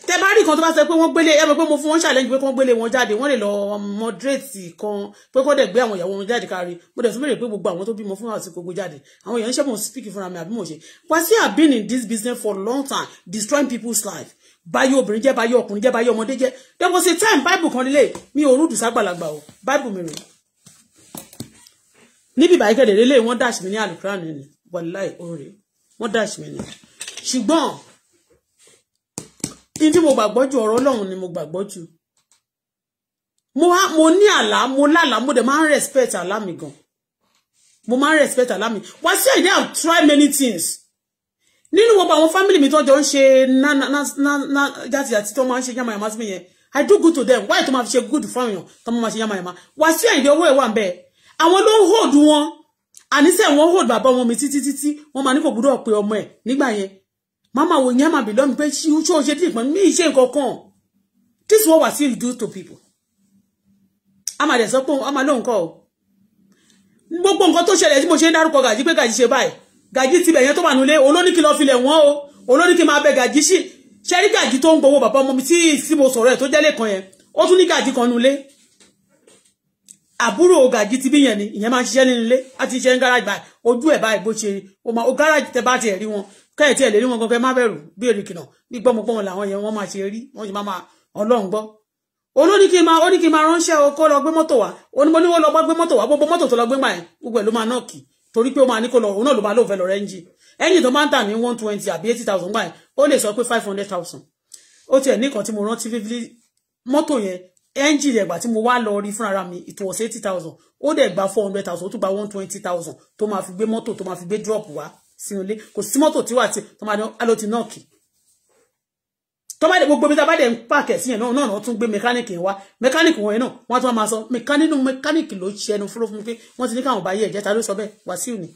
tẹ bá rí kan tó bá sọ pé wọ́n gbélé ẹ mọ̀ pé mo fún wọn challenge pé kí wọ́n gbélé wọn jáde wọ́n lè lọ moderate kan pé kó dẹ̀ gbé àwọn ìyàwó wọn jáde kárí mo dẹ̀ tún béèrè pé gbogbo àwọn tó bímọ fún àti gbogbo jáde àwọn èèyàn ń ṣẹ́bùn speak fúnra mi àbí mo ṣe Wasiu have been in this business for long time destroying people's life báyọ̀ obìnrin jẹ́ báyọ̀ ọkùnrin jẹ́ báyọ̀ ọmọdé jẹ́ there was a time bible kan nílé mi ò rúdù ságbàlagbà o bible mi rèé níbi ìbàyí kẹ̀dẹ̀ dash mi ní àlùkùránì ni wàláì oore wọ́n dash mi ni ní tí mo gbàgbọ́ jù ọ̀rọ̀ Ọlọ́run ni mo gbàgbọ́ jù mo wá mo ni ala mo lálàá mo de ma respect ala mi gan mo ma respect ala mi wá sí ẹ̀dẹ́ i try many things nínú gbogbo àwọn family mi tó jọ ń na na na na jáde àti tó máa ń ṣe yamayama mi yẹn i do good to them why tó máa fi ṣe good fún àwọn tó máa ṣe yama. wá sí ẹ̀dẹ́ owó ẹ̀ wà ń bẹ́ẹ̀ àwọn ló ń hold wọn àníṣe wọn hold bàbá wọn mi títí títí wọn máa ní kò gbúdọ̀ pé ọmọ ẹ̀ nígbà yẹn mama wo yẹn máa bì lọ́mi pé ṣé o ṣe tí ìpọn mi ṣe nǹkan this what what Wasiu do to people a máa dẹ̀ sọ pé a máa lóun kọ́ ọ gbogbo nǹkan tó ṣẹlẹ̀ tí mo ṣe ń dárúkọ gàjí pé gàjí ṣe báyìí gàjí tibẹ̀ yẹn tó wà nílé olóníkì lọ́ọ́ filẹ̀ wọ́n o olóníkì máa bẹ gàjí sí ṣẹ́rí gàjí tó to gbowó bàbá ọmọ mi tí tí mo sọ̀rọ̀ ẹ̀ tó jẹ́lé kan yẹn ó tún ní gàjí kan nulẹ̀ àbúrò gàjí ti bí yẹn ni ìyẹn máa ń ṣiṣẹ́ nínú ilé á ti ṣe ń gáràjì báyìí ojú ẹ̀ báyìí bó ṣe o máa o gáràjì tẹ bá tiẹ̀ rí kẹ́ẹ̀tì ẹ̀ lè rí wọn gan kẹ́ má bẹ̀rù bí èrìkì náà bí gbọ́mọgbọ́mọ làwọn yẹn wọ́n máa ṣe rí wọ́n sì máa máa ọlọ́run gbọ́ olórí máa orí máa ránṣẹ́ o kó lọ gbé mọ́tò wá onímọ̀ ní wọ́n lọ gbé mọ́tò wá gbogbo mọ́tò tó lọ gbé máa yẹn gbogbo ẹ̀ ló máa nọ́ọ̀kì torí pé ó máa ní kó lọ òun náà ló máa lóun fẹ́ lọ rẹ́ńjì ẹ̀yìn tó máa ń tà ní one twenty àbí eighty thousand gbà yẹn ó lè sọ pé five hundred thousand ó tiẹ̀ ní kan tí mo rántí fífi mọ́tò yẹn ẹ́ńjì rẹ̀ gbà tí mo wá lọ rí fúnra mi it was eighty thousand ó dẹ̀ gba four hundred thousand ó tún gba one twenty thousand tó máa fi gbé mọ́tò tó máa fi gbé drop wá sínú ilé kò sí mọ́tò tí wà tí tọ́mọ adé aló ti nọ́ọ̀kì tọ́mọ adé gbogbo mi tá a bá dẹ̀ ń pààkẹ́ sí yẹn náà náà tún gbé mẹkáníìkì wá mẹkáníìkì wọ̀nyẹn náà wọ́n tún máa sọ mẹkáníìkì mẹkáníìkì ló ṣe ẹnu fúnlọ́fún pé wọ́n ti ní káwọn báyé ẹ̀jẹ̀ ta ló sọ bẹ́ẹ̀ Wàsíù ni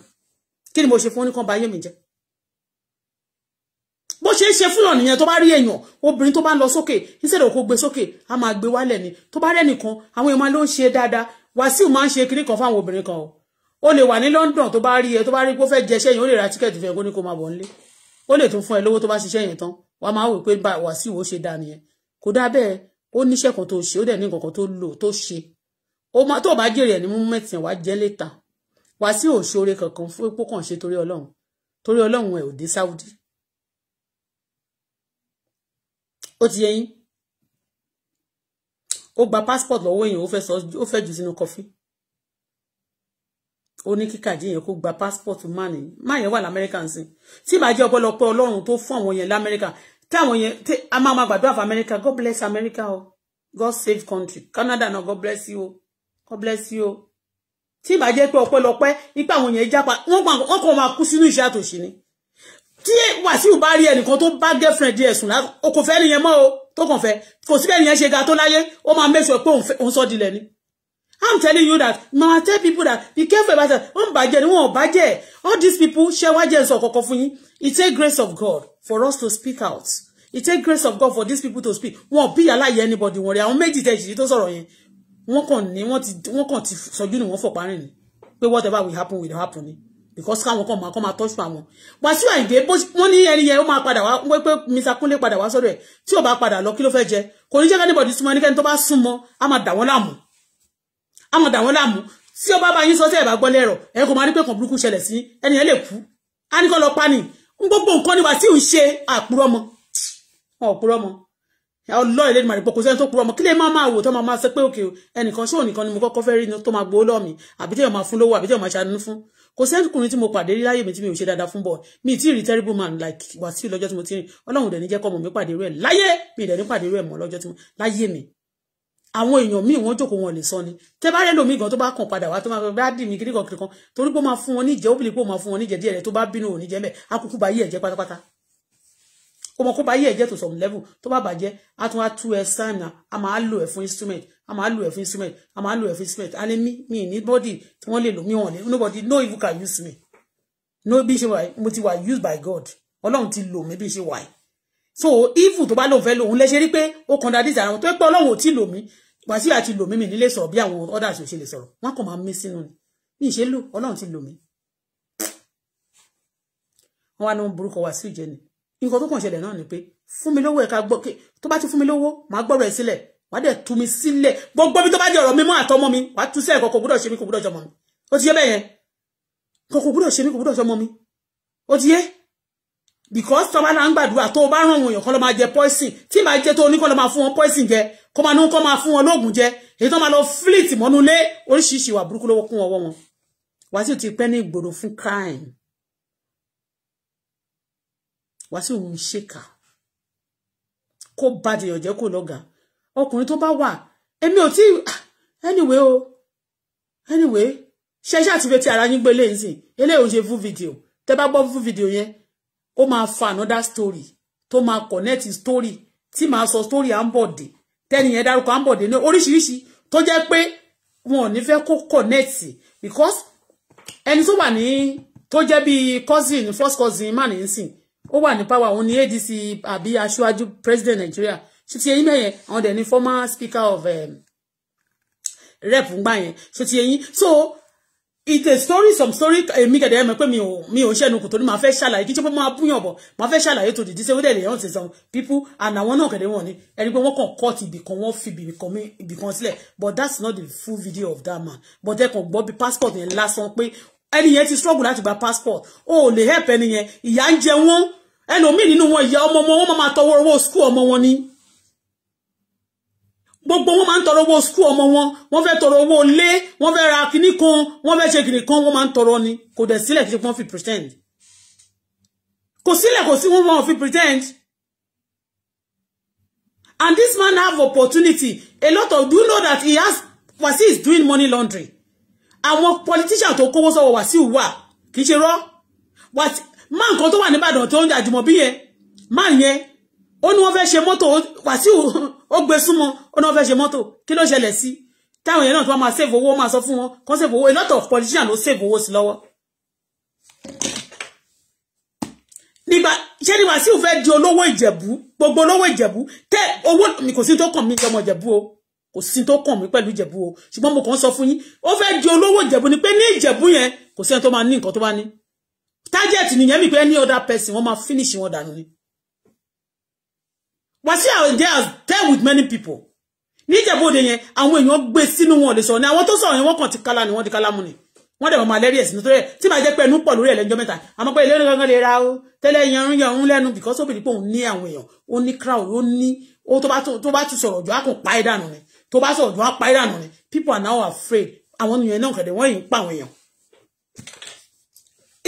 kí ni mo ṣe fún oníkan báyé mi jẹ́ bó ṣe ń ṣe fúnlọ nìyẹn tó bá rí èèyàn obìnrin tó bá ń lọ instead of kó gbé sókè a máa gbé wálẹ̀ ni tó bá rẹ́nìkan àwọn èèyàn máa ló ń ṣe dáadáa Wàsíù máa ń ṣe kinní kan fáwọn obìnrin kan o ó lè wà ní London tó bá rí ẹ tó bá rí pé ó fẹ́ jẹ iṣẹ́ yẹn ó lè ra tíkẹ́ẹ̀tì fẹ́ kó ní kó máa bọ̀ nílé ó lè tún fún ẹ lówó tó bá ṣiṣẹ́ yẹn tán wàá máa wò pé Wàsíù ó ṣe dá nìyẹn kò dá bẹ́ẹ̀ ó níṣẹ́ kan tó ṣe ó dẹ̀ ní nǹkan kan tó lò tó ṣe tó bá jèrè ẹ̀ ní múmẹ́tì yẹn wàá jẹ́ létà Wàsíù ò ṣoore kankan fún epo kàn ṣe torí Ọlọ́run torí Ọlọ́run ẹ̀ ò dé Saudi ó ti yẹ yín ó gba passport lọ́wọ́ èèyàn ó fẹ́ jù sínú kọfí Oni ní kí Kaji yẹn gba passport man yìí man yẹn wà lamẹ́ríkà sí tí màá jẹ́ ọ̀pọ̀lọpọ̀ ọlọ́run tó fún àwọn yẹn lamẹ́ríkà táwọn yẹn tí a máa ma gbàdúrà fún amẹ́ríkà God bless America o God save country Canada no God bless you God bless you o tí màá jẹ́ pé ọ̀pọ̀lọpẹ́ ipa àwọn yẹn jápa wọ́n kàn máa kú sínú iṣẹ́ àtòṣì ni tí Wàsíù bá rí ẹnìkan tó bá girlfriend ẹ̀ sùn o kò fẹ́ nìyẹn mọ́ o tó kàn fẹ́ kò síbẹ̀ nìyẹn ṣe ga tó láyé ó máa mẹ́sọ̀ pé òun sọ́ dilẹ̀ ni I'm telling you that ma tell people that be careful about that wọ́n budget. ni budget. all these people share wages or nsọ kọ̀ọ̀kan fún yín it take grace of God for us to speak out it take grace of God for these people to speak wọ́n be aláyẹ anybody wọ́n rí àwọn méjì tẹ̀ ṣìṣì tó sọ̀rọ̀ yẹn wọ́n kàn ní wọ́n kàn ti sọjú ni wọ́n fọ̀parin ni pé whatever will happen will happen because káwọn come máa kọ́ máa tọ́jú àwọn Wàsíù Àyìndé wọ́n ní money yẹn ó máa padà wá We pé Mr Kúnlé padà wá sọ́dọ̀ ẹ̀ tí ò bá padà lọ kí ló fẹ́ jẹ kò ní jẹ́ kẹ́nìbọ̀dì súnmọ́ ẹnikẹ́ni tó bá súnmọ́ á máa àmọ́ dà wọ́n láàmú tí ó bá bá yín sọ tẹ́ ẹ̀ bá gbọ́ lẹ́rọ̀ ẹ̀ kò máa rí pé kan burúkú ṣẹlẹ̀ sí ẹni ẹ̀ lè kú á ní kọ́ lọ pa ni gbogbo nǹkan ni wà tí ò ń ṣe àpúrọ́ mọ́ wọn ò púrọ́ mọ́ ọlọ́ọ̀ ilé ìmọ̀ràn ìpọ̀kọ̀ sẹ́ni tó purọ́ mọ́ kí lè máa máa wò tó máa máa sọ pé òkè ẹnìkan ṣóò nìkan ni mo kọ́kọ́ fẹ́ rí ni tó máa gbowó lọ́ọ̀ mi àbí tẹ́yọ̀ máa fún lówó àbí tẹ́yọ̀ máa ṣàánú fún kò sẹ́kùnrin tí mo pàdé rí láyé mi tí mi ò ṣe dáadáa fún bọ̀ mi tí ì rí terrible man like Wàsíù lọ́jọ́ tí mo ti rìn Ọlọ́run dẹ̀ ní jẹ́ mọ̀ mi pàdé rẹ̀ láyé mi dẹ̀ ní pàdé rẹ̀ mọ́ lọ́jọ́ tí mo láyé mi àwọn èèyàn míì wọ́n jókòó wọn lè sọ ni tẹ́ bá rẹ́lòmíì gan tó bá kàn padà wá tó máa bá dì mí kiri kan kiri kan torí pé ó máa fún wọn níjẹ́ obìnrin pé ó máa fún wọn níjẹ́ díẹ̀ rẹ̀ tó bá bínú òní jẹ́ mẹ́ akúkú bá yí ẹ̀jẹ̀ pátápátá ó mọ kó bá yí ẹ̀jẹ̀ tó some level tó bá bàjẹ́ á tún á tú ẹ sign na a máa lò ẹ̀ fún instrument a máa lò ẹ̀ fún instrument a máa lò ẹ̀ fún instrument a lè mí mi ní body tí wọ́n lè lò mí wọn lè nobody no even can use me no bí ṣe wà mo ti wà used by God ọlọ́run ti lò mí bí ṣe wà yìí so evil tó bá lóun fẹ́ lóun lè ṣe rí pé ó contradict ara wọn tó pé ọlọ́run ò tí lò mí wàsíù àti lò mí mi nílé sọ̀rọ̀ bí àwọn others ò ṣe lè sọ̀rọ̀ wọn kàn máa mí sínú ni mi ì ṣe lò ọlọ́run ti lò mí. wọn wá ní wọn burúkọ wàsíù jẹ ni nǹkan tó kàn ṣẹlẹ̀ náà ni pé fún mi lówó ẹ̀ka gbọ́ tó bá ti fún mi lówó màá gbọ́rọ̀ ẹ̀ sílẹ̀ wàá dẹ̀ tú mi sílẹ̀ gbogbo mi tó bá jẹ́ ọ̀rọ̀ mi mọ́ àtọmọ mi wàá tú sílẹ̀ kọ̀kọ̀ gbúdọ̀ ṣe mi kò gbúdọ̀ ṣọmọ mi O ti yé bẹ́ẹ̀ yẹn kọ̀kọ̀ gbúdọ̀ mi kò gbúdọ̀ ṣọmọ mi ó ti yé because tó bá náà ń to tó bá ràn wọ̀nyàn kọ́ ló máa jẹ poison tí máa jẹ tó oníkọ́ ló máa fún wọn poison jẹ kó máa ní kó máa fún wọn lóògùn jẹ èyí tó máa lọ flit monu le, oríṣiríṣi ìwà burúkú lówó kún ọwọ́ wọn Wàsíù ti pẹ́ ní ìgboro fún crime Wàsíù ń ṣèkà kó bá dèèyàn jẹ́ kó lọ́gà ọkùnrin tó bá wà èmi ò tí ah, anyway o anyway ṣe ṣe àtúnfẹ́ ti ara yín gbé léyìn sìn eléyìí ò ṣe fún fídíò tẹ́ bá gbọ́ fún fídíò yẹn ó máa fa another story To máa connect story tí màá sọ story Ambode tẹ́ni yẹn dárúkọ Ambode ní oríṣiríṣi tó jẹ́ pé wọn ò ní fẹ́ kó connect because eni tó wà ní tó jẹ́ bíi cousin first cousin má nìyín ó wà ní power òun ní ADC àbí aṣáájú president Nigeria So eyín mẹ́yẹn àwọn dẹ̀ ni former speaker of um, rep ń gbà yẹn ṣùtì eyín so it's a story some story èmi kẹ̀dẹ̀ ẹ̀ mọ̀ pé mi ò mi ò ṣẹ́nu kò tó ní máa fẹ́ ṣàlàyé kí n ṣe pé máa búyàn bọ̀ máa fẹ́ ṣàlàyé tó dìdí sẹ́wọ́n dẹ̀lẹ̀ yẹn some people and àwọn náà kẹ̀dẹ̀ wọn ni ẹni pé wọ́n court. cut ibìkan wọ́n fi ibìkan mi ibìkan sílẹ̀ but that's not the full video of that man but they kàn gbọ́ bí passport yẹn lásán pé ẹni yẹn ti struggle láti gba passport o ò lè help ẹni yẹn ìyá ń jẹ wọn ẹlòmíì nínú wọn ìyá ọmọ wọn máa tọwọ́ owó school ọmọ wọn ni gbogbo wọn máa ń tọrọ owó skul ọmọ wọn wọn fẹ́ tọrọ owó ilé wọn fẹ́ ra kinní kan wọn fẹ́ ṣe kinní kan wọn máa ń tọrọ ni kò dẹ̀ sílẹ̀ kí wọn fi pretend kò sílẹ̀ kò sí wọn wọn fi pretend and this man have opportunity a lot of do you know that he has Wasiu is doing money laundry àwọn politician tó kówó sọ́wọ́ Wasiu wà kì í ṣe rọ́ man kan tó wà níbàdàn tó ń jà jùmọ̀ bí yẹn man yẹn ó ní wọ́n fẹ́ ṣe mọ́tò Wàsíù ó gbé súnmọ́ ó ní wọ́n fẹ́ ṣe mọ́tò kí ló ṣẹlẹ̀ sí táwọn èèyàn náà tó máa save owó máa sọ fún wọn kán save owó a lot of politicians ló save owó sí lọ́wọ́. Niba ṣé ni Wàsíù fẹ́ di olówó Ìjẹ̀bú gbogbo olówó Ìjẹ̀bú tẹ owó mi kò sí tó kàn mí ọmọ Ìjẹ̀bú o kò sí tó kàn mí pẹ̀lú Ìjẹ̀bú o ṣùgbọ́n mo kàn sọ fún yín ó fẹ́ di olówó Ìjẹ̀bú ni pé ní Ìjẹ̀bú yẹn kò sí ẹni tó ni ní nǹkan tó bá ní target nìyẹn mi pé any other person wọ́n máa finish wọn dànù ni Wasiu Ayinde has dealt with many people níjẹ̀bóde yẹn àwọn èèyàn gbé sínú wọn lè sọ̀rọ̀ ní àwọn tó sọ̀rọ̀ yẹn wọ́n kàn ti kálá ni wọ́n di kálá mú ni wọ́n dẹ̀ wọ́n máa lẹ́rí ẹ̀sìn nítorí ẹ̀ tí màá jẹ́ pé ẹnu pọ̀ lórí ẹ̀ lẹ́jọ́ mẹ́ta àmọ́ pé ìlérò kankan lè ra o tẹ́lẹ̀ yanrun yanrun lẹ́nu because ó bìí pé òun ní àwọn èèyàn ó ní crowd ó ní ó tó bá ti sọ̀rọ̀ jù á kàn pa ìdànù ni tó bá sọ̀rọ̀ jù á pa ìdànù ni people are now afraid àwọn ènìyàn náà kẹ̀dẹ̀ wọ́n yìí ń pa àwọn èèyàn.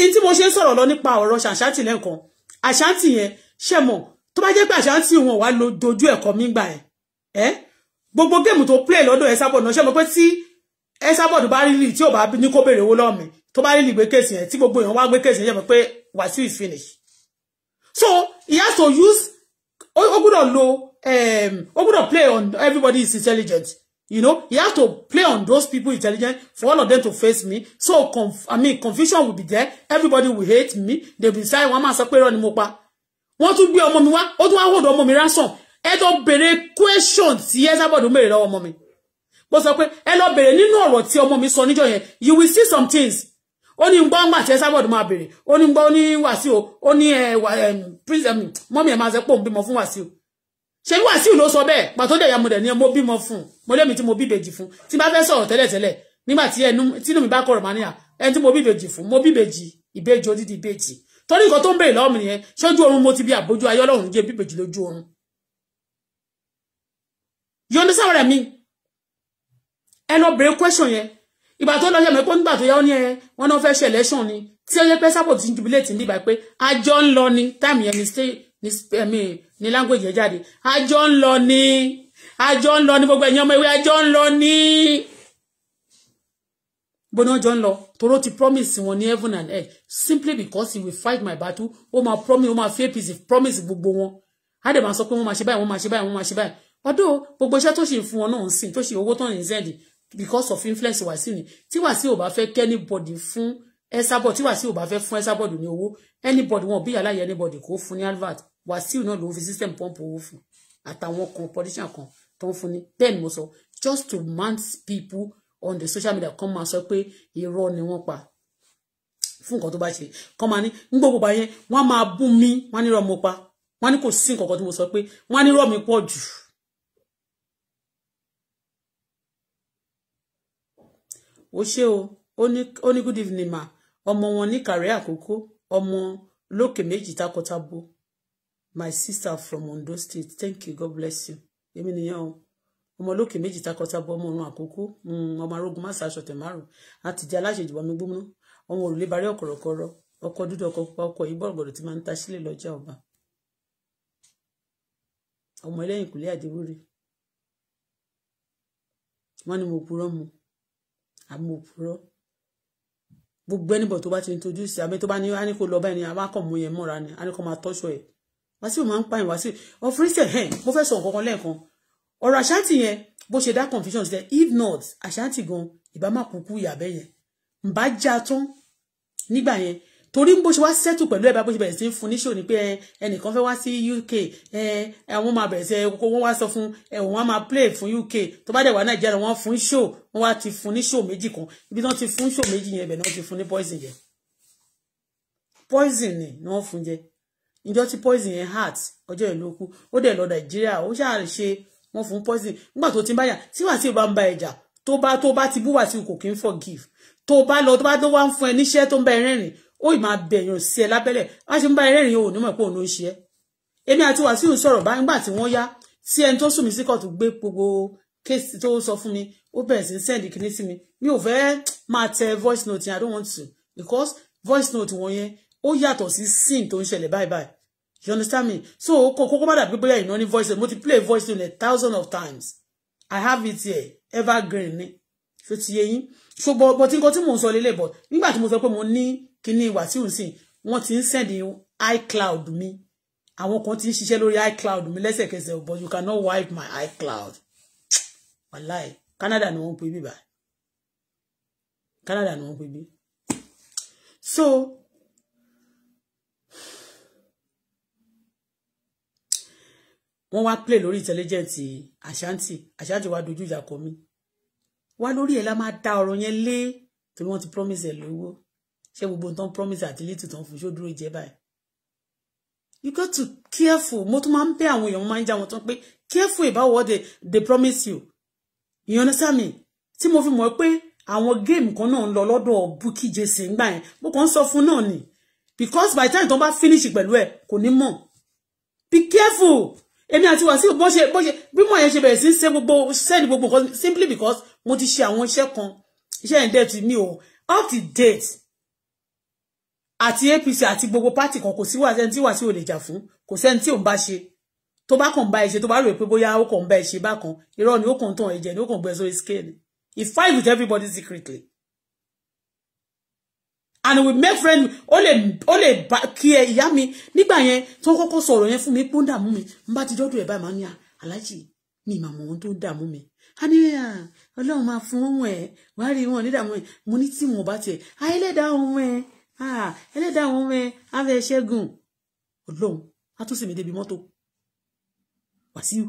in tí mo ṣe ń sọ̀rọ̀ lọ nípa ọ̀rọ̀ ṣàṣàtì lẹ́ǹkan àṣàtì yẹn ṣẹ̀mọ̀ tó bá jẹ́ pé àṣántì wọn wá lo dojú ẹ̀kọ́ mi gbà ẹ̀ ẹ́ gbogbo géèmù tó play lọ́dọ̀ ẹ sábọ̀dù náà ṣe mo pé tí ẹ sábọ̀dù bá rí lì tí ò bá ní kó béèrè owó lọ́ọ̀mì tó bá rí lì gbé kéèsì yẹn tí gbogbo èèyàn wá gbé kéèsì yẹn ṣe mo pé Wàsíù is finished so he has to use ó gbọ́dọ̀ lo um, ó gbọ́dọ̀ play on everybody is intelligent you know he has to play on those people intelligent for all of them to face me so conf I mean confusion will be there everybody will hate me they will decide wọ́n máa sọ pé irọ́ ni mo pa wọ́n tún gbé ọmọ mi wá ó tún wá hold ọmọ mi ransom ẹ lọ bèrè question tí Esabod ń bèrè lọ́wọ́ ọmọ mi bó sọ pé ẹ lọ bèrè nínú ọ̀rọ̀ tí ọmọ mi sọ níjọ́ yẹn you will see some things ó ní gbọ́ ńgbà tí Esabod máa bèrè ó ní gbọ́ ní Wàsíù ó ní mọ́mí um, ẹ̀ máa ṣe pò ń bímọ fún Wàsíù ṣe bí Wàsíù ló sọ bẹ́ẹ̀ pàtó dẹ̀ ya mo dẹ̀ ní mo bímọ fún mo lẹ́mi tí mo bí ìbejì fún tí bá fẹ́ sọ̀rọ̀ tẹ́lẹ̀tẹ́lẹ̀ nígbà tí ẹnu tí mi bá kọ̀rọ̀ mania ẹni tí mo bí ìbejì fún mo bí ìbejì ìbejì odidi ìbejì torí nǹkan tó ń bèèrè mi nìyẹn ṣojú oorun mo ti bí àbójú ayé ọlọ́run jẹ́ bíbèjì lójú oorun you understand what I mean ẹ lọ bèrè question yẹn ìgbà tó lọ yẹ mẹ́pọ̀ nígbà tó to ó ní ẹ wọn náà fẹ́ ṣe election ni tí ó yẹ pé sábò ti ń jubilate níbà pé àjọ ń lọ ni táàmì Me, ní language yẹn jáde àjọ ń lọ ni àjọ ń lọ ni gbogbo ẹ̀yin ọmọ ìwé àjọ ń lọ ni bọ́nà àjọ ń lọ toro ti promise wọn ní heaven and earth simply because he will fight my battle ó máa promise ó máa fi apc promise gbogbo wọn á dẹ̀ máa sọ pé wọ́n máa ṣe báyìí wọ́n máa ṣe báyìí wọ́n máa ṣe báyìí ọdún gbogbo iṣẹ́ tó ṣe fún wọn náà ń sìn tó ṣe owó tó ń sẹ́ẹ̀dì because of influence Wàsíù ni tí Wàsíù ò bá fẹ́ kẹ́ anybody fún Esabod tí Wàsíù ò bá fẹ́ fún Esabod ní owó anybody wọn bí aláyẹ anybody kò fún ní advert Wàsíù náà ló fi system pump owó fún àtàwọn kan politician kan tó ń fún ni bẹ́ẹ̀ ni mo sọ just to mount people on the social media kan ma sọ pé irọ́ ni wọ́n pa fún nǹkan tó bá ṣe kan ma ní ń gbogbo bá yẹn wọ́n máa mi wọ́n ní irọ́ mo pa wọ́n ni kò sí nǹkan kan tí mo sọ pé wọ́n ní mi pọ̀ jù. ó o ó good evening ma ọmọ wọn ni kàrẹ́ àkókò ọmọ loke méjì takotabo my sister from Ondo state thank you God bless you èmi nìyẹn o. ọmọlókè méjì takọtabo ọmọ ọrùn àkókò ọmọ arógun máṣe aṣọtẹ márùn àtijọ́ aláṣejù bọmi gbómúná ọmọ òrùlé barí ọ̀kọ̀rọ̀kọ̀rọ̀ ọkọ̀ dúdú ọkọ̀ pupa ọkọ̀ yìí bọ̀rọ̀gbọ̀rọ̀ tí máa ń ta sílẹ̀ lọ́jà ọba ọmọ ẹlẹ́yìn kùlé àdéwúre wọ́n ní mo purọ́ mu àmọ́ mo purọ́ gbogbo ẹnìbọ̀ tó bá ti introduce àmì tó bá ní á lọ bá ẹni àwa kàn mú yẹn mọ́ra ni á ní kó máa tọ́ṣọ ẹ̀ wá sí ò máa ń pààyàn wá sí ọ̀fíìsì ẹ̀ mo fẹ́ sọ nǹkan kan lẹ́ẹ̀kan ọ̀rọ̀ àṣántì yẹn bó ṣe dá confusion sílẹ̀ if not àṣántì gan ìbá má kúkú ìyàbẹ̀ yẹn ǹbá já tán nígbà yẹn torí bó ṣe wá sẹ́tù pẹ̀lú ẹ̀ bá bó ṣe bẹ̀rẹ̀ sí fún níṣò ní pé ẹnìkan fẹ́ wá sí UK àwọn máa bẹ̀rẹ̀ sí ẹ̀kọ́ wọ́n wá sọ fún ẹ̀wọ̀n wọn máa play fún UK tó bá dẹ̀ wá Nàìjíríà wọ́n fún ṣò wọ́n wá ti fún níṣò méjì kan ibi tí wọ́n ti fún ṣò méjì yẹn ibẹ̀ náà ti fún ní poison jẹ poison ni wọ́n fún jẹ ìjọ tí poison yẹn heart ọjọ́ ìlú kú ó dẹ̀ lọ Nàìjíríà ó ṣàṣe wọ́n fún poison nígbà tó ti ń báyà tí Wàsíù bá ń ba ẹ̀jà tó bá tó bá ti bú Wàsíù kò kí ń forgive tó bá lọ tó bá tó wá ń fún ẹ níṣẹ́ tó ń bá ẹ rẹ́rìn ó ì máa bẹ̀yàn sí ẹ lábẹ́lẹ̀ wá ṣe ń bá ẹ rẹ́rìn òun nímọ̀ pé òun ló ń ṣe ẹ́ èmi àti Wàsíù ń sọ̀rọ̀ bá nígbà tí wọ́n yá tí ẹni tó sùn mí sí kọ̀tù gbé gbogbo kéèsì tó sọ fún mi ó bẹ̀rẹ̀ sí send kìíní sí mi mi ò fẹ́ máa tẹ voice note yẹn I don't want to because voice note wọn yẹn ó yàtọ̀ sí sin tó ń ṣẹlẹ̀ báyìí báyìí you understand me so kò kókó má dàbí bóyá ìnáwó ní voice mo voice tune a thousand of times i have it here evergreen ni ṣó ti yé yín ṣùgbọ́n bó ti nǹkan tí mò ń sọ lélẹ̀ bọ̀ nígbà tí mo sọ pé send you iCloud me, sí wọ́n ti ń sẹ́ndì icloud mi àwọn kan ti ń but you cannot wipe my icloud lie. Canada no one ń pè bí Canada no one ń pè so wọ́n wá play lórí intelligent àṣántì àṣántì wá dojú ìjà kọ mí wá lórí ẹ̀ la máa da ọ̀rọ̀ yẹn lé torí wọ́n ti promise ẹ̀ lówó ṣé gbogbo tán promise àti lítù tán fún ṣódúró ìjẹ́ báyìí you got to careful mo tún máa ń bẹ àwọn èèyàn máa ń já wọn tán pé careful about what they, they promise you you understand me tí mo fi mọ̀ pé àwọn géèmù kan náà ń lọ lọ́dọ̀ Bukky Jesse ńgbà yẹn mo kàn ń sọ fún náà ni because by the time tó bá finish pẹ̀lú ẹ̀ kò ní mọ̀ be careful èmi àti Wàsíù bó ṣe bó ṣe bí mọ̀ yẹn ṣe bẹ̀rẹ̀ sí ṣe gbogbo sẹ́ni gbogbo nǹkan simply because mo ti ṣe àwọn iṣẹ́ kan iṣẹ́ yẹn dẹ̀ ti mi ò up to date àti APC àti gbogbo pátì kan kò sí wàsẹ́ni tí Wàsíù ò lè jà fún kò sẹ́ni tí ò ń bá ṣe tó bá kàn bá ẹ ṣe tó bá rò pé bóyá ó kàn bá ẹ ṣe bákan irọ́ ni ó kàn tàn ẹ̀jẹ̀ ni ó kàn gbẹ sórí scale he fight with everybody secretly and we make friend ó lè ó lè bá kí ẹ ìyá mi nígbà yẹn tó kọ́kọ́ sọ̀rọ̀ yẹn fún mi pé ó ń dààmú mi n bá ti dọ́dọ̀ ẹ̀ báyìí máa ní ah, aláàjì mi ìmọ̀ àwọn ohun tó ń dààmú mi a ní ah, ọlọ́run máa fún ohun ẹ̀ wá rí wọn nídààmú ẹ̀ mo ní tí wọn bá tiẹ̀ ah, a ẹlẹ́dàá ohun ẹ̀ ẹlẹ́dàá ohun ẹ̀ á fẹ́ ṣẹ́gun ọlọ́run á tún sì mí débi mọ́tò wàsíù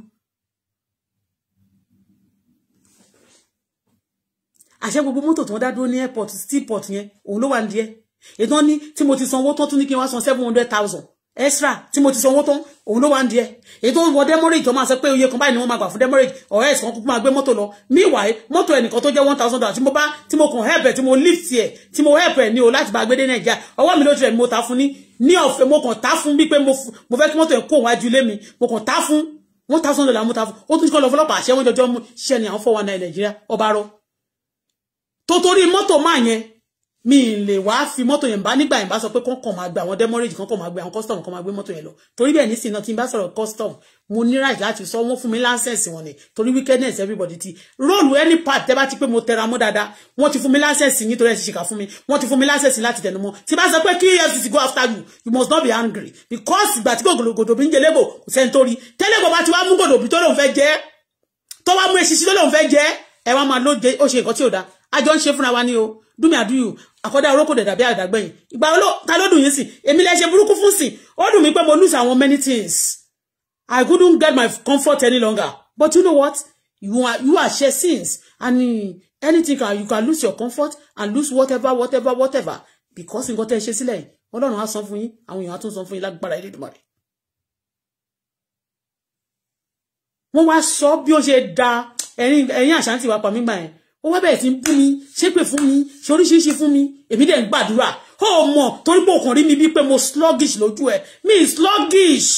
àṣẹ gbogbo mọ́tò tí wọ́n dá ni ní airport steel port yẹn òun ló wà ní díẹ̀ ètò ní tí mo ti sanwó tán tún ní kí n wá san seven thousand extra tí mo ti sanwó tán òun ló wà ní díẹ̀ ètò wọ demorage wọ́n máa sọ pé oye kan báyìí ni wọ́n máa gbà fún demorage ọ̀rẹ́ ẹ̀sìn kan kúkú máa gbé mọ́tò lọ meanwhile mọ́tò ẹnìkan tó jẹ́ one thousand dollars tí mo ba ti mo kon help ẹ̀ tí mo lift ẹ̀ Ti mo help ẹ̀ ní o láti bá gbé dé nàìjíríà ọwọ́ mi ló tirẹ̀ mo ta fún ní ní ọ̀fẹ́ mo kàn ta fún bí pé mo fẹ́ kí mọ́tò ẹ̀ wa wájú ilé mi mo kàn ta fún one thousand dollars mo ta fún ó tún kọ́ lọ fọlọ́pàá àṣẹ wọn jọjọ́ mú ṣẹ́ ni àwọn four one nine Nigeria ọba rọ tó torí mọ́tò máa yẹn mi lè wá fi mọ́tò yẹn bá nígbà yẹn bá sọ pé kán kàn máa gbé àwọn demurrage kán kàn máa gbé àwọn custom kán máa gbé mọ́tò yẹn lọ torí bẹ́ẹ̀ nísìnyí náà tí n bá sọ̀rọ̀ custom mo ní right láti sọ wọ́n fún mi license wọn ni torí wickedness everybody ti róòlù any part tẹ́ bá ti pé mo tẹra mọ́ dáadáa wọ́n ti fún mi license nítorí ẹ̀ ti ṣìkà fún mi wọ́n ti fún mi license láti tẹnu mọ́ tí bá sọ pé kí efcc go after you you must not be angry because ìgbà tí gòdòbí ń jẹ lébò kò sẹ́ńtórí tẹ́lẹ̀gbọ́ bá ti wá mú gòdòbí tó lóun fẹ́ jẹ́ tó wá mú eṣinṣin tó lóun fẹ́ jẹ́ ẹ wá máa lóde ó ṣe nǹkan tí ò dáa àjọ ń ṣe fúnra wa ni o dúmi àdúyù àkọ́dá orókò dẹ̀dà bí àdàgbẹ̀yìn ìgbà ta ló dùn yín sí èmi lẹ ṣe burúkú fún sí ó dùn mí pé mo lose àwọn many things I couldn't get my comfort any longer but you know what you are you are share sins and anything can you can lose your comfort and lose whatever whatever whatever because nǹkan tẹ́ ṣe sílẹ̀ Ọlọ́run á san fún yín àwọn èèyàn á tún san fún yín lágbára ilé ìdùnmọ̀ rẹ̀ wọ́n wá sọ bí ó ṣe da ẹ̀yin àṣà ń tì wá pa mí gbà yẹn ó wá bẹ̀rẹ̀ sí ń bú mi ṣépè fún mi ṣe oríṣiríṣi fún mi èmi dẹ̀ ń gbàdúrà ó mọ̀ torí pé òkàn rí mi bíi pé mo sluggish lójú ẹ̀ mi sluggish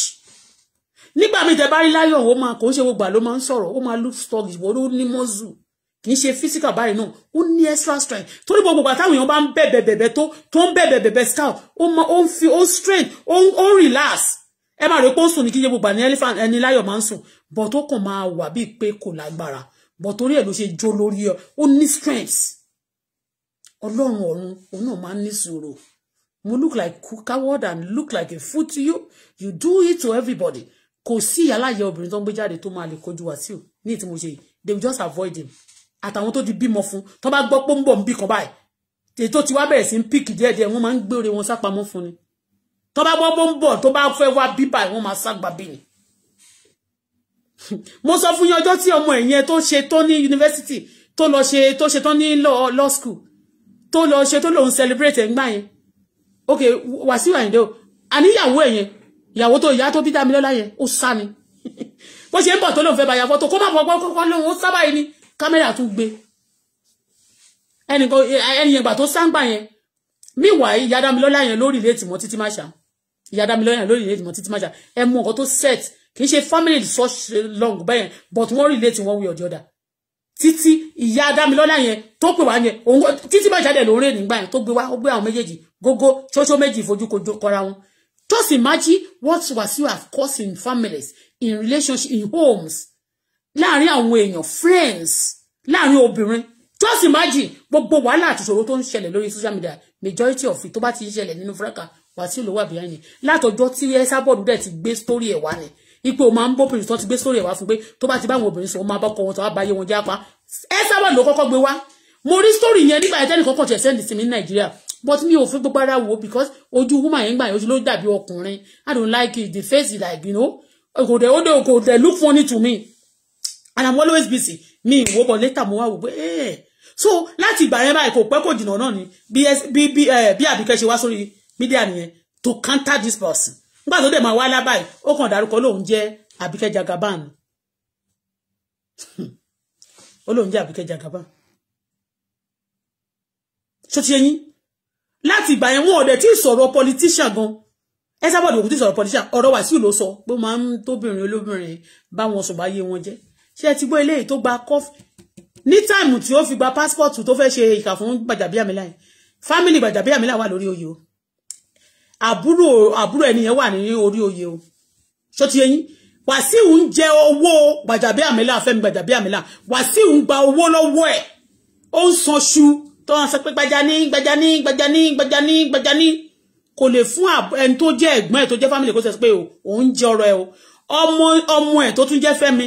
nígbà mi tẹ bá rí láyọ̀ ó máa kò ń ṣe gbogbo àló máa ń sọ̀rọ̀ ó máa look sluggish wọ́n ló ní mọ́zù kì í physical báyìí náà ó ní extra strength torí gbogbo ìgbà táwọn èèyàn bá ń bẹ̀bẹ̀ bẹ̀bẹ̀ To tó ń bẹ̀bẹ̀ bẹ̀bẹ̀ scout ó máa ó ń fi ó strength ó ń relax ẹ máa rí pé ó ń sùn ní kí ṣe gbogbo àní elephant ẹni láyọ̀ máa ń sùn but ó kàn máa wà pe pé kò lágbára but torí ẹ̀ ló ṣe jó lórí ọ ó ní strength ọlọ́run ọ̀run òun náà máa ń ní sùúrù mo look like coward and look like a fool to you you do it to everybody kò sí ìyáláyẹ obìnrin tó ń gbé jáde tó máa lè kojú Wàsíù ní ìtí mo ṣe they will just avoid him àtàwọn tó ti bímọ fún tó bá gbọ́ pé ń bọ̀ ń bì kan báyìí ètò tí wàá bẹ̀rẹ̀ sí ń píkì díẹ̀díẹ̀ wọ́n máa ń gbére wọn sápamọ́ fún ni tó bá gbọ́ pé ń bọ̀ tó bá fẹ́ wá bíbà wọ́n máa ságbà bí ni mo sọ fún yín ọjọ́ tí ọmọ ẹ̀yẹn tó ṣe tó ní yunifásitì tó lọ ṣe tó ṣe tó ní law school tó lọ ṣe tó lòun celebrate ẹ̀ ń gbà yẹn ok Wàsíù Àyìndé o àníyàwó ẹ̀yẹn ìyàwó tó ìyá tó bí Dámilọ́lá yẹn ó sá ni bó ṣe ń bọ̀ tó lòun fẹ́ bá ya fọ́tò kó má fọgbọ́n kọ́kọ́ lóun ó sábà yìí ni kámẹ́rà tún gbé ẹnìyẹn gbà tó sáńgbà yẹn meanwhile ìyá Dámilọ́lá yẹn lórí ilé ìtìmọ̀ títí máṣà ìyá Dámilọ́lá yẹn lórí ilé ìtìmọ̀ títí máṣà ẹ mú ọkọ tó set kì í ṣe family such long bẹ́yẹn but wọ́n relate one way or the other títí ìyá adámilọ́lá yẹn tó pè wá yẹn òun títí bá ìjáde lórí nígbà yẹn tó gbé wá ó gbé àwọn méjèèjì gógó ṣóṣó méjì ìfojú kọra wọn just imagine what was you have caused in families in relationship in homes láàrin àwọn èèyàn friends láàrin obìnrin just imagine gbogbo wàhálà àti ìṣòro tó ń ṣẹlẹ̀ lórí social media majority of it tó bá ti ń ṣẹlẹ̀ nínú fúráka Wasiu ló wà behind látọjọ́ tí ẹ sábọ̀dù dẹ̀ ti gbé story ẹ̀ wá ni ipò máa ń bóbìnrin tó ti gbé sórí ẹ̀ wá fún pé tó bá ti bá àwọn obìnrin sọ ó máa bọ́kọ wọn tó wá báyé wọn jápa ẹ sábà ló kọ́kọ́ gbé wá mo rí story yẹn nígbà yẹn tẹ́nìkan kàn tiẹ̀ sẹ́ndì sí mi ní but mi ò fún gbogbo ara wo because ojú woman yẹn gbà yẹn ojú ló dàbí ọkùnrin i don't like it the face is like you know kò dẹ̀ ó dẹ̀ kò look funny to me and i'm always busy mi ìwò bọ̀ later mo wá wò pé eh. so láti ìgbà yẹn báyìí kò pẹ́ kò jìnnà náà ni bí eh, àbíkẹ́ ṣe wá sórí mídíà nìyẹn to counter this person nígbà tó dẹ̀ máa wá lábàáyé ó kàn dárúkọ lóun jẹ́ Àbíkẹ́ Jagaban ó lóun jẹ́ Àbíkẹ́ Jagaban ṣó ti yẹn láti ìgbà yẹn wọn ò tí ì politician gan ẹ sábà lòkùn tí ì sọ̀rọ̀ politician ọ̀rọ̀ Wàsíù ló sọ pé ó máa ń tóbìnrin olóbìnrin bá wọn sùn bá yé wọn jẹ́ ṣé ẹ ti gbọ́ eléyìí tó gba kọ́fì ní táìmù tí ó fi gba pásítọ̀tù tó fẹ́ ṣe ìkà fún Gbajabiamila yìí fámìlì Gbajabiamila wà lórí oyè o àbúrò àbúrò ẹni yẹn wà ní orí oyè o ṣó ti yẹyìn Wàsíù ń jẹ owó Gbajabiamila Fẹ́mi Gbajabiamila Wàsíù ń gba owó lọ́wọ́ ẹ̀ ó ń sanṣu tó ń sọ pé gbajani gbajani gbajani gbajani gbajani kò lè fún ẹni tó jẹ́ ẹ̀gbọ́n ẹ̀ tó jẹ́ fámìlì kó sọ pé òun jẹ ọ̀rọ̀ ẹ̀ o ọmọ ọmọ tó tún jẹ́ Fẹ́mi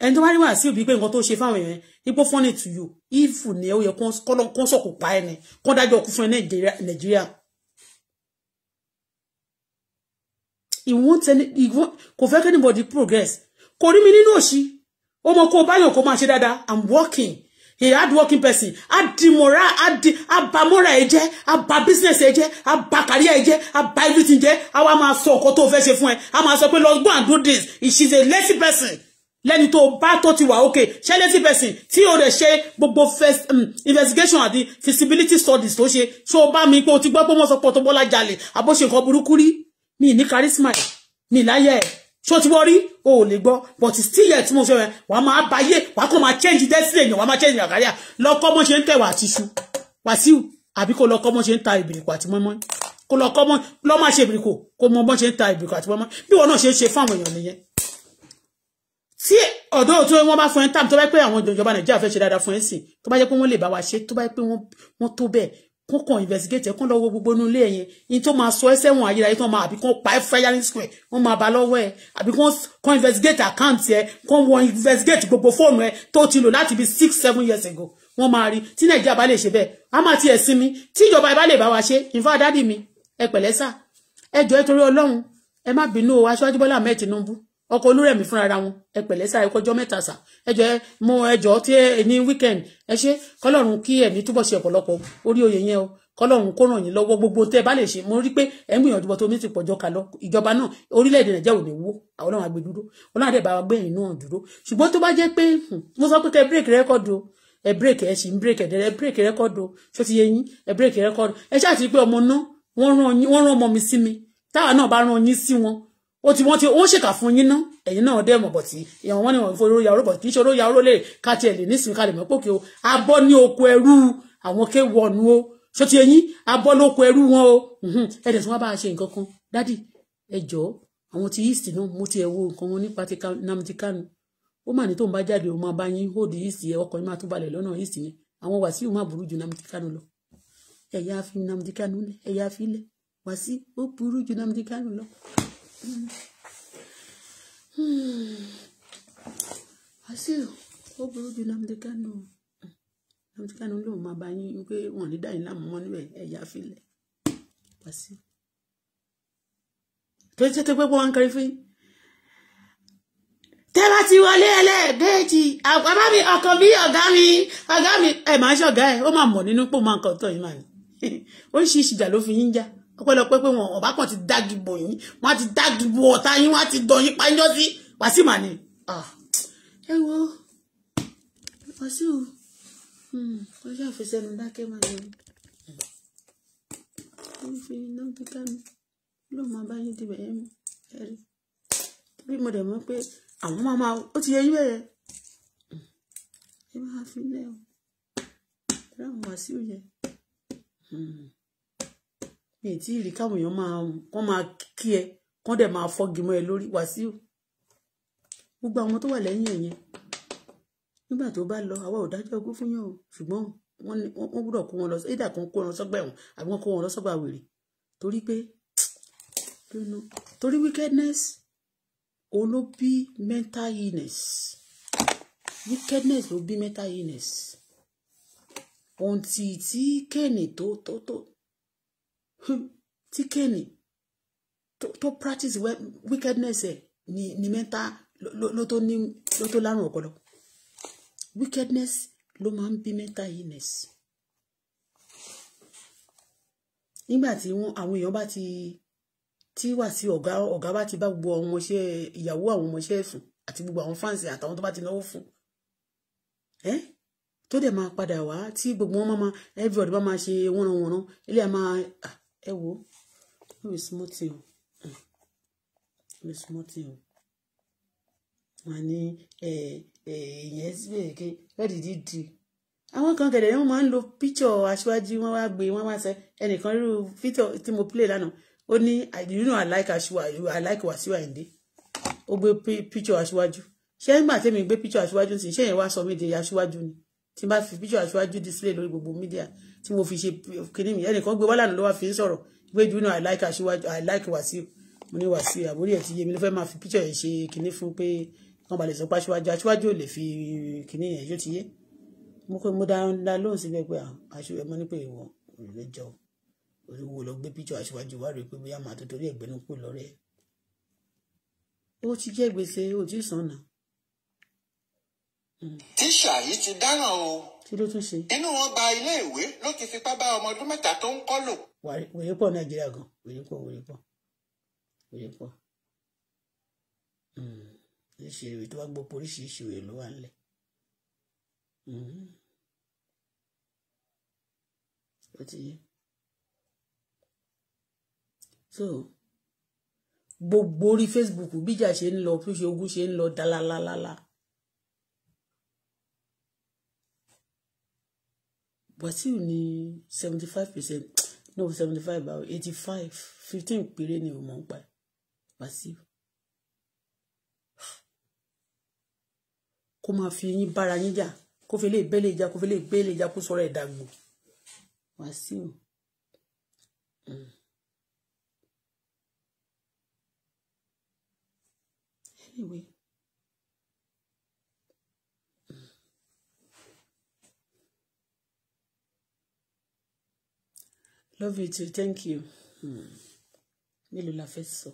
ẹni tó bá rí Wàsíù bíi pé nǹkan tó ṣe fáwọn èèyàn ipò fọ́nì tù yù ìfù ni ó yẹ kó sọ̀kò pa ẹni kó dájọ́ ọkú fún ẹ Nàìjíríà. kò fẹ́ kí anybody progress kò rí mi nínú òṣì ó mọ kó báyọ̀ kó máa ṣe dáadáa i'm working a hard working person a dimora a di abamora ẹ jẹ a business ẹ jẹ a career ẹ jẹ a ba everything jẹ a wá máa sọ ọkọ tó fẹ́ ṣe fún ẹ a máa sọ pé lọ go and do this she's a lazy person lẹ́ni tó bá tó ti wà okay ṣé lazy person tí o rẹ̀ ṣe gbogbo um, investigation àti feasibility studies tó ṣe ṣó bá mi pé o ti gbọ́ pé wọ́n sọ pé Auto Bola jalè àbóṣe nǹkan burúkú rí mi ní charisma ẹ̀ mi láyé ẹ̀ ṣó ti wọ́n rí o ò lè gbọ́ but still yẹ tí mo fẹ́ rẹ̀ wàá máa báyé wàá kàn máa change destiny èèyàn wàá máa change àkàríà lọ́kọ́ bó ṣe ń tẹ̀wà àti iṣu wàsíù àbí kó lọ́kọ́ bó ṣe ń ta ìbìrìkù àti mọ́mọ́ kó lọ́kọ́ bó lọ́ máa ṣe ìbìrìkù kó mọ bó ṣe ń ta ìbìrìkù àti mọ́mọ́ bí wọn náà ṣe ń ṣe fáwọn èèyàn nìyẹn tí ọ̀dọ́ to wọ́n bá fún ẹ tàbí tó bá pé àwọn ìjọba nàìjíríà fẹ́ ṣe dáadáa fún ẹ sìn tó bá jẹ́ pé wọ́n lè bá wa ṣe tó bá pé wọ́n tó bẹ́ẹ̀ kún kàn investigate ẹ kún lọ́wọ́ gbogbo inú ilé ẹ̀yẹn yín tó máa sọ ẹ́ sẹ́wọ̀n ayérayé tó máa àbí kán pa ẹ́ firing square wọ́n máa bá lọ́wọ́ ẹ̀ àbí kán investigate account ẹ̀ kán wọ́n investigate gbogbo fóònù ẹ̀ to ti lò láti bí six seven years ago wọ́n máa rí tí nàìjíríà bá lè ṣe bẹ́ẹ̀ a máa tiẹ̀ sinmi tí ìjọba ìbá lè bá wa ṣe ìfọ̀ dádì mi ẹ pẹ̀lẹ́ sà ẹ jọ̀ọ́ ẹ torí ọlọ́run ẹ má bínú o aṣáájú Bọ́lá Ahmed Tinubu ọkọ olúrẹ̀mí fúnra ra wọn ẹ pẹ̀lẹ́ sá ẹ kọjọ́ mẹ́ta sá ẹ jẹ́ mú ẹjọ́ tí ẹ ní ẹ ṣe kọlọ́run kí ẹ̀mí túbọ̀ ṣe ọ̀pọ̀lọpọ̀ orí oyè yẹn o kọlọ́run kó ràn yín lọ́wọ́ gbogbo tẹ́ bá lè ṣe mo rí pé ẹ ń gbìyànjú bọ́ tó mi ti pọ̀jọ́ kà lọ ìjọba náà orílẹ̀-èdè nàìjíríà ò ní wó àwọn náà àgbè dúró wọn náà dẹ̀ bá náà dúró ṣùgbọ́n tó bá jẹ́ pé hmm, mo sọ pé kẹ́ break record o ẹ break ẹ sì ń break ẹ̀dẹ̀ ẹ break record o ṣó ti yẹ break record ẹ ṣáà ti pé ọmọ náà wọ́n rán ọmọ mi sí mi táwa ó ti wọ́n ti ó ṣèkà fún yín náà ẹ̀yin náà dẹ́ mọ̀ bọ̀tì ìyàwó wọn ni wọ́n fi oró ya oró bọ̀tì kì í ṣe oró ya oró lè ká tiẹ̀ lè nísìnyí ká lè mọ̀ pòkè o abọ́ ní oko ẹrú àwọn kéwọ̀nù o ṣó ti ẹ̀yin abọ́ lóko ẹrú wọn o ẹ̀dẹ̀ tí wọ́n bá ṣe nǹkan kan dádì ẹ jọ̀ọ́ àwọn ti east náà mo ti ẹ̀ wo nǹkan wọn nípa Nnamdi Kanu ó mà ní tóun bá jáde òun máa bá yín hold east yẹn ọkọ̀ yín máa tún balẹ̀ lọ́nà east yẹn àwọn Wàsíù má burú ju Nnamdi Kanu lọ ẹ̀yà fi Nnamdi Kanu lẹ̀ ẹ̀yà fi lẹ̀ Wàsíù ó burú ju Nnamdi Kanu Wàsíù ó burú ju Nnamdi Kanu Nnamdi Kanu lòun máa bá yín pé wọn ò ní dá yín láàmú mọ́ níbẹ̀ ẹ̀yà filẹ̀ Wàsíù tó ń tètè pé wọ́n ń kiri fún yín tẹ́ bá ti wọlé ẹlẹ́ẹ̀dẹ́jì àpamọ́ mi ọkọ mi ọ̀gá mi ọ̀gá mi ẹ̀ máa ṣọ̀gá ẹ̀ ó máa mọ̀ nínú pò máa ń kọ́ tọ̀ yín máa ní oríṣiríṣi ìjà ló fi yín já ọpẹ́lọpẹ́ pé wọn ọba kan ti dájú bò yín wọn ti dájú bò ọ̀tá yín wọn ti dọyín pàjọ sí wàsíù mà ni. Ah. ẹ wo wàsíù ọjọ́ hmm, àfẹsẹ̀nu dákẹ́ máa lọ ó fi iná kíkà mi ló máa bá yín dìbẹ̀ yẹn ẹ̀rí bí mo dẹ̀ mọ̀ pé àwọn máa máa ó ti yẹ yín bẹ̀rẹ̀ ẹ máa fi lẹ́ o ẹ ráhùn wàsíù yẹn. Hmm mi ì tí ì rí káwọn èèyàn máa kán máa kí ẹ kán dẹ̀ máa fọ́gi mọ́ ẹ lórí wàsíù gbogbo àwọn tó wà lẹ́yìn ẹ̀yẹn nígbà tó bá lọ àwa ò dájọ́ ogún fún yàn o ṣùgbọ́n wọ́n gbúdọ̀ kó wọn lọ édà kan kó wọn lọ sọ́gbà ẹ̀wọ̀n àbí wọ́n kó wọn lọ sọ́gbà wèrè torí pé torí wickedness òun ló bí mental illness wickedness ló bí mental illness ohun tí tí kéènì tó tó tó Hmm, tí kéènì tó practice wickedness ẹ̀ ni ni mẹ́ta ló tó ní ló tó lárùn ọpọlọ wickedness ló máa ń bí mental illness nígbà tí wọn àwọn èèyàn bá ti tí wà sí ọ̀gá ọ̀gá bá ti bá gbogbo àwọn ọmọọṣẹ́ ìyàwó àwọn ọmọọṣẹ́ ẹ̀fùn àti gbogbo àwọn fáǹsì àtàwọn tó bá ti náwó fún ẹ tó dẹ̀ máa padà wá tí gbogbo wọn máa everybody bá máa ṣe wọ́nranwọ̀nran ilé ẹ̀ máa ẹ wo no be small thing o no be small thing o wọn ní ìyẹn síbẹ̀ kí wọ́n dìde di àwọn kan kẹ̀dẹ̀ wọ́n máa ń lo píchọ̀ aṣíwájú wọ́n wá gbé wọ́n wá sẹ́ ẹnìkan irú píchọ̀ tí mo play lánàá ó ní you know I like aṣíwá I like Wasiu Ayinde ó gbé píchọ̀ aṣíwájú ṣé nígbà tí mi gbé píchọ̀ aṣíwájú sí ṣé yẹn wá sọ mí di aṣíwájú ni tí n bá fi píchọ̀ aṣíwájú display lórí gbogbo mídíà tí mo fi ṣe kíní mi ẹnìkan gbé wálànà ló wá fi ń sọ̀rọ̀ gbé jù náà i like aṣíwájú i like wàsíù mo ní wàsíù àbúrò ẹ̀ ti yé mi ló fẹ́ máa fi picture yẹn ṣe kíní fún pé wọn balẹ̀ sọ pé aṣíwájú aṣíwájú ò lè fi kíní yẹn yóò ti yé mo pé mo dá lóhùn síbẹ̀ pé aṣíwájú mo ní pé ìwọ òrùlé jọ lọ gbé picture aṣíwájú wá rèé pé bóyá hmm.
tíṣà yìí ti dáràn o kí ló tún ṣe. inú wọn ba ilé ìwé ló ti fipá bá ọmọ ọdún mẹ́ta tó ń kọ́ lò. wòye
pọ̀ nàìjíríà gan wòye pọ̀ wòye pọ̀ wòye pọ̀ oríṣi hmm. ìwé tó wá gbópo oríṣiríṣi ìwé ló wà nílẹ̀ hmm. ó ti yé so gbogbo orí Facebook bíjà ṣe ń lọ bí ṣe ogun ṣe ń lọ dálalálálá. Wàsíù ní seventy five percent no seventy five báwo eighty five fifteen péré ni òun mọ̀ ń pa Wàsíù. kó máa fi yín bára yín jà kó fi lè bẹ́lẹ̀ ìjà kó fi lè bẹ́lẹ̀ ìjà kó sọ̀rọ̀ ẹ̀dá gbò Wàsíù. Hmm. anyway. love you too thank you hmm. mélòó la fẹ́ sọ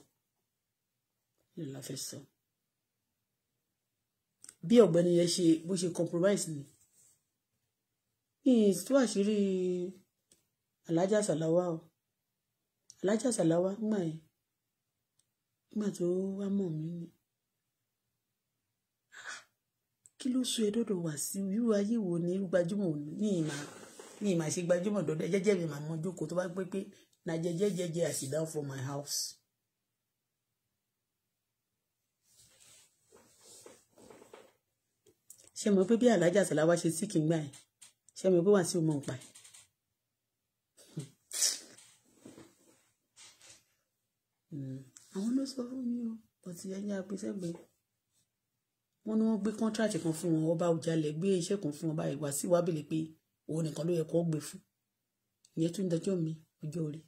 mélòó la fẹ́ sọ bí ọ̀gbẹ́ni yẹn ṣe bó ṣe compromise ni ìyìn tó àṣírí alájà sàláwá o alájà sàláwá gbà yẹn nígbà tó wá mọ̀ mí ni ah, kí ló sọ ẹ dọ́dọ̀ wá sí irú ayé wo ni irú ní ìmọ̀ mi ì máa ṣe gbajúmọ̀ dọ́dọ̀ jẹ́jẹ́ mi máa mọ jókòó tó bá pé pé na jẹ́jẹ́ jẹ́jẹ́ I sit down for my house. ṣé mo pé bí alájà sàláwá ṣe sí kìngbà ẹ̀ ṣé mo pé wà sí ọmọ nǹpa ẹ̀. Hmm. àwọn ló sọ fún mi o ọtí ẹ̀yìn apẹsẹgbẹ wọn ni wọn gbé kọńtàtì kan fún wọn ọba òjàlẹ gbé iṣẹ́ kan fún wọn báyìí wá sí wábìlì pé òun nìkan ló yẹ kó gbé fún ìyẹn tún dọjọ́ mi ọjọ́ orí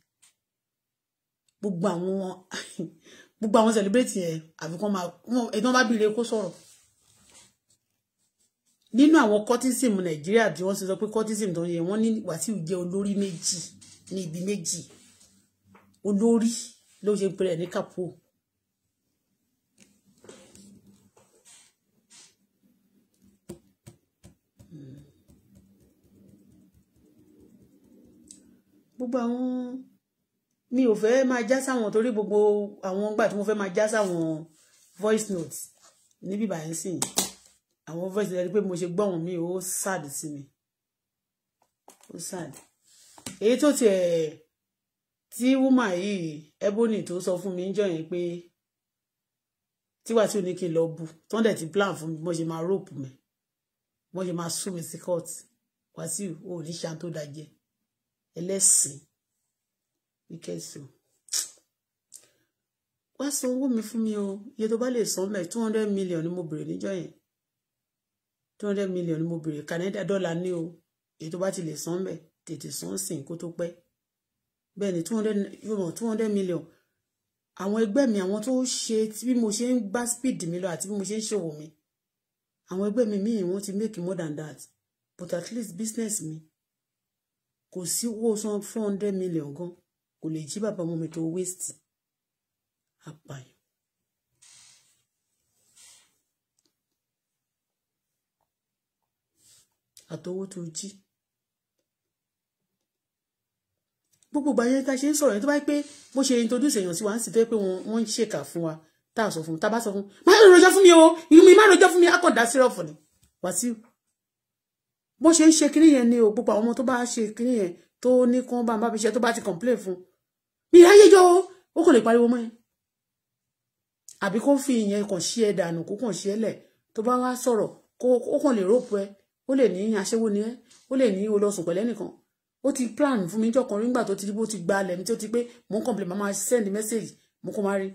gbogbo àwọn gbogbo àwọn celebrate yẹn àbí kán máa ẹ̀dán bá bìrè kó sọ̀rọ̀ nínú àwọn cortism nàìjíríà tí wọ́n ti sọ pé cortism tó ń yẹ wọ́n ní wàsíù jẹ́ olórí méjì ní ibi méjì olórí ló ṣe ń ní kàpó gbogbo àwọn mi ò fẹ́ máa já sáwọn torí gbogbo àwọn gbà tí mo fẹ́ máa já sáwọn voice notes níbí báyìí sìn àwọn voice notes pé mo ṣe gbọ́ mi ó sad sí mi ó sad èyí tó tiẹ̀ tí woman yìí ebony tó sọ fún mi ń jọ yẹn pé tíwà tí ò ní kí n lọ bu tó ń dẹ̀ ti plan fún mi bó ṣe máa rope mi bó ṣe máa sún mi sí court Wàsíù ò ní ṣan tó dájẹ́ ẹlẹ́sìn wicked soul wá san owó mi fún mi o iye tó bá lè san mẹ́ two hundred million ni mo bèrè níjọ́ yẹn two hundred million ni mo bèrè Canada dọ́là ní o èyí tó bá ti lè san mẹ́ tètè san sìn kó tó pẹ́ bẹ́ẹ̀ ni two hundred yóò mọ̀ two hundred million àwọn ẹgbẹ́ mi àwọn tó ṣe bí mo ṣe ń gbá speed mi lọ àti bí mo ṣe ń ṣòwò mi àwọn ẹgbẹ́ mi míì wọ́n ti make more than that but at least business mi kò sí owó san four hundred million gan kò lè jí bàbá ọmọ mi tó waste apààyàn. àtọwó tó jí gbogbo ìgbà yẹn tá a ṣe ń sọ̀rọ̀ yẹn tó bá yẹ pé bó ṣe introduce èèyàn sí wa ń sì tó yẹ pé wọ́n ń ṣèkà fún wa tá a sọ fún tá a bá sọ fún má rojọ́ fún mi o ìlú mi má rojọ́ fún mi akọ̀dá sírọ̀fù ni Wàsíù bó ṣe ń ṣe kinní yẹn ni o gbogbo àwọn ọmọ tó bá ṣe kinní yẹn tó ní kán bá ń bá fi ṣe tó bá ti complain fún mi ráyéjọ ó kò lè pariwo mọ́ ẹ àbí kó fi ìyẹn kàn ṣí ẹ dànù kó kàn ṣí ẹ lẹ̀ tó bá wá sọ̀rọ̀ kó ó kàn lè rọ́pò ẹ ó lè ní aṣẹ́wó ni ẹ ó lè ní o lọ sùn pẹ̀lẹ́ nìkan ó ti plan fún mi jọkan nígbà tó ti bó ti gba alẹ̀ mi tó ti pé mò ń complain máa send message mo kàn máa rí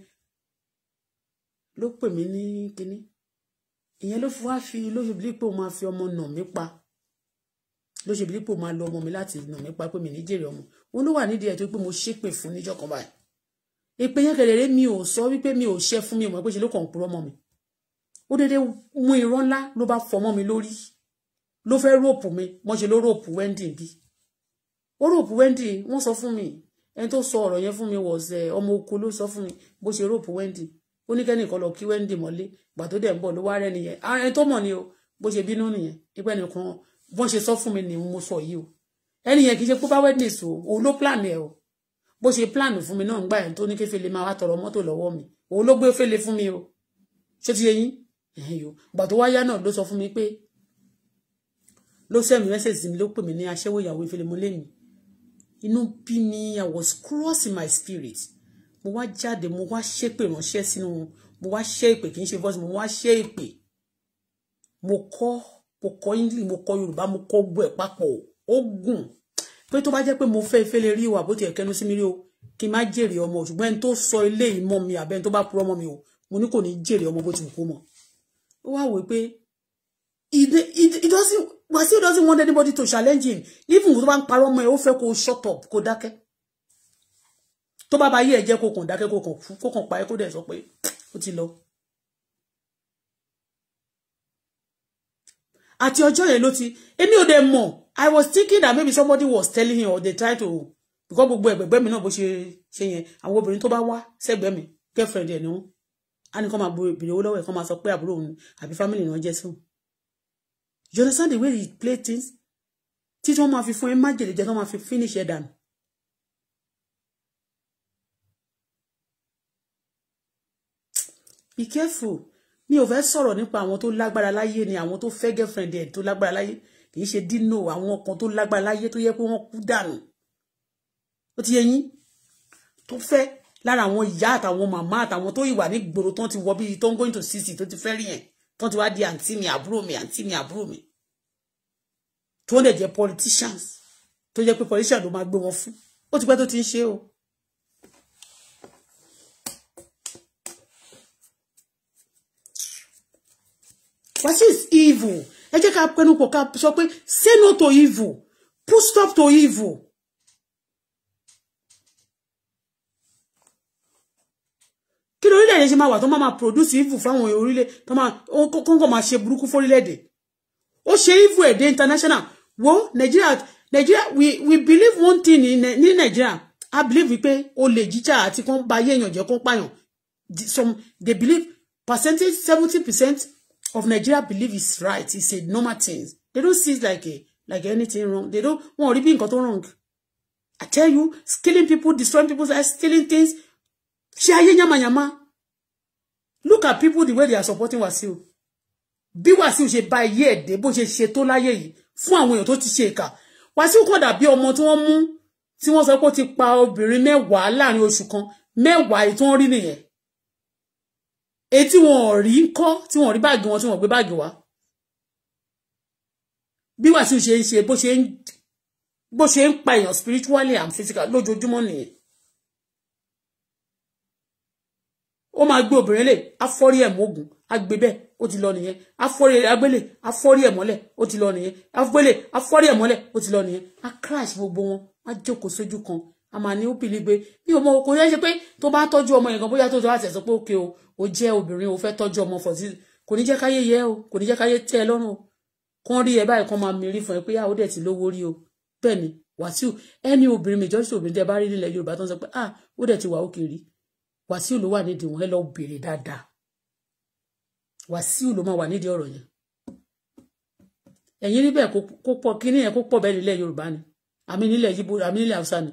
ló pè mí ní kinní ìyẹn ló fi wá fi ló fi bí pé ó máa fi ọmọ nà mí pa ló ṣe bílípò máa lọ ọmọ mi láti nà nípa pé mi ní jèrè ọmọ òun ló wà nídìí ẹ̀ tó pé mo ṣépè fún níjọ́ kan báyìí èpè yẹn kẹlẹ̀rẹ́ mi ò sọ wípé mi ò ṣe fún mi mọ̀ pé ṣe ló kàn purọ́ mọ́ mi ó dédé mú irọ́ ńlá ló bá fọmọ́ mi lórí ló fẹ́ róòpù mi mo ṣe ló róòpù wẹ́ndì bí ó róòpù wẹ́ndì wọ́n sọ fún mi ẹni tó sọ ọ̀rọ̀ yẹn fún mi wọ̀ ṣẹ̀ eh, ọmọ oko ló sọ fún mi bó ṣe róòpù wẹ́ndì ó ní kẹ́nìkan lọ kí wẹ́ndì mọ́lé gbà tó dẹ̀ ń bọ̀ ló wá rẹ́ nìyẹn ah, ẹni tó mọ̀ ni o bó ṣe bínú nìyẹn ipẹ́ nìkan bọ́n ṣe sọ fún mi ni mo sọ yìí o ẹni yẹn kì í ṣe kó bá witness o òun ló plan ẹ o bó ṣe plan fún mi náà ń gbà yẹn tó ní kí fele máa wá tọrọ mọ́tò lọ́wọ́ mi òun ló gbé fele fún mi o ṣé ti yẹ yín ẹ̀hìn yòó gbà tó wáyá náà ló sọ fún mi pé ló sẹ́mi mẹ́sẹ̀sì mi ló pè mí ní aṣẹ́wó ìyàwó ìfẹ́lẹ́ mo lẹ́yìn inú bí mi I was crossing my spirit mo wá jáde mo wá ṣépè ránṣẹ́ sínú mo wá ṣépè kì í ṣe voice mo wá ṣépè mo kọ́ mo kọ́ english mo kọ́ yorùbá mo kọ́ gbọ́ ẹ̀ papọ̀ ó gùn pé tó bá jẹ́ pé mo fẹ́ ìfẹ́ rí ìwà bó tiẹ̀ kẹnu sí mi rí o kí n má jèrè ọmọ ṣùgbọ́n ẹni tó sọ ilé ìmọ̀ mi àbẹ́ni tó bá purọ́ mọ́ mi o mo ní kò ní jèrè ọmọ bó ti kú mọ́ ó wá wò pé Wasiu doesn't want anybody to challenge him even tó bá ń parọ́ mọ́ ẹ ó fẹ́ kó shut up kó dákẹ́ tó bá ba yé ẹ jẹ́ kó kàn dákẹ́ kó kàn kú kó kàn pa ẹ kó dẹ̀ sọ pé ó ti lọ àti ọjọ́ yẹn ló ti èmi ò dẹ̀ mọ̀ i was thinking that maybe somebody was telling him or they tried to because gbogbo ẹ̀gbẹ̀gbẹ́ mi náà bó ṣe ṣe yẹn àwọn obìnrin to bá wá sẹ́gbẹ̀ẹ́ mi girlfriend ẹ̀ ni wọ́n á ní kọ́ máa bo ìbèrè owó lọ́wọ́ ẹ̀ kọ́ máa sọ pé àbúrò òun family náà jẹ́ sóun you understand the way he play things tí wọ́n máa fi fún ẹ májèlé jẹ́ tí wọ́n fi finish ẹ̀ dànù be careful mi ò fẹ́ sọ̀rọ̀ nípa àwọn tó lágbára láyé ni àwọn tó fẹ́ girlfriend ẹ̀ tó lágbára láyé kì í ṣe dino àwọn kan tó lágbára láyé tó yẹ pé wọ́n kú dànù ó ti yẹ yín tó fẹ́ lára àwọn ìyá àtàwọn màmá àtàwọn tó ìwà ní gbòòrò tán ti wọ bíi tó ń going to sixty tó ti fẹ́ rí yẹn tán ti wá di àǹtí mi àbúrò mi àǹtí mi àbúrò mi tó ń dẹ̀ jẹ́ politicians tó jẹ́ pé politicians ló máa gbé wọn fún ó ti pẹ́ tó ti ń ṣe o What is evil? Ẹ jẹ́ ká pẹnupọ̀ ká sọ pé say no to evil. Put stop to evil. Kí ló orílẹ̀-èdè ṣe máa wà tó máa máa produce evil fáwọn orílẹ̀ tó máa kọ́ńkọ́ máa ṣe burúkú fórílẹ̀-èdè. Ó ṣe evil ẹ̀dẹ́ international. Wo Nigeria Nigeria we we believe one thing in ní Nigeria. I believe wípé olè jíjà àti kán ba ayé èèyàn jẹ́ kán pààyàn. Some they believe percentage seventy percent of Nigeria believe is right it's a normal thing they don't see it like a like anything wrong they don't wọn ò rí bí wrong I tell you killing people destroying people's lives stealing things ṣe ayé yamayama look at people the way they are supporting Wasiu bí Wasiu ṣe ba ayé ẹ̀dẹ́ bó ṣe ṣe tó láyé yìí fún àwọn èèyàn tó ti ṣe ìkà Wasiu kàn dàbí ọmọ tí wọ́n mú tí wọ́n sọ pé ó ti pa obìnrin mẹ́wàá láàrin oṣù kan mẹ́wàá èyí èyí tí wọn ò rí ń kọ́ tí wọn ò rí báàgì wọn tí wọn ò gbé báàgì wá bí Wàsíù ṣe ń ṣe bó ṣe ń bó ṣe ń pa èèyàn spiritually and physical lójoojúmọ́ nìyẹn ó máa gbé obìnrin lè afọ́rí ẹ̀ mógùn agbè bẹ́ẹ̀ ó ti lọ nìyẹn afọ́rí agbélé afọ́rí ẹ̀ mọ́lẹ̀ ó ti lọ nìyẹn agbélé afọ́rí ẹ̀ mọ́lẹ̀ ó ti lọ nìyẹn a crash gbogbo wọn a jókòó sójú kan a máa ní ó pìlì gbé mi ò mọ kò yẹ ṣe pé tó bá tọ́jú ọmọ yẹn gan bóyá tó tó àti ẹ̀sọ́ pé òkè o ó jẹ́ obìnrin o fẹ́ tọ́jú ọmọ fọ̀ sí kò ní jẹ́ káyé yẹ o kò ní jẹ́ káyé tẹ́ ẹ lọ́rùn o kán rí ẹ báyìí kán máa mi rí fún ẹ pé àwọn ah, dẹ̀ ti lówó rí o bẹ́ẹ̀ ni Wàsíù ẹni obìnrin majority obìnrin tẹ bá rí nílẹ̀ Yorùbá tó ń sọ pé ah ó ti wà òkè rí Wàsíù ló wà nídìí wọn ẹ lọ àmì nílẹ̀ Yíbo àmì nílẹ̀ Haúsá ni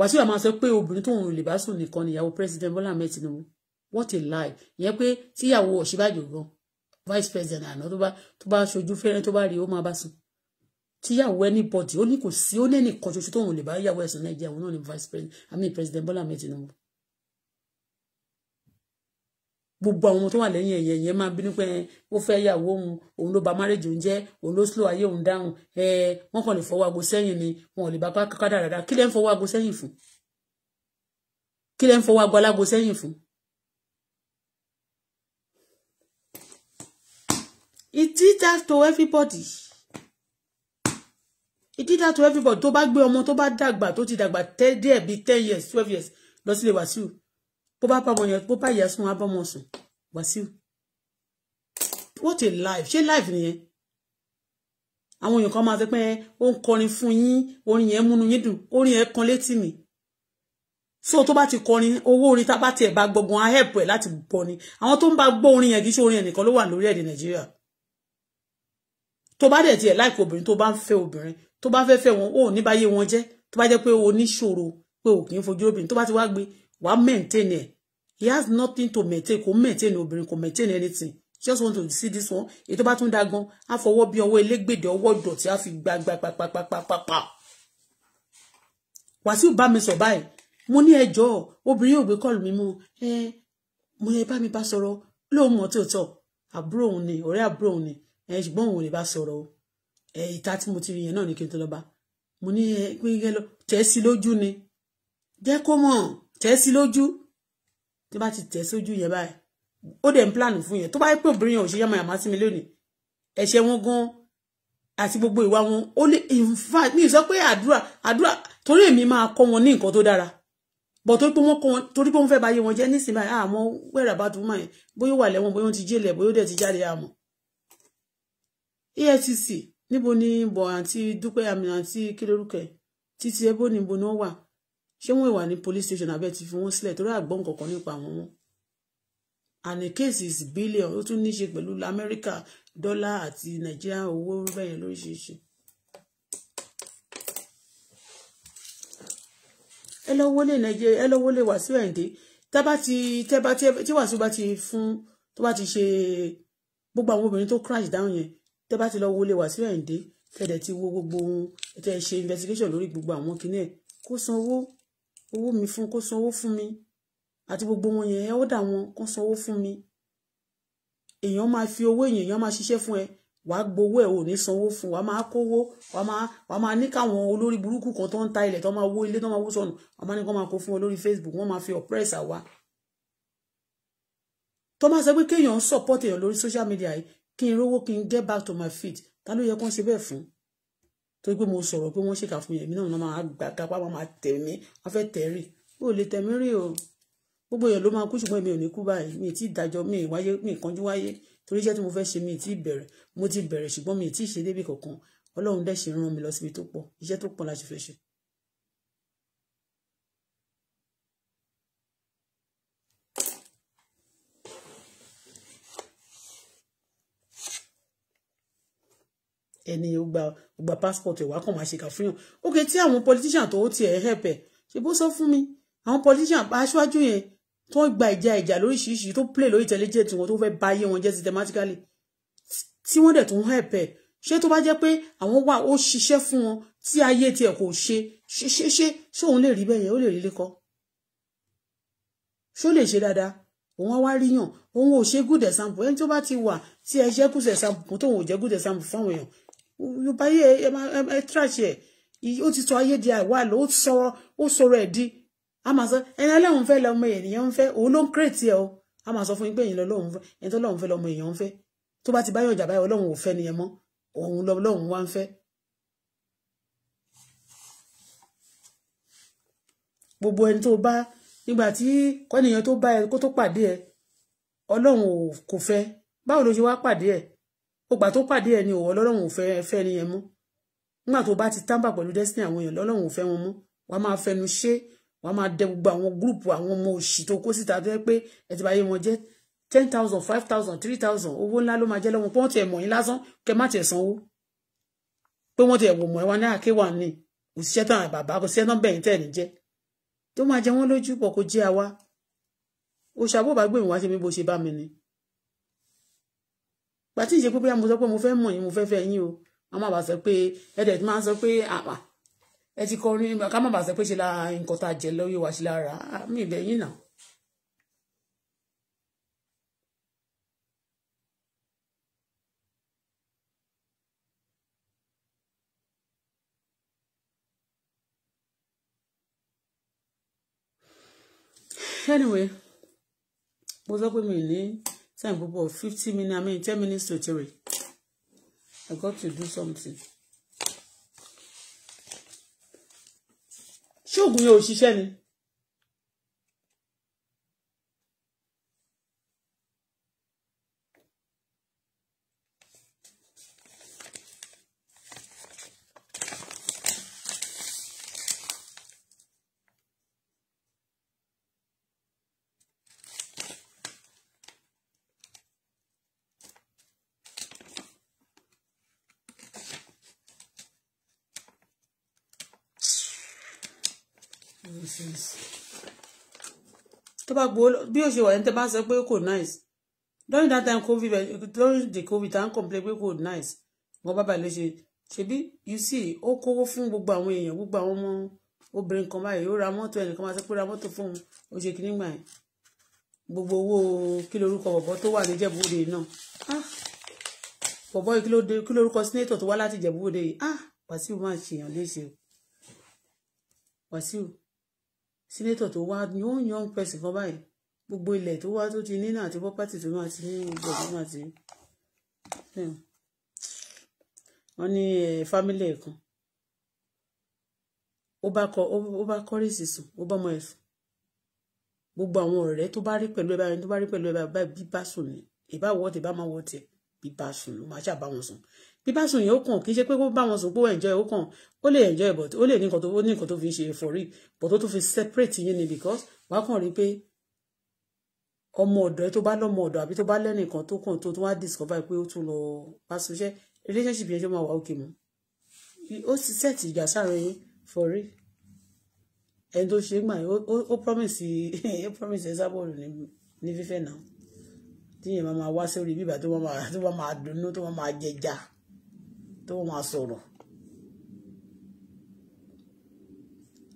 wàsíù àmọ́ sọ pé obìnrin tóun ò lè bá sùn nìkan nìyàwó president Bọ́lá Ahmed Tinubu what a lie ìyẹn pé tíyàwó Ọ̀ṣínbàjò gan vice president àná tó bá tó bá ṣojú fẹ́rẹ́ tó bá rí ó máa bá sùn tíyàwó anybody ó ní kò sí ó ní ṣoṣo tóun ò lè bá yàwó ẹ̀sùn Nàìjíríà òun náà ni vice president àmì president Bọ́lá Ahmed Tinubu gbogbo àwọn tó wà lẹ́yìn ẹ̀yẹ̀ yẹn máa bínú pé ó fẹ́ yàwó òun òun ló ba márèjì òun jẹ́ òun ló slow ayé òun dáhùn ẹ wọ́n kàn lè fọwọ́ aago sẹ́yìn ni wọn ò lè bá kádà rárá kí lẹ́ ń fọwọ́ aago sẹ́yìn fún kí lẹ́ ń fọwọ́ aago alágo sẹ́yìn fún. it did that to everybody it did that to everybody tó bá gbé ọmọ tó bá dàgbà tó ti dàgbà tẹ́ díẹ̀ bíi ten years twelve years lọ sílé wàásù bó bá bá ọmọ yẹn bó bá ìyá sùn wá what a life ṣé life nìyẹn àwọn èèyàn kan máa sọ pé ó ń kọrin fún yín orin yẹn múnú yín dùn orin yẹn kan létí so tó bá ti oh owó orin tá bá tiẹ̀ bá gbọ̀ngàn ahẹ́pù ẹ̀ láti bọ̀ ni àwọn tó ń bá gbọ́ orin yẹn kì í ṣe orin in Nigeria. wà lórí èdè Nàìjíríà tó bá dẹ̀ tiẹ̀ láìpẹ́ obìnrin tó bá fail fẹ́ obìnrin tó bá fẹ́ fẹ́ wọn ò ní báyé wọn jẹ́ tó bá jẹ́ pé o níṣòro wàá maintain ẹ̀ he has nothing to maintain kò maintain obìnrin kò maintain anything just want to see this one èyí tó bá da dá gan á fọwọ́ bí ọwọ́ elégbèdè ọwọ́ ìdọ̀tí á fi gba gba papapapapa wàsíù bá mi sọ báyìí mo ní ẹjọ́ obìnrin yóò gbé kọ́ọ̀lù mi mú ẹ mo yẹ bá mi bá sọ̀rọ̀ lóun mọ̀ tí ò tọ̀ àbúrò òun ni ọ̀rẹ́ àbúrò òun ni ẹ ṣùgbọ́n òun ò lè bá sọ̀rọ̀ o ẹ ìta tí mo ti rí yẹn náà ní kí n tó lọ bá mo ní ẹ pé kẹ lọ tẹ̀ sí ni jẹ́ kó mọ̀ tẹ̀ lójú tí bá ti tẹ̀ sójú yẹn báyìí ó dẹ̀ ń plan fún yẹn tó bá yẹ pé obìnrin yẹn ò ṣe yẹn máa sí mi lónìí ẹ̀ṣẹ̀ wọn gan àti gbogbo ìwà wọn ó lè in mi sọ pé àdúrà àdúrà torí èmi máa kọ́ wọn ní nǹkan tó dára bọ̀ torí pé wọ́n kọ́ wọn torí pé wọ́n fẹ́ ba ayé wọn jẹ́ nísìnyí báyìí àmọ́ wẹ́rà bá dùn mọ́ bóyá wà lẹ́wọ̀n bóyá wọ́n ti jẹ́lẹ̀ bóyá dẹ̀ ti jáde àmọ́ EFCC níbo ni bọ̀ àǹtí dúpẹ́ àmì àǹtí kí lórúkẹ títí ẹbó níbo ni wọ́n wà ṣé wọ́n wà ní police station abẹ́ ti fi wọ́n sílẹ̀ torí àgbọ̀n kankan nípa àwọn wọn and the case is billion ó tún ní ṣe pẹ̀lú amẹ́ríkà dọ́là àti nàìjíríà owó bẹ́ẹ̀ lóríṣiríṣi. ẹ lọ wọlé nàìjíríà ẹ lọ wọlé wàsíù ẹ̀ǹdẹ́ tẹ́bá ti tẹ́bá tí wàsíù bá ti fún tó bá ti ṣe gbogbo àwọn obìnrin tó crash down yẹn tẹ́bá ti lọ wọlé wàsíù ẹ̀ǹdẹ́ tẹ́lẹ̀ ti wo gbogbo ohun tẹ́ ṣe investigation lórí gbogbo àwọn kinní ẹ̀ kó sanwó owó mi fún kó san owó fún mi àti gbogbo wọn yẹn ẹ ó dà wọn kó san owó fún mi èèyàn máa fi owó èèyàn èèyàn máa ṣiṣẹ́ fún ẹ wàá gbowó ẹ ò ní sanwó fún wàá máa kówó wàá máa wàá máa ní káwọn olórí burúkú kan tó ń ta ilẹ̀ tó máa wó ilé tó máa wó sọnù wàá máa ní kó máa kó fún olórí Facebook wọ́n máa fi oppress àwa tó máa sọ pé kéèyàn support èèyàn lórí social media yìí kí n rówó kí n get back to my feet ta ló yẹ kó ń ṣe bẹ́ẹ̀ fún torí pé mo sọ̀rọ̀ pé wọ́n ṣèkà fún yẹn mi náà máa gbà kápá máa tẹ̀ mí wọ́n fẹ́ tẹ̀ rí ó lè tẹ̀ mí rí o gbogbo èèyàn ló máa kú ṣùgbọ́n èmi ò ní kú báyìí mi ti dájọ́ mi wáyé mi kánjú wáyé torí iṣẹ́ tí mo fẹ́ ṣe mi ti bẹ̀rẹ̀ mo ti bẹ̀rẹ̀ ṣùgbọ́n mi ti ṣe débi kankan ọlọ́run dẹ̀ ṣe rán mi lọ síbi tó pọ̀ iṣẹ́ tó pọ̀ la ṣe fẹ́ ṣe ẹni ó gba ó passport ẹ̀ wá kàn máa ṣèkà fún yàn ok tí àwọn politician tó tiẹ̀ help ẹ̀ ṣe bó sọ fún mi àwọn politician aṣáájú yẹn tó gba ìjà ìjà lóríṣiríṣi tó play lórí intelligence wọn tó fẹ́ bà ayé wọn jẹ́ systematically tí wọ́n dẹ̀ tó ń help ẹ̀ ṣé tó bá jẹ́ pé àwọn wà ó ṣiṣẹ́ fún wọn tí ayé tiẹ̀ kò ṣe ṣe ṣe ṣe ṣé òun lè rí bẹ́ẹ̀ yẹn ó lè rí lẹ́kọ́ ṣó lè ṣe dáadáa òun wá ríyàn òun ò ṣe good example ẹni tó bá ti wà tí ẹ jẹ́ good example tó òun ò jẹ́ good example fáwọn èèyàn yorùbá yé ẹ máa ẹ tíráṣì ẹ ó ti sọ ayé di àwàlò ó sọ ó sọ̀rọ̀ ẹ di a máa sọ ẹni ẹlẹ́wọ̀n fẹ́ lọ́mọ ènìyàn ń fẹ́ òun ló ń kírètì o a máa sọ fún yín pé èyí lọ́lọ́run fẹ́ ẹni tó lọ́run fẹ́ lọ́mọ èèyàn ń fẹ́ tó bá ti báyọ̀ jàbáyọ̀ ọlọ́run o fẹ́ nìyẹn mọ́ òun lọ́lọ́run wá ń fẹ́ gbogbo ẹni tó bá nígbà tí kọ́nìyàn ba bá ẹ kó tó pàdé ẹ ọlọ́run kò fẹ́ báwo ló ṣe wá pàdé ẹ ògbà tó pàdé ẹni òwò ọlọ́run ò fẹ́ fẹ́ ẹni yẹn mọ́ nígbà tó bá ti tábà pẹ̀lú destiny àwọn èèyàn lọ́lọ́run ò fẹ́ wọn mọ́ wà á máa fẹnu ṣe wà á máa dẹ gbogbo àwọn gúrùpù àwọn ọmọ òṣì tó kó síta tó yẹ pé ẹ ti bá yé wọn jẹ́ ten thousand five thousand three thousand owó ńlá ló máa jẹ́ lọ́wọ́ pé wọ́n ti ẹ̀ mọ̀ yín lásán kẹ má ti ẹ̀ sanwó pé wọ́n ti ẹ̀ wò mọ̀ ẹ́ wá ní àkéwà ah, ni òṣìṣẹ́ tán bàbá kò sí ẹ̀ nọ́mbẹ̀ yín tẹ̀ ní jẹ́ tó máa jẹ wọ́n lójú pọ̀ kó jẹ́ àwa òṣàbọ̀ bá gbèmí wá ṣe mi bó ṣe bá mi ni gba tí ìṣe pé bóyá mo sọ pé mo fẹ́ mọ̀ yín mo fẹ́ fẹ́ yín o a má bàa sọ pé ẹ dẹ̀ tí máa ń sọ pé ẹ ti kọrin ká má bàa sọ pé ṣe la nǹkan tá a jẹ lọ́yọ̀ wá sí lára mi ìbẹ̀ yín náà. anyway mo sọ pé mi ní time púpọ̀ fifty minutes i mean ten minutes to three i got to do something. Show me your ò bá gbowó bí ó ṣe wà ní tẹ́ bá sọ pé kò nice during that time covid during the covid à complain pé kò nice wọn bá bàa ṣe ṣebí you see ó kówó fún gbogbo àwọn èèyàn gbogbo àwọn ọmọ obìnrin kan báyìí ó ra mọ́tò ẹnìkan máa sọ pé ra mọ́tò fún un ó ṣe kíní gbà yẹn gbogbo owó kí lorúkọ bọ̀bọ̀ tó wà ní ìjẹ̀bú náà ah bọ̀bọ̀ kí lorúkọ sínétọ̀ tó wá láti ìjẹ̀bú yìí ah máa ṣèyàn léṣe Wàsíù sínétọ̀ tó wá young young person kan báyìí gbogbo ilẹ̀ tó wá tó ti ní náà àti property tó máa ti ní gbogbo tó máa ti hmm. wọ́n ní family ẹ̀ kan ó bá kọ ó bá kọ́rí sísun ó bá ọmọ ẹ̀ sùn gbogbo àwọn ọ̀rẹ́ tó bá rí pẹ̀lú ẹ̀ báyìí tó bá rí pẹ̀lú ẹ̀ báyìí bíbá sùn ni ìbá wọ́ọ̀tì ìbá máa wọ́ọ̀tì bíbá sùn ló máa ṣàbá sùn tí bá sùn yẹn ó kàn kì í ṣe pé kó bá wọn sùn pé ó enjoy ó kàn ó lè enjoy but ó lè ní nǹkan tó ó ní nǹkan tó fi ṣe ẹ̀fọ́rí but ó tún fi separate yín ni because wàá kàn rí pé ọmọ ọ̀dọ̀ ẹ tó bá lọ́mọ ọ̀dọ̀ àbí tó bá lẹ́nìkan tó kàn tó tó wá discover pé ó tún lọ bá sùn relationship yẹn ṣe máa wà òkè mu ó ti set ìjà sáàrin yín for real ẹni tó ṣe gbà ó promise ó promise ẹ sábọ̀ ní fífẹ́ náà tíyẹn máa wá sórí bíbà tó máa tó máa dùnnú tó máa jẹjà tó máa sọ̀rọ̀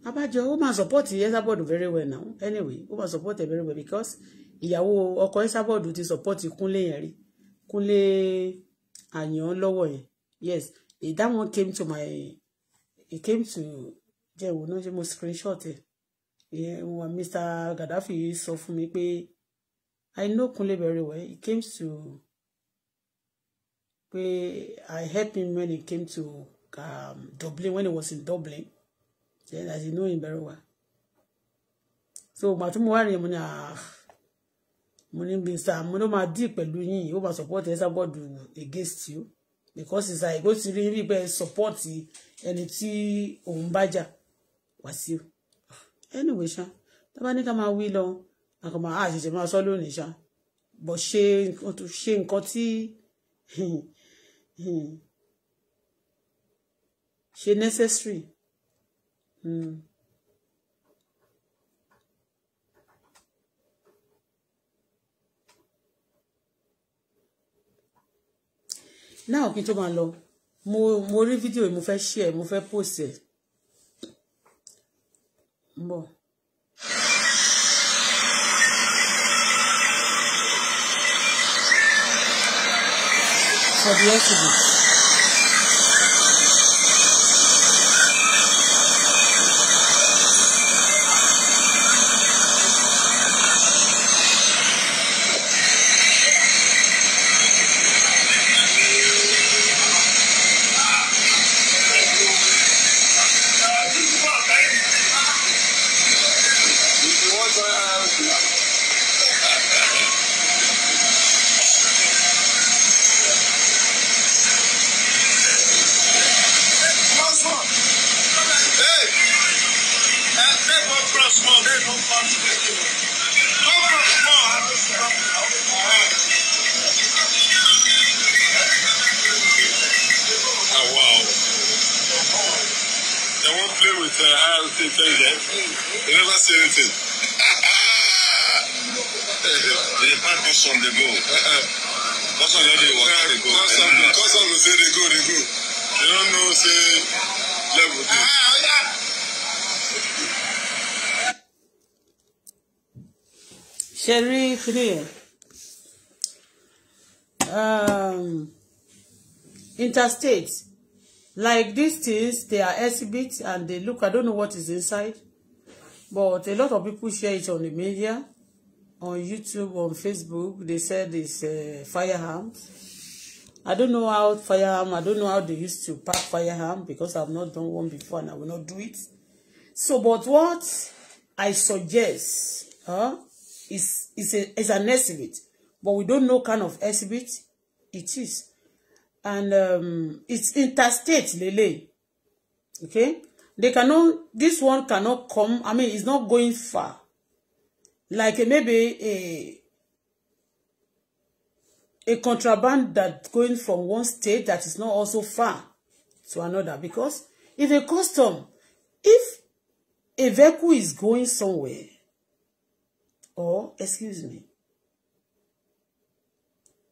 abájọ ó máa support Esabod very well now anyway ó máa support ẹ very well because ìyàwó ọkọ Esabod ti support Kúnlé yẹn rí Kúnlé àyàn lọ́wọ́ yẹn yes eh, that one came to my he came to jẹ́ ìwò náà ṣe mo screenshot ẹ̀ ìyẹn Mr Gaddafi sọ fún mi pé I know Kunle very well he came to pé I helped him when he came to um, Dublin when he was in Dublin then you know him very well so ìgbà tí mo wá rìn mo ní ah. mo ní bí sá mo ló máa dì pẹ̀lú support ẹ sábọ̀dù against you because it's like ó ti rí rí pé support ẹni tí òun bá jà you anyway ṣá tó bá ní ká máa wí lọ àkàn máa àṣẹṣẹ máa sọ But ṣá bọ̀ to nǹkan tí hmm c'est nécessaire hmm kí n tó máa lọ mo mo rí fídíò chier fẹ́ ṣe ẹ̀ mo fẹ́
podía subir.
clear. Um, interstate, like these things, they are exhibits and they look. I don't know what is inside, but a lot of people share it on the media, on YouTube, on Facebook. They said it's uh, firearms. I don't know how firearm. I don't know how they used to pack firearm because I've not done one before and I will not do it. So, but what I suggest huh, is It's, a, it's an exhibit, but we don't know kind of exhibit it is. And um, it's interstate, Lele. Okay? They cannot, this one cannot come, I mean, it's not going far. Like uh, maybe a a contraband that going from one state that is not also far to another because if a custom if a vehicle is going somewhere or excuse me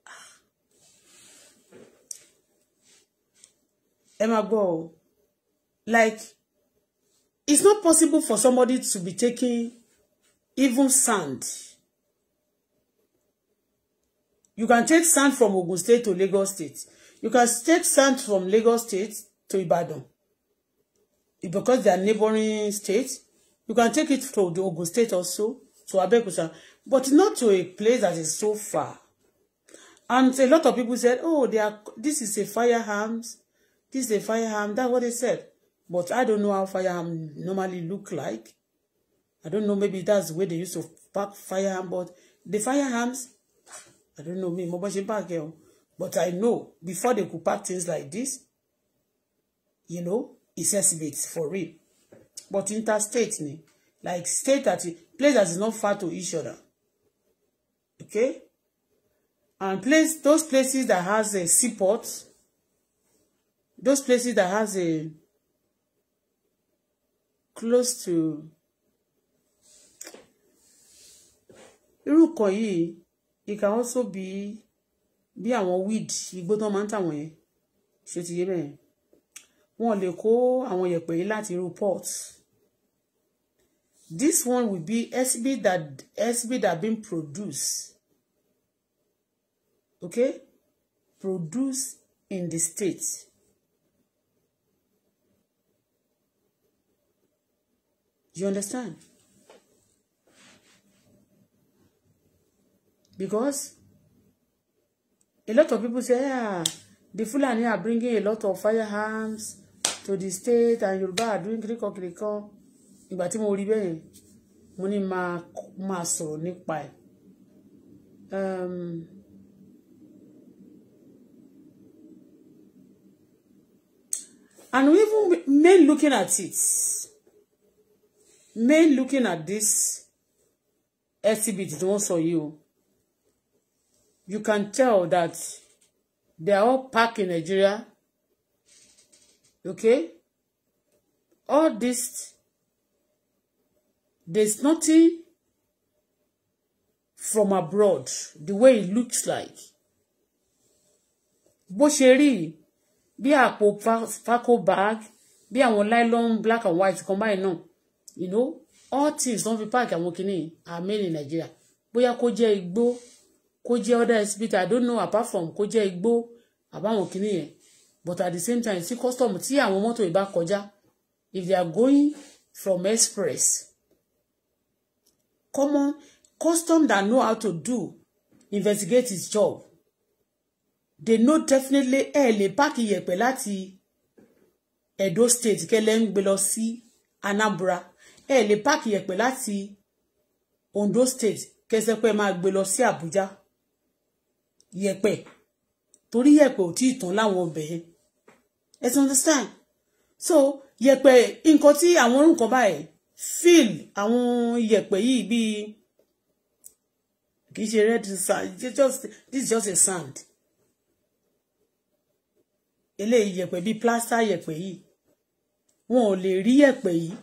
ah. ẹ máa gbọ́ like it's not possible for somebody to be taking even sand you can take sand from Ogun State to Lagos State you can take sand from Lagos State to Ibadan because they are neighboring states you can take it the Ogun State also to Abeokuta, but not to a place that is so far. And a lot of people said, oh, they are, this is a firearms. This is a firearm. That's what they said. But I don't know how firearm normally look like. I don't know. Maybe that's where they used to pack firearm. But the firearms, I don't know me. Mo bá ṣe pack But I know before they could pack things like this, you know, it's estimates for real. But interstate ni, like state that place that is not far to each other okay and place those places that has a seaport those places that has a close to irú it can also be be a weed You go to ń tàwọn yẹn ṣe ti yé bẹ́ẹ̀ wọ́n lè kó àwọn yẹ̀pẹ̀ yìí láti irú port This one will be SB that SB that been produced. Okay? Produced in the state. You understand? Because a lot of people say, ah, the Fulani are bringing a lot of firearms to the state and Yoruba are doing kriko kriko ìgbà tí mo rí bẹ́ẹ̀ yẹn mo ní máa máa sọ̀rọ̀ nípa ẹ̀ and even men looking at it men looking at this exhibit tí wọ́n sọ yìí you can tell that they are all packed in Nigeria okay all these There's nothing from abroad the way it looks like. Bó ṣe rí bí àpò fako bag bí àwọn nylon black and white combine náà you know all things don fi park àwọn kìíní are made in Nigeria bóyá kó jẹ́ igbó kó jẹ́ other hospital I don't know apart from kó jẹ́ igbó àbáwọn kìíní yẹn but at the same time see custom tí àwọn mọ́tò yìí bá kọjá if they are going from express common custom that know how to do investigate his job they know definitely ẹ eh, lè páàkì yẹ̀pẹ̀ láti Edo state kẹlẹ ń gbé lọ sí Anambra ẹ eh, lè páàkì yẹ̀pẹ̀ láti Ondo state kẹsẹ pé máa gbé lọ sí Abuja yẹ̀pẹ̀ torí yẹ̀pẹ̀ ò tí ì tán láwọn ọbẹ understand so yẹ̀pẹ̀ nǹkan tí àwọn orúkọ báyìí Feel àwọn iyẹ̀pẹ̀ yìí bíi kì í ṣe red sand just this is just a sand eléyìí iyẹ̀pẹ̀ bíi plaster iyẹ̀pẹ̀ yìí wọn ò lè rí iyẹ̀pẹ̀ yìí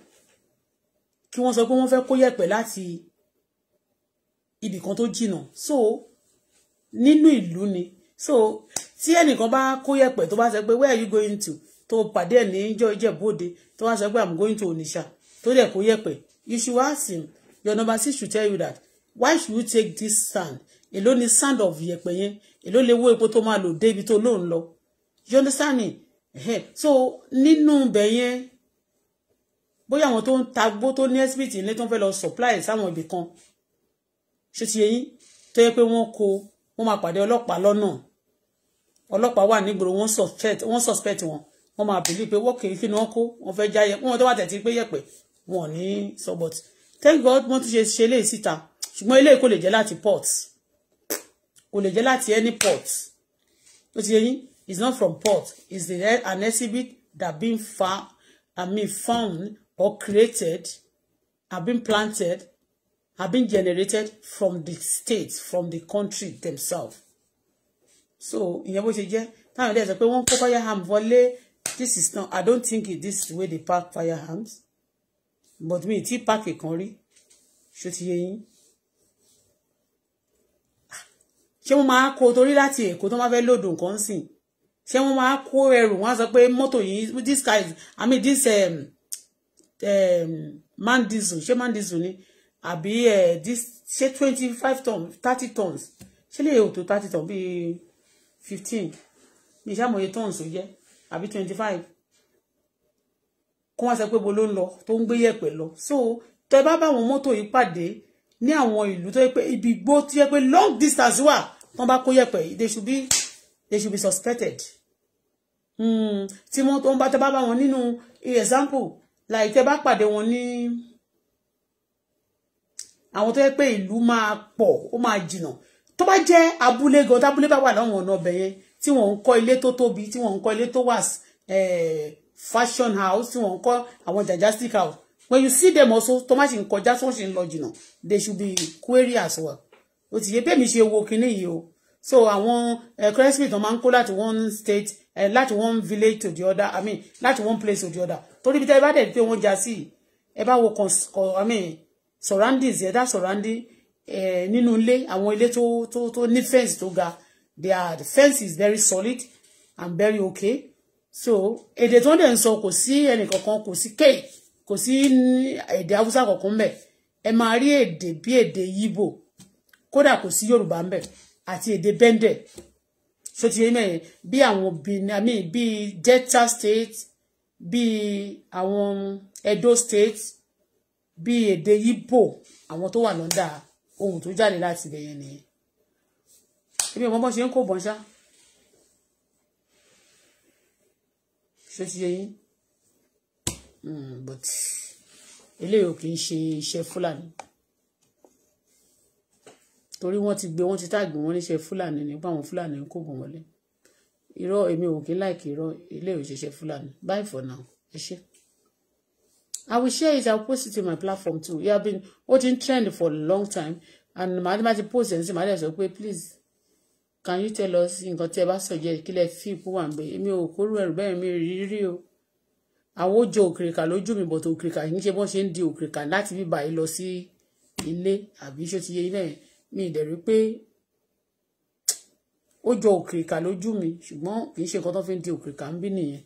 kí wọ́n sọ pé wọ́n fẹ́ kó yẹ̀pẹ̀ láti ibì kan tó jìnnà so nínú ìlú ni so tí ẹnìkan bá kó yẹ̀pẹ̀ tó bá sọ pé where are you going to tó pàdé ẹ̀ níjọ́ Ìjẹ̀bú Òde tó wá sọ pé i'm going to Onitsha tó dẹ̀ kó yẹ̀pẹ̀ you should ask him your number six should tell you that why should you take this sand èló ni sand of yẹ̀pẹ̀ yẹn èló lè wó epo tó máa lò débi tó lóun lọ you understand me so nínú ibẹ̀ yẹn bóyá àwọn tó ń tagbó tó ní ẹ́sìpìtì ilé tó ń fẹ́ lọ supply sáwọn ibì kan ṣé ti yẹyìn tó yẹ pé wọ́n kó wọ́n máa pàdé ọlọ́pàá lọ́nà ọlọ́pàá wà nígboro wọ́n suspect wọ́n suspect wọn wọ́n máa believe pé wọ́n kì í kí ni wọ́n kó wọ́n fẹ́ já yẹ wọ́n tó wà tẹ̀tí pé yẹ̀pẹ̀ wọn ní sọ but thank God wọ́n tún ṣe ṣe eléyìí síta ṣùgbọ́n eléyìí kò lè jẹ́ láti port kò lè jẹ́ láti any port ó ti yẹ yín it's not from port it's the, an exhibit that been found I mean found or created have been planted have been generated from the state from the country themselves so ìyẹn bó ṣe jẹ́ táwọn ilé ẹ̀ sọ pé wọ́n kó firearm wọlé this is not I don't think it this is the way they pack firearms but me, ti páàkì kan rí ṣó ti yé yín ah, ṣé wọ́n máa kó torí láti èkó tó máa fẹ́ lòdù nǹkan sìn ṣé wọ́n máa kó ẹrù wọ́n á sọ pé mọ́tò this guy i mean this um, um, man diesel ṣé man diesel ni àbí uh, this ṣé twenty five tons thirty tons ṣé lè yòó tó thirty tons bíi fifteen mo ye tons ó jẹ́ àbí twenty five kó wá sọ pé bo ló ń lọ tó ń gbé yẹ̀pẹ̀ lọ so tẹ́ bá bá àwọn mọ́tò yìí pàdé ní àwọn ìlú tó yẹ pé ibi igbó tó yẹ pé long distance wà wọ́n bá kó yẹ̀pẹ̀ yìí they should be they should be suspected hmm, tí wọ́n tó ń bá tẹ́ bá bá nínú example like tẹ́ bá pàdé wọn ní àwọn tó yẹ pé ìlú máa pọ̀ ó máa jìnnà tó bá jẹ́ abúlé gan tábúlé bá wà láwọn ọ̀nà ọbẹ̀ yẹn tí wọ́n ń kọ́ ilé tó tóbi tí wọ́n ń kọ́ ilé tó wà eh, fashion house tí wọ́n ń kọ́ àwọn house when you see them also tó má ṣe ń kọjá tó ṣe ń lọ jìnnà they should be query as well ó ti yẹ bẹ́ẹ̀ mi ṣe wo kinní yìí o so àwọn eh, currency tó máa ń kó láti one state uh, láti one village to the other i mean láti one place to the other torí bí tẹ́ ẹ bá dẹ̀ pé wọ́n já sí ẹ bá wo i mean surroundings ẹ̀dá surrounding eh, nínú ilé àwọn ilé tó tó tó ní fence tó ga their fence is very solid and very okay so èdè tí wọ́n dẹ̀ ń sọ kò sí ẹnìkankan kò sí kéè kò sí èdè haúsá kankan mbẹ̀ ẹ máa rí èdè bí èdè yíbò kódà kò sí yorùbá mbẹ̀ àti èdè bẹ́ndẹ̀ so ti yẹ mẹ́rin bí àwọn binami bí delta state bí àwọn edo state bí èdè yíbò àwọn tó wà lọ́ndà ohun tó jáde láti ibẹ̀ yẹn nìyẹn ebi ọmọ bọ́n ṣe ń kó bọ́n ṣá ṣé ti yẹ yín hmm, but eléyìí ò kì í ṣe iṣẹ́ fúlàní torí wọ́n ti gbé wọ́n ti táàgì wọ́n níṣẹ́ fúlàní nípa àwọn fúlàní ń kó gùn wọlé irọ́ èmi ò kí láìkí irọ́ eléyìí ò ṣiṣẹ́ fúlàní bye for now ẹ ṣe. I will share it. I will post it in my platform too. You have been watching trend for a long time, and màá ti post ẹ̀ sí màá dẹ̀ sọ pé please can you tell us nǹkan tí ẹ bá sọ̀jẹ́ ìkílẹ̀ fi ipò wà ń bẹ̀ èmi ò kóró ẹ̀rù bẹ́ẹ̀ mi rí rí o àwọn oúnjẹ òkèrèkà lójú mi bọ̀tọ̀ òkèrèkà kì í ṣe bọ́n ṣe ń di òkèrèkà láti bíbà yìí lọ sí ilé àbí ṣó ti yẹ ilé yẹn mi ì dẹ̀rí pé ó jọ òkèrèkà lójú mi ṣùgbọ́n kì í ṣe nǹkan tó fi ń di òkèrèkà ń bí nìyẹn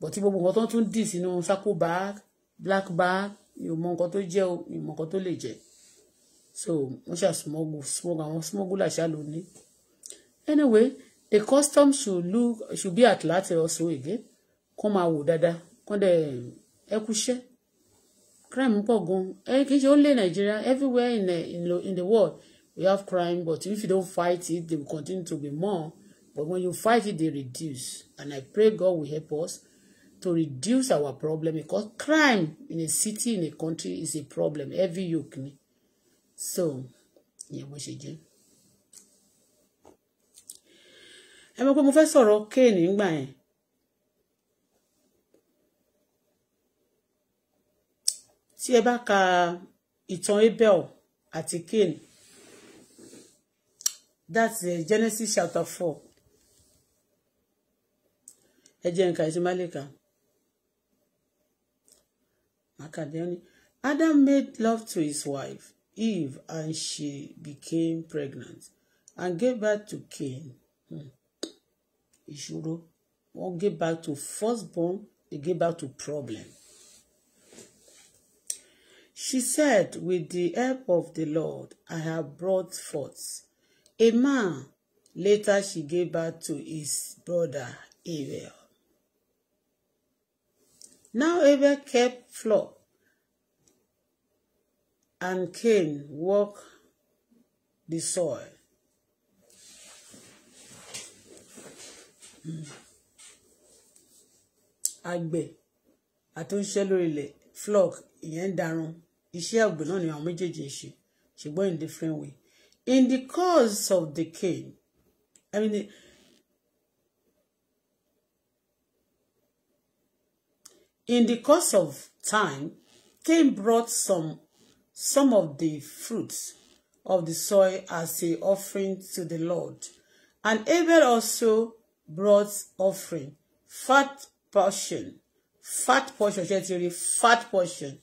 bọ̀tí gbogbo nǹkan tó tún dì sínú sako bag black bag mi ò mọ nǹkan tó jẹ́ o mi ò mọ nǹkan tó lè jẹ́ so wọ́n ṣàsmọ́gù smọ́gù àwọn smọ́gù làṣà lónìí anyway the custom should look should be at láti also again Come out, dada. dáadáa kán dẹ̀ crime pọ̀ gan ẹ Nigeria everywhere in the, in, the, in the world we have crime but if you don't fight it they will continue to be more but when you fight it they reduce and I pray God will help us to reduce our problem because crime in a city in a country is a problem every yoke ni so yeah, bó ṣe jẹ́. ẹ mọ̀ pé mo fẹ́ sọ̀rọ̀ Cain nígbà yẹn tí ẹ bá ka ìtàn Abel àti Cain that's uh, Genesis chapter four ẹ jẹ́ nǹkan ẹ̀sìn málẹ̀ka akademi Adam made love to his wife Eve and she became pregnant and gave birth to Cain. Hmm ìṣòro wọ́n get back to first born they get back to problem. She said, with the help of the Lord, I have brought forth a man. Later, she gave back to his brother Abel. Now Abel kept flock, and Cain worked the soil. àgbẹ̀ àtúnṣẹ́ lórí ilẹ̀ flock ìyẹn ń darun iṣẹ́ àgbẹ̀ náà ni àwọn méjèèjì ń ṣe ṣùgbọ́n in different way in the cause of the cane I mean, in the course of time Cain brought some some of the fruits of the soil as a offering to the Lord and Abel also brought offering fat portion fat portion ṣe fat portion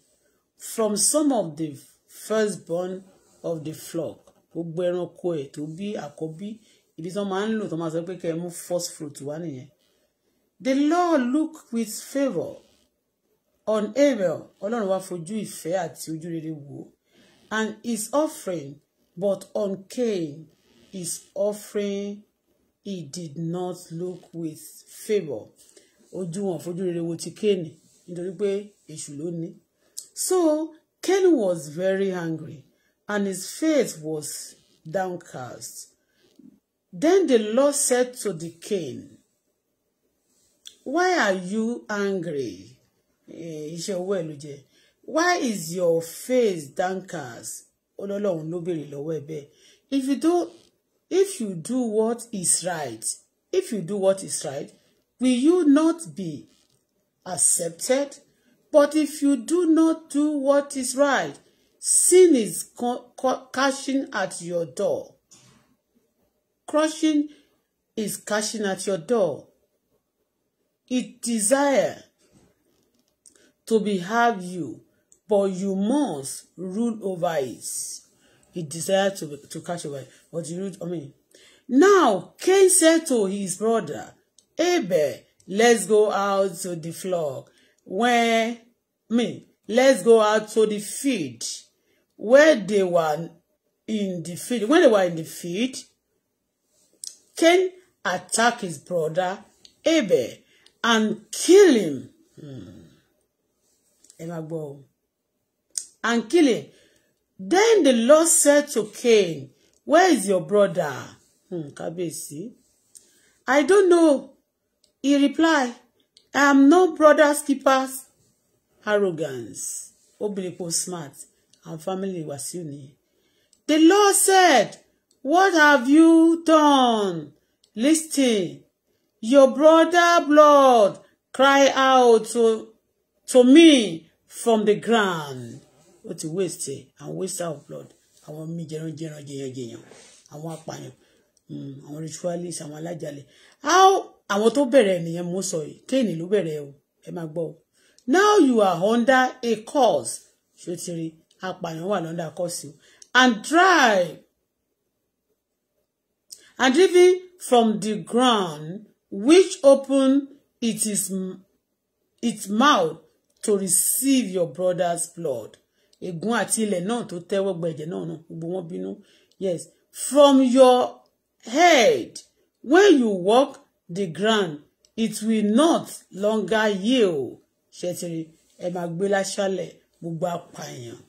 from some of the firstborn of the flock gbogbo ẹranko ẹ̀ tó bí àkọ́bí ibi tí wọ́n máa ń lò tó máa sọ pé kẹ́ first fruit wá nìyẹn the Lord look with favour on Abel ọlọ́run wá fojú ìfẹ́ àti ojú rere wò and his offering but on Cain his offering he did not look with favour ojú wọn fojú rere wo ti Kéènì nítorí pé èṣù ló ní. So Ken was very angry and his face was downcast. Then the Lord said to the Cain, why are you angry? Eh, iṣẹ́ owó ẹ̀ ló jẹ́ why is your face downcast? ọlọ́lọ́run ló béèrè lọ́wọ́ ẹ bẹ́ẹ̀ if you don't if you do what is right if you do what is right will you not be accepted but if you do not do what is right sin is cashing at your door crushing is cashing at your door it desire to be have you but you must rule over it it desire to, to catch over it Or do you I mean? Now Cain said to his brother, Abel, let's go out to the flock. Where I mean, let's go out to the field. Where they were in the field. When they were in the field, Cain attacked his brother Abel and kill him. Hmm. Ẹ máa And kill him. Then the Lord said to Cain, where is your brother hmm, kábíyèsí i don't know he reply i am no brother, skipper. arrogance Obilipo, smart and family Wasiu ni the Lord said what have you done listen your brother blood cry out to to me from the ground What ti waste and waste our blood àwọn mi jẹranjẹran jẹyànjẹyàn àwọn apààyàn mm, àwọn ritualist àwọn alájàlẹ àwọn tó bẹ̀rẹ̀ nìyẹn mo sọ yìí kéènì ló bẹ̀rẹ̀ o ẹ máa gbọ́ o now you are under a cause ṣó ti rí apààyàn wà lọ́ndà cause o and drive and even from the ground which open it is its mouth to receive your brother's blood ègún àti ilẹ̀ náà tó tẹ́wọ́ gba ẹ̀jẹ̀ náà náà gbogbo wọn bínú yes from your head when you walk the ground it will not longer yield ṣètìrì ẹ máa gbé láṣálẹ̀ gbogbo apààyàn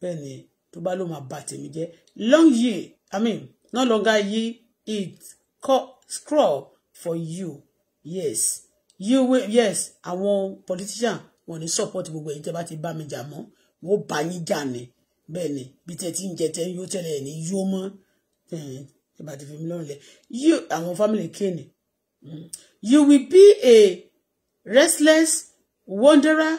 bẹ́ẹ̀ ni tó bá ló máa bà tèmi jẹ́ long year i mean no longer year it scroll for you yes you will yes àwọn politician wọn ní support gbogbo ẹ̀yin ti bá mi jà mọ́ wọ́n bá yín jà ní bẹ́ẹ̀ ni bí tẹ́ ti ń jẹ tẹ́ yóò tẹ́lẹ̀ ní yóò mọ́ ẹ fi mí lọ́rùn lẹ̀ yóò àwọn family kéènì hmm, you will be a restless wanderer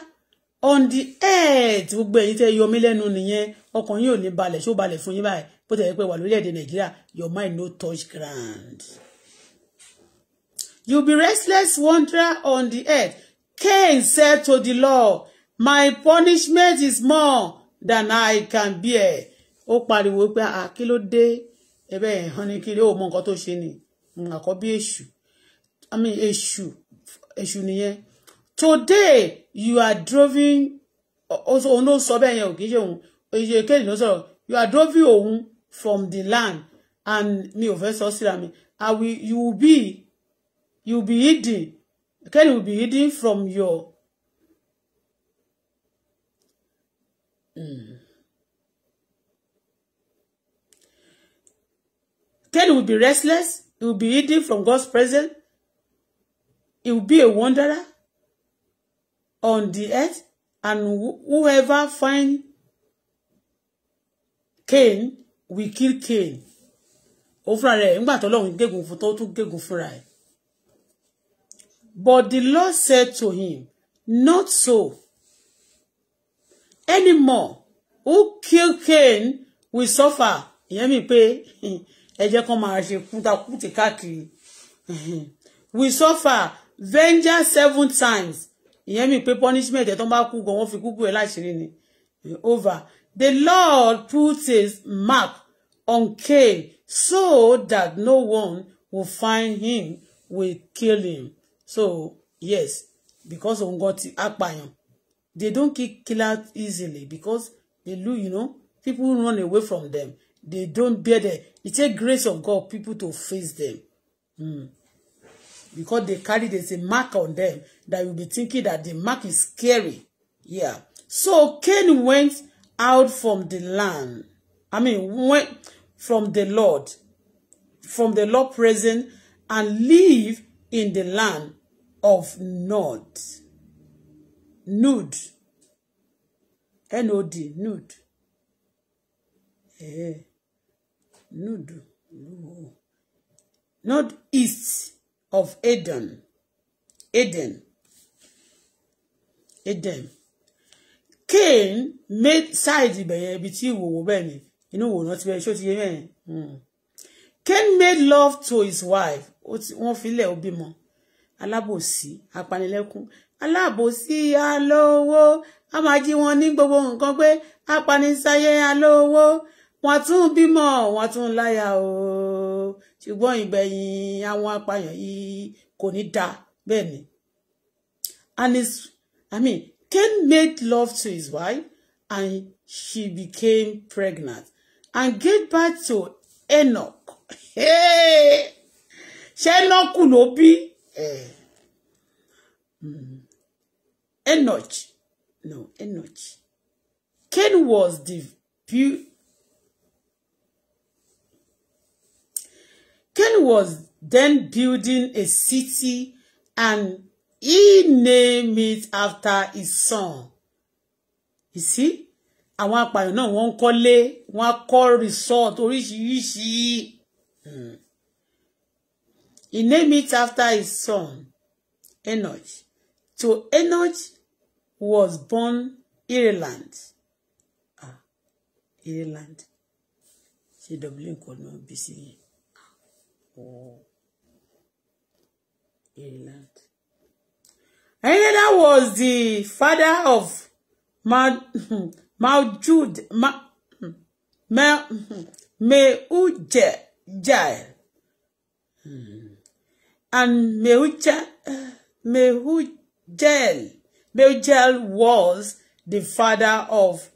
on the earth gbogbo ẹ̀yin tẹ́ yọ lẹ́nu nìyẹn ọkàn yóò ní balẹ̀ ṣó balẹ̀ fún yín báyìí bó tẹ̀lé pé wà lórílẹ̀‐èdè nàìjíríà your mind no touch ground. you be restless wanderer on the earth Cain said to the Lord my punishment is more than I can bear. ó pariwo pé a kí ló dé ẹbẹ ẹhán ní kiri ó mọ nǹkan tó ṣe ni àkọ́bí èṣù I mean èṣù èṣù nìyẹn today you are driving òun ló sọ bẹ́ẹ̀ yẹn ò kì í ṣe òun oye kéde ló sọ̀rọ̀ you are driving òun from the land and mi ò fẹ́ sọ síra mi I will you will be you will be hidden kéde will be hidden from your Cain will be restless. He will be hidden from God's presence. He will be a wanderer on the earth. And wh whoever finds Cain will kill Cain. But the Lord said to him, Not so anymore who kill Cain will suffer ìyẹn mi pé ẹ̀jẹ̀ kan máa ṣe kútakúti káàkiri will suffer vengeance seven times ìyẹn mi pé punishment ẹ̀ tó ń bá kú gan wọ́n fi kúkú ẹ̀ láṣìírí ni over the Lord put his mark on Cain so that no one will find him will kill him so yes because òun gan ti apààyàn they don't kick killers easily because they lose, you know, people run away from them. They don't bear them. it takes grace of God people to face them. Mm. Because they carry, there's a mark on them that you'll be thinking that the mark is scary. Yeah. So Cain went out from the land. I mean, went from the Lord, from the Lord present, and live in the land of Nod nude nod nude eh, nude east of Eden Eden Eden Cain made side ibẹ̀ yẹn ibi tí ìwòwò bẹ́ẹ̀ ni inú ìwòrán ti bẹ́ẹ̀ ṣó ti yé bẹ́ẹ̀ hmm. Cain made love to his wife wọ́n filẹ̀ ó bímọ alábòsí apanilẹ́kún aláàbòsí alówó a máa jí wọn ní gbogbo nǹkan pé apanisáyé alówó wọn tún bímọ wọn tún láyà o ṣùgbọ́n ìgbẹ̀yìn àwọn apààyàn yìí kò ní dáa bẹ́ẹ̀ ni and his i mean Ken made love to his wife and she became pregnant and gave birth to Enoch ṣé Enoch ló bí. Eh. Mm. Enoch. No, Enoch. Cain was the pu Cain was then building a city and he named it after his son. You see? Àwọn apààyàn náà wọ́n ń kọ́lé, wọ́n á kọ́ resort oríṣiríṣi. Hmm. He named it after his son, Enoch to Enoch was born Ireland. Ah, Ireland. Ṣé W nǹkan náà bí sí yìí? Oh, Ireland. Ireland was the father of Maljud Ma, Ma, Meujael Me, hmm. and Meujael. Mehu Jel. Bel was the father of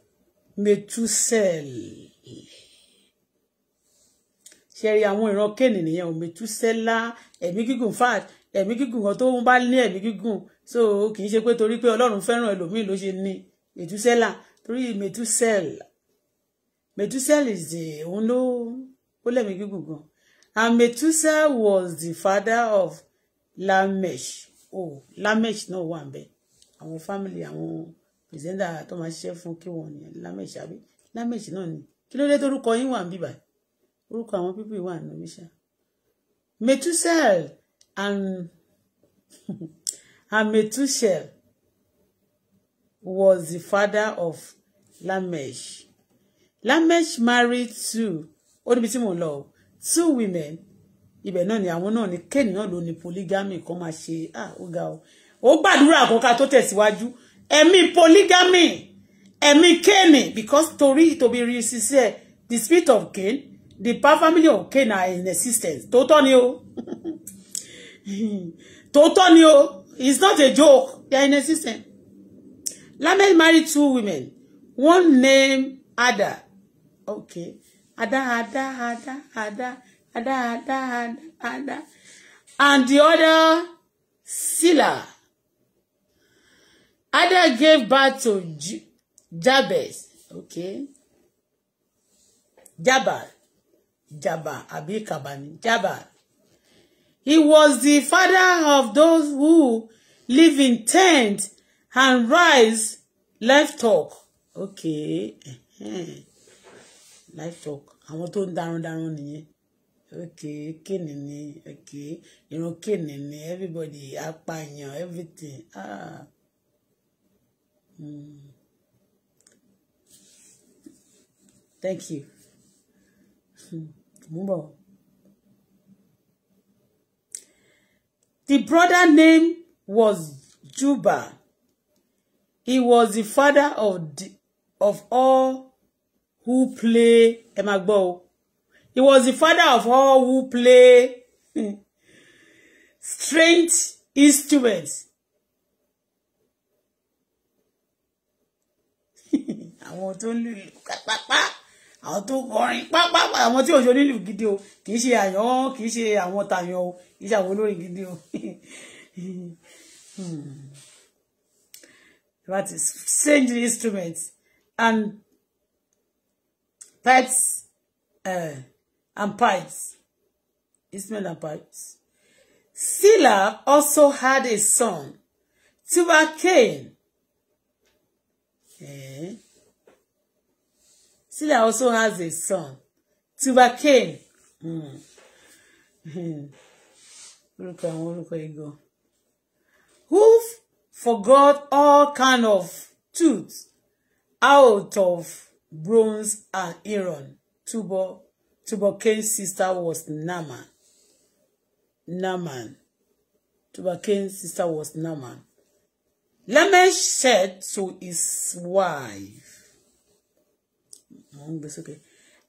Metusel. Ṣẹ̀rí àwọn ìran kéènì nìyẹn ò Metusela ẹ̀mí gígùn fat ẹ̀mí gígùn kan tó ń bá ní ẹ̀mí gígùn so kì í ṣe pé torí pé Ọlọ́run fẹ́ràn ẹlòmíì ló ṣe ní Metusela torí Metusel Metusel is the òun ló ó lẹ́mí gígùn and Metusel was the father of Lamesh o oh, lamesh náà wà nbẹ àwọn family àwọn presenter tó máa ṣiṣẹ́ fún kí wọn nìyẹn lamesh àbí lamesh náà ni kí ló dé torúkọ yín wà ń bíbà orúkọ àwọn pípì wà nù níṣà metusel and and metusel was the father of lamesh lamesh married two ó níbi tí mò ń lọ two women ibẹ̀ náà ni àwọn náà ni kéènì náà ló ni polygamy kan máa ṣe ah ó ga o ó gbàdúrà àkọ́kà tó tẹ̀síwájú ẹ̀mí polygamy ẹ̀mí kéènì because torí ìtòbí rí ṣiṣẹ́ the spirit of Cain the power family of Cain are in existence tòótọ́ ni o tòótọ́ ni o it's not a joke they are in existence Lamel married two women one name Ada okay
Ada Ada Ada Ada. Ada, ada, ada.
And the other, Sila. Ada gave birth to J Jabez. Okay. Jabal. Jabal. Abi Kabani. Jabal. He was the father of those who live in tents and rise livestock. Okay. Livestock. Àwọn tó ń darun darun nìyẹn okay kìnìní okay irun kìnìní everybody apààyàn everything ah mm. thank you mú hmm, bọ̀. the brother name was Juba he was the father of the, of all who play emagbo. He was the father of all who play hmm, strange instruments. Àwọn tó ń lùlù pápápá, àwọn tó kọrin pápápá, àwọn tí òjò nílùú gidi o, kì í ṣe àyàn, kì í ṣe àwọn tàyàn o, kì í ṣe àwọn olórin gidi o. That is strange instruments and pets. Uh, eh, and Pipes. Ishmael and Pipes. Sila also had a son, Tuba Cain. Eh? Sila also has a son, Tuba Cain. Hmm. Look at look where at go. Who forgot all kind of truth out of bronze and iron, Tubal Tubal-Cain's sister was Naaman. Naaman. Tubal-Cain's sister was Naaman. Lamech said to his wife, "Okay,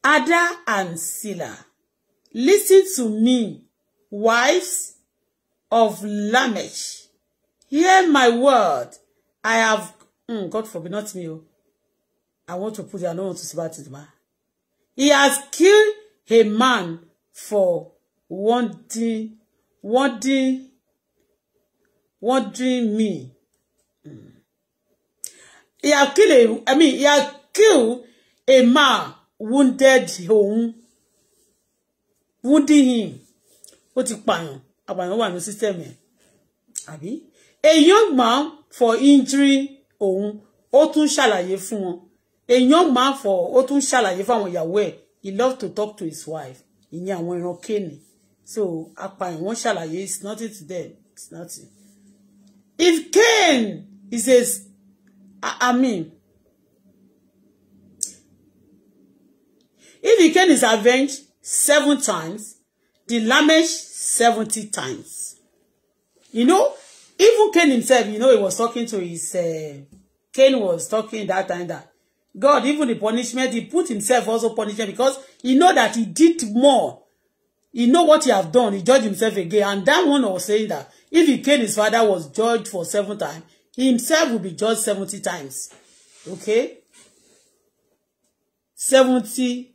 Ada and Sila, listen to me, wives of Lamech. Hear my word. I have, mm, God forbid, not me. Oh. I want to put it, I don't want to see about it. Man. He has killed a man for wanting wanting wanting me. He had killed a, I mean, he had killed a man wounded him, wounding him. Ó ti pààyàn, àpààyàn wà ní system yẹn. A young man for injury òun, ó tún ṣàlàyé fún wọn. A young man for ó tún ṣàlàyé fún àwọn ìyàwó he loved to talk to his wife ìyẹn àwọn ìran kéènì so apààyàn wọn ṣàlàyé it's nothing to them it's nothing if Cain is a I mean if the Cain is avenged seven times the Lamech seventy times you know even Cain himself you know he was talking to his uh, Cain was talking that time that God, even the punishment, he put himself also punishment because he know that he did more. He know what he have done. He judged himself again. And that one was saying that if he killed his father was judged for seven times, he himself will be judged 70 times. Okay? 70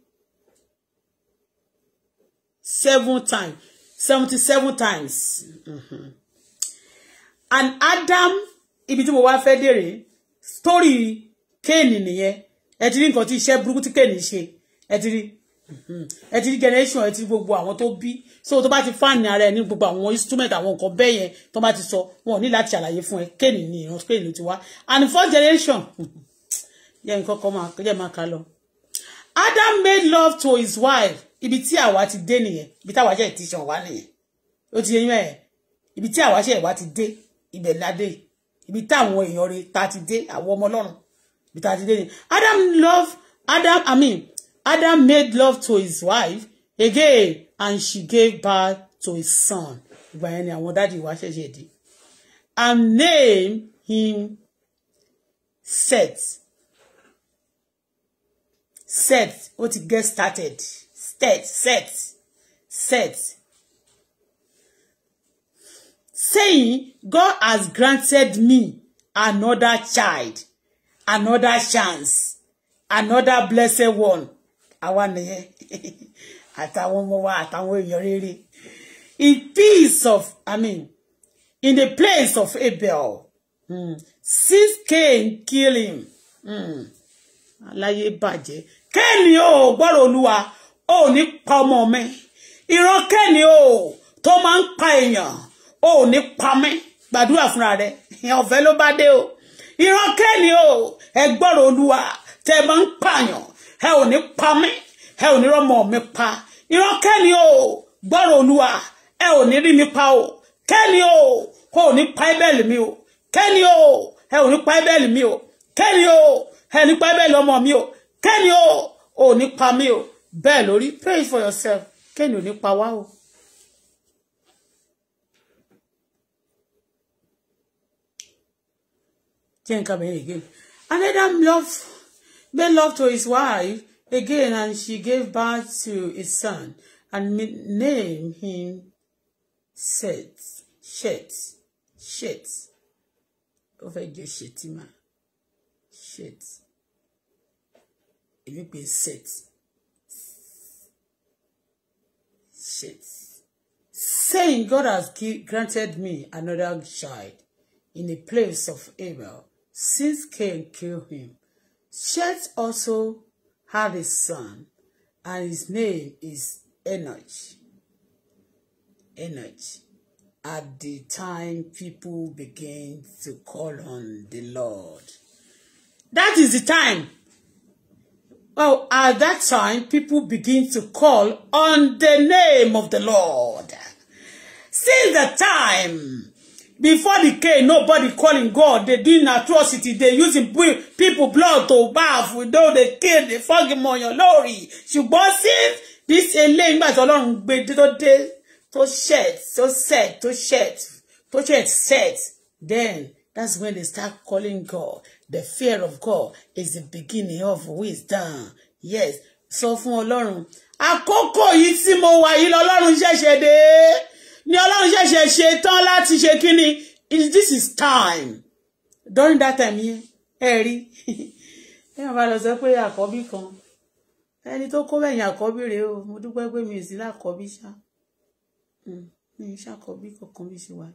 seven times. 77 times. Mm-hmm. And Adam, ibi tí mo wá fẹ́ dèrè, story Kéènì nìyẹn ẹ ti rí nǹkan tí iṣẹ́ burúkú tí kẹ́ni ṣe ẹ ti rí hmm. ẹ ti rí generation ẹ ti rí gbogbo àwọn tó bí so tó bá ti fáànì ara ẹ ní gbogbo àwọn instrument àwọn nǹkan bẹ́ẹ̀ yẹn tó bá ti sọ wọn ò ní láti ṣàlàyé fún ẹ kẹ́ni ni ìran kẹ́ni ló ti wá and fourth generation yẹ nǹkan kan máa yẹ máa kà lọ. Adam made love to his wife ibi tí àwa ti dé nìyẹn ibi táwa ṣe ti ṣàn wá nìyẹn ó ti yẹ yín ẹ ibi tí àwa ṣe ìwà ti dé ibẹ̀ ládé ibi táwọn èèyàn rẹ̀ ta ti dé àwọn ọmọ ọlọ́run bí tá a Adam love Adam I mean Adam made love to his wife again and she gave birth to his son ìgbà yẹn ni àwọn dáàdi wa ṣẹ̀ṣẹ̀ and name him Seth Seth ó ti get started Seth Seth Seth saying God has granted me another child another chance another blessed one àwa nìyẹn àtàwọn ọmọ wa àtàwọn èèyàn rere in peace of i mean in the place of Abel mm. since Cain kill him mm. aláyé bàjẹ́ kẹ́ni o gbọ́rọ̀ olúwa o ní pa ọmọ mi ìran kẹ́ni o tó máa ń pa èèyàn o ní pa mí gbàdúrà fúnra rẹ ọ̀fẹ́ ló bá dé o ìran kẹ́ni o ẹ gbọ́rọ̀ olúwa tẹ́ ẹ máa ń pààyàn ẹ ò ní pa mí ẹ ò ní rọ́mọ mi pa ìran kẹ́ni o gbọ́rọ̀ olúwa ẹ ò ní rí mi pa o kẹ́ni o kò ní pa ẹbẹ̀lì mi o kẹ́ni o ẹ ò ní pa ẹbẹ̀lì mi o kẹ́ni o ẹ ní pa ẹbẹ̀lì ọmọ mi o kẹ́ni o ò ní pa mí o bẹ́ẹ̀ lórí pray for yourself kẹ́ni ò ní pa wá o. Jẹ́ come kà bẹ̀rẹ̀ again. Adam loved, made love to his wife again and she gave birth to his son and named him Seth. Shet, Shet. Ó fẹ́ jẹ́ Shetima, Shet. Èmi pè Seth? Shet. Saying God has granted me another child in the place of Abel since Cain killed him. Seth also had a son, and his name is Enoch. Enoch. At the time, people began to call on the Lord. That is the time. Well, at that time, people begin to call on the name of the Lord. Since the time Before the K, nobody calling God. They doing atrocity. They using people blood to bath. We know they kill the fucking money lórí. Ṣùgbọ́n since this eléyìí nígbà tí Ọlọ́run gbé tó dé to shed tó set to shed to shed set then that's when they start calling God. The fear of God is the beginning of wisdom. Yes, So for Ọlọ́run. a yìí tí mo wà yìí lọ́lọ́run ṣẹ̀ṣẹ̀ ni ọlọ́run ṣẹ̀ṣẹ̀ ṣe tán láti ṣe kíni this is time during that time yẹn ẹ rí ẹ bá lọ sọ pé àkọ́bí kan ẹni tó kó bẹ̀yìn àkọ́bí rèé o mo dúpẹ́ pé mi ì sí lákọ́bí ṣá hmm, mi ì ṣàkọ́bí kankan mi ṣe wà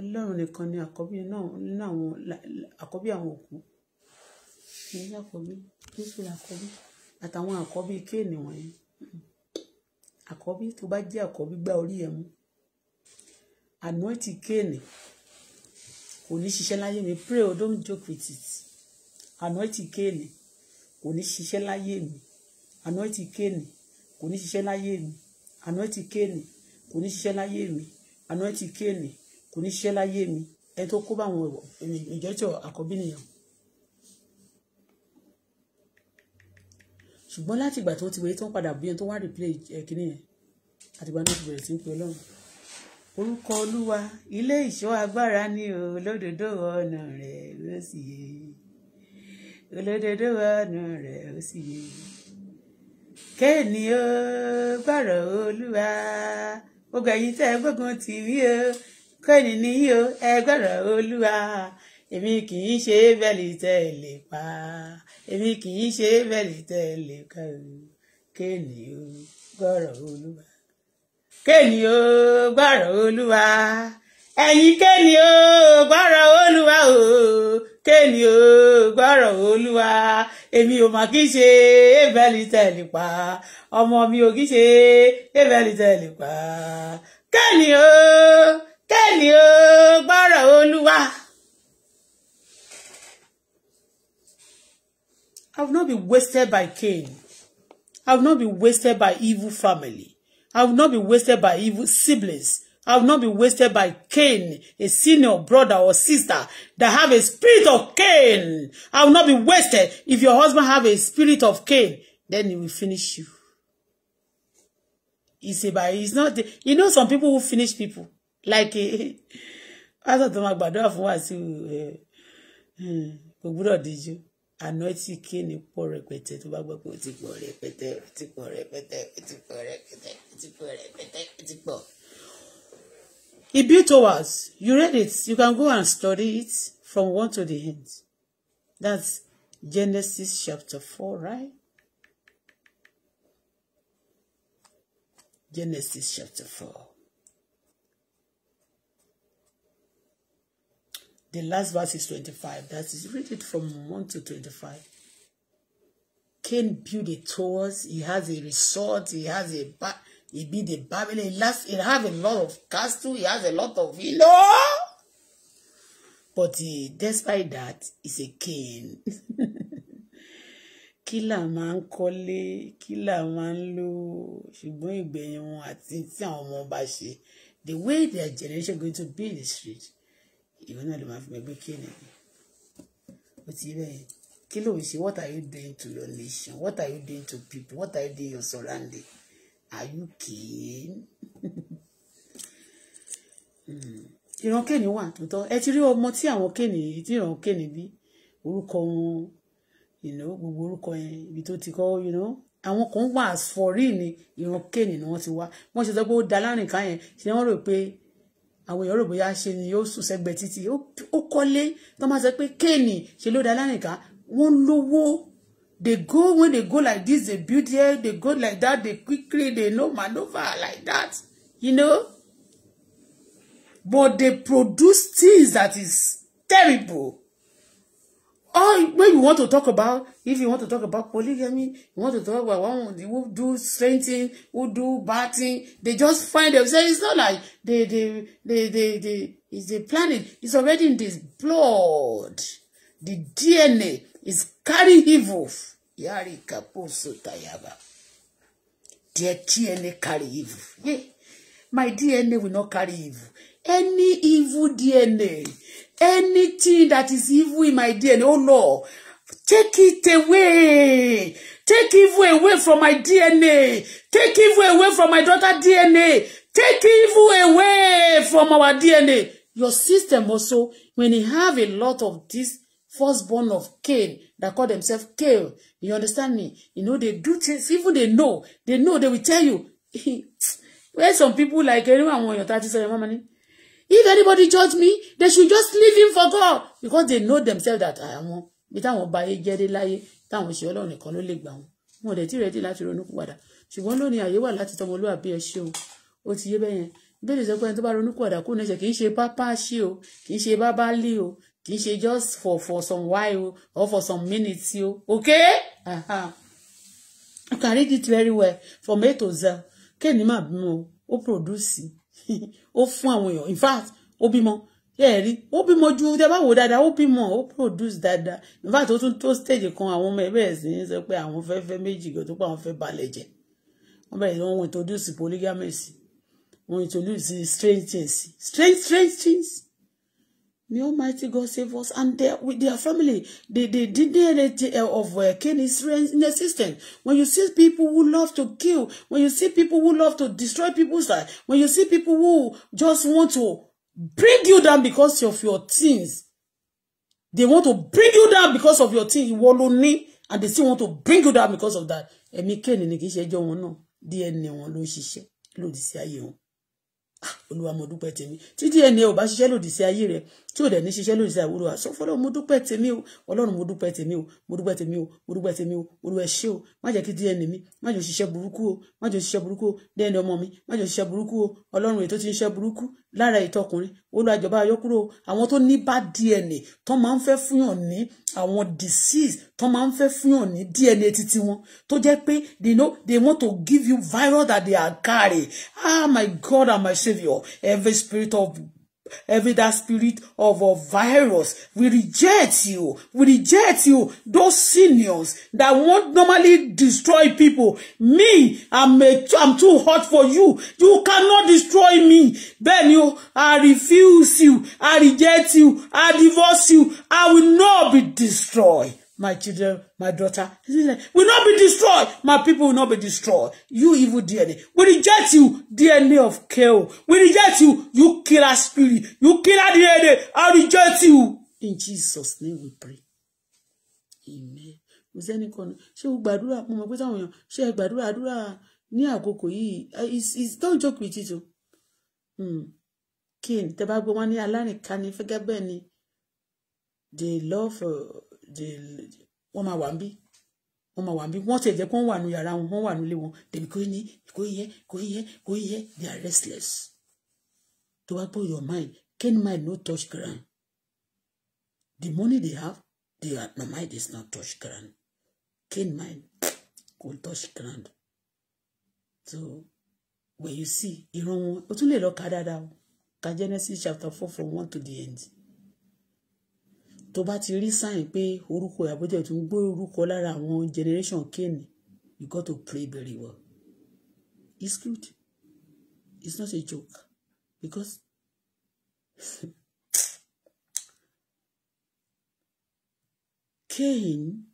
ọlọ́run nìkan ni àkọ́bí náà nínú àwọn àkọ́bí àwọn òkú mi ì ṣàkọ́bí jésù làkọ́bí àtàwọn àkọ́bí kéènì wọ̀nyí hmm, àkọ́bí tó bá jẹ́ àkọ́bí gbá orí ẹ̀ mú anointi kéènì kò ní ṣiṣẹ́ láyé mi pray o oh, don't joke with it anointi kéènì kò ní ṣiṣẹ́ láyé mi anointi kéènì kò ní ṣiṣẹ́ láyé mi anointi kéènì kò ní ṣiṣẹ́ láyé mi anointi kéènì kò ní ṣiṣẹ́ láyé mi ẹni tó kó bá àwọn ìjọ́jọ́ àkọ́bí nìyẹn. ṣùgbọ́n láti ìgbà tó ti wẹ̀ tó ń padà bí ẹni tó wá replay eh, kínní yẹn àtìgbà náà ti bẹ̀rẹ̀ sí ń pe ọlọ́run orúkọ olúwa ilé ìṣọ́ agbára ni o olódodo ọ̀nà rẹ̀ ó sì yé olódodo ọ̀nà rẹ̀ ó sì yé kéènì ó gbàrọ̀ olúwa gbogbo ẹ̀yin tẹ́ ẹ gbógun tì mí o kéènì nìyí o ẹ gbàrọ̀ olúwa èmi kì í ṣe bẹ́ẹ̀lì tẹ́ ẹ lè pa èmi kì í ṣe bẹ́ẹ̀lì tẹ́ ẹ lè kà o gbàrọ̀ olúwa kéènì ó gbọ́rọ̀ olúwa ẹ̀yin kéènì ó gbọ́rọ̀ olúwa o kéènì ó gbọ́rọ̀ olúwa èmi ò mà kí ṣe ébẹ́lì tẹ̀lé pa ọmọ mi ò kí ṣe ébẹ́lì pa kéènì ó kéènì ó gbọ́rọ̀ olúwa. I will not be wasted by Cain. I will not be wasted by evil family. I will not be wasted by evil siblings. I will not be wasted by Cain, a senior brother or sister that have a spirit of Cain. I will not be wasted. If your husband have a spirit of Cain, then he will finish you. It's about, he's not, the, you know, some people who finish people. Like, I don't I don't have one. Kò gbúdọ̀ díjú àná kí ni pọ̀ rẹpẹtẹ tó bá gbọ́ pé ó ti pọ̀ rẹpẹtẹ ó ti pọ̀ rẹpẹtẹ ó ti pọ̀
rẹpẹtẹ ó ti pọ̀ rẹpẹtẹ ó ti pọ̀.
He built towers. You read it. You can go and study it from one to the end. That's Genesis chapter four, right? Genesis chapter four. The last verse is 25. That is, read it from 1 to 25. Cain built a towers. He has a resort. He has a he built a Babylon. He, last, he have a lot of castle. He has a lot of villa. But he, despite that, he's a Cain. kí là máa ń kọ́lé kí là máa ń lò ṣùgbọ́n ìgbẹ̀yìn wọn àti tí àwọn ọmọ ọba the way their generation going to be in the street ìwọ náà ló máa fi gbẹgbẹ kí ènìyàn ó ti bẹ́ẹ̀ kí ló ń ṣe what are you doing to your nation what are you doing to people what are you doing your surrounding are you kidding hmm. ìran kéènì wà tó tọ́ ẹ ti rí ọmọ tí àwọn kéènì yìí tí ìran kéènì bí orúkọ wọn ìnáwó gbogbo orúkọ yẹn ibi tó ti kọ́ ìnáwó àwọn kan wà sọ̀rí ni ìran kéènì ni wọ́n ti wá wọ́n ṣe sọ pé ó da lárìnká yẹn ṣe wọ́n rò pé àwọn èèyàn rò bóyá ṣe ni yóò sùn sẹ́gbẹ̀ẹ́ títì ó kọ́lé tó máa sọ pé kéènì ṣe ló da lárìnká wọ́n lówó they go when they go like this they build here they go like that they quickly they no maneuver like that you know but they produce things that is terrible. Oh, when you want to talk about, if you want to talk about polygamy, you want to talk about one who do strengthening, who do batting, they just find themselves. It's not like they, they, they, they, they, it's the planning. It's already in this blood. The DNA is carrying evil. Yari kaposo tayaba. Their DNA carry evil. Yeah. My DNA will not carry evil. Any evil DNA anything that is evil in my DNA oh no. take it away take evil away from my DNA take evil away from my daughter's DNA take evil away from our DNA your system also when you have a lot of this firstborn of Cain that call themselves Cain you understand me you know they do things even they know they know they will tell you where some people like anyone when you're 30 so your mama if anybody judge me they should just leave him for God because they know themselves that I am one. bí táwọn bá yé jẹ́dé láyé táwọn ṣe ọlọ́run nìkan ló lè gbà wọn wọn ò dẹ̀ tí rẹ́dí láti ronú kúwàdà ṣùgbọ́n lónìí àyè wà láti tọmọlúwàbí ẹ ṣe o ó ti yé bẹ́yẹn ìbéèrè sọ pé ẹni tó bá ronú kúwàdà kú nẹ́sẹ̀ kì í ṣe pápá ṣe o kì í ṣe bábá lé o kì í ṣe just for for some while o or for some minutes o okay uh-huh. you can read it very well from A to Z kéèní má bímọ ó produce ó fún àwọn èèyàn in fact ó bímọ ẹ̀rí ó bímọ ju tẹ bá wò dáadáa ó bímọ ó produce dáadáa in fact ó tún tó stage kan àwọn ọmọ ẹgbẹ́ ẹ̀sìn ń sọ pé àwọn fẹ́ fẹ́ méjì gan tó pé àwọn fẹ́ balẹ̀ jẹ́ wọ́n bẹ̀rẹ̀ wọ́n introduce polygamy sí wọ́n introduce strange things strange strange things May Almighty God save us and their, with their family. They, they did the eh, of uh, Cain is existence. When you see people who love to kill, when you see people who love to destroy people's life, when you see people who just want to bring you down because of your things, they want to bring you down because of your thing ìwọ ló ní and they still want to bring you down because of that And kéènì ni kì í ṣe ẹjọ́ wọn náà DNA wọn ló ń ṣiṣẹ́ lòdì sí ayé wọn ah, olúwa mo dupe tèmi tí DNA ò bá ṣiṣẹ́ lòdì sí ayé re tí ò dẹ̀ ní ṣiṣẹ́ lórí ìṣẹ́ àwúrò àṣọ fọlọ́run mo dúpẹ́ tèmi o ọlọ́run mo dúpẹ́ tèmi o mo dúpẹ́ tèmi o mo dúpẹ́ tèmi o olúwa ṣé o má jẹ́ kí dna mi má jẹ́ ṣiṣẹ́ burúkú o má jẹ́ ṣiṣẹ́ burúkú o dna ọmọ mi má jẹ́ ṣiṣẹ́ burúkú o ọlọ́run ètò ti ń ṣiṣẹ́ burúkú lára ìtọkùnrin olùwàjọba ayọkúrò àwọn tó ní bá dna tó máa ń fẹ́ fúnyàn ní àwọn disease tó máa ń fẹ́ fúnyàn ní dna títí wọn tó jẹ́ pé they know they want to give you virus that they are carry ah my god and my saviour every spirit of every that spirit of a virus we reject you we reject you those seniors that won't normally destroy people me i'm a, i'm too hot for you you cannot destroy me then you i refuse you i reject you i divorce you i will not be destroyed my children, my daughter. Will not be destroyed. My people will not be destroyed. You evil DNA. We reject you, DNA of KO. We reject you, you killer spirit. You killer DNA. I reject you. In Jesus' name we pray. Amen. Kò sẹ́ni kan ṣé o gbàdúrà mo mọ̀ pé táwọn èèyàn ṣe é gbàdúrà àdúrà ní àkókò yìí eh, it's don't joke with it o. Hmm. Kí n tẹ́ bá gbé wọn ní alárìnká ni fẹ́gẹ́ bẹ́ẹ̀ ni the love. Uh, wọ́n máa wà ń bí wọ́n máa wà ń bí wọ́n tiẹ̀ jẹ́ kó ń wà nù yàrá wọn wọ́n wà nílé wọn tèmi kò ní kò yẹ kò yẹ kò yẹ they are restless to wá pọ̀ your mind can mind no touch ground the money they have they are no mind is not touch ground can mind go touch ground so when you see ìran wọn o tún lè lọ ka dáadáa o ka Genesis chapter four from one to the end tó bá ti rí sáyìn pé orúkọ àbójẹ tó ń gbé orúkọ lára àwọn generation kéènì you got to play very well it's good it's not a joke because Cain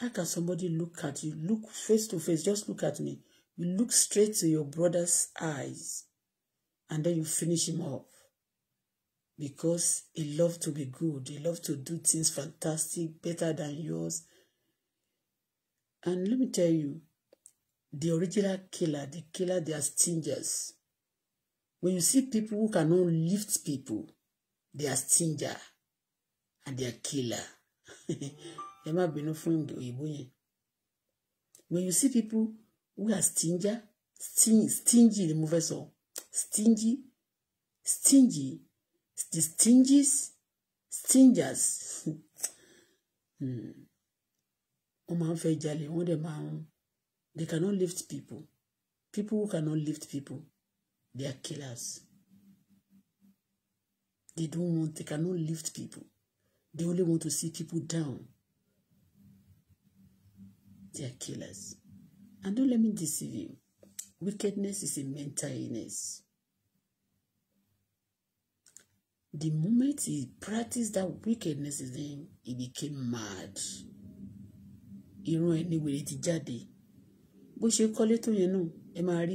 how can somebody look at you look face to face just look at me you look straight to your brother's eyes and then you finish him off because he loves to be good. He loves to do things fantastic, better than yours. And let me tell you, the original killer, the killer, they are stingers. When you see people who cannot lift people, they are stinger and they are killer. When you see people who are stinger, sting, stingy, the movers on, stingy, stingy, the stingies stingers hmm. wọ́n máa ń fẹ́ jalè wọ́n dẹ̀ máa ń they cannot lift people people who cannot lift people they are killers they don't want they cannot lift people they only want to see people down they are killers and don't let me deceive you wickedness is a mental illness. The moment he practiced that wickedness in him, he became mad. He ẹni wèrè ti jáde. Bó ṣe kọ́lé tó yẹn náà, ẹ máa rí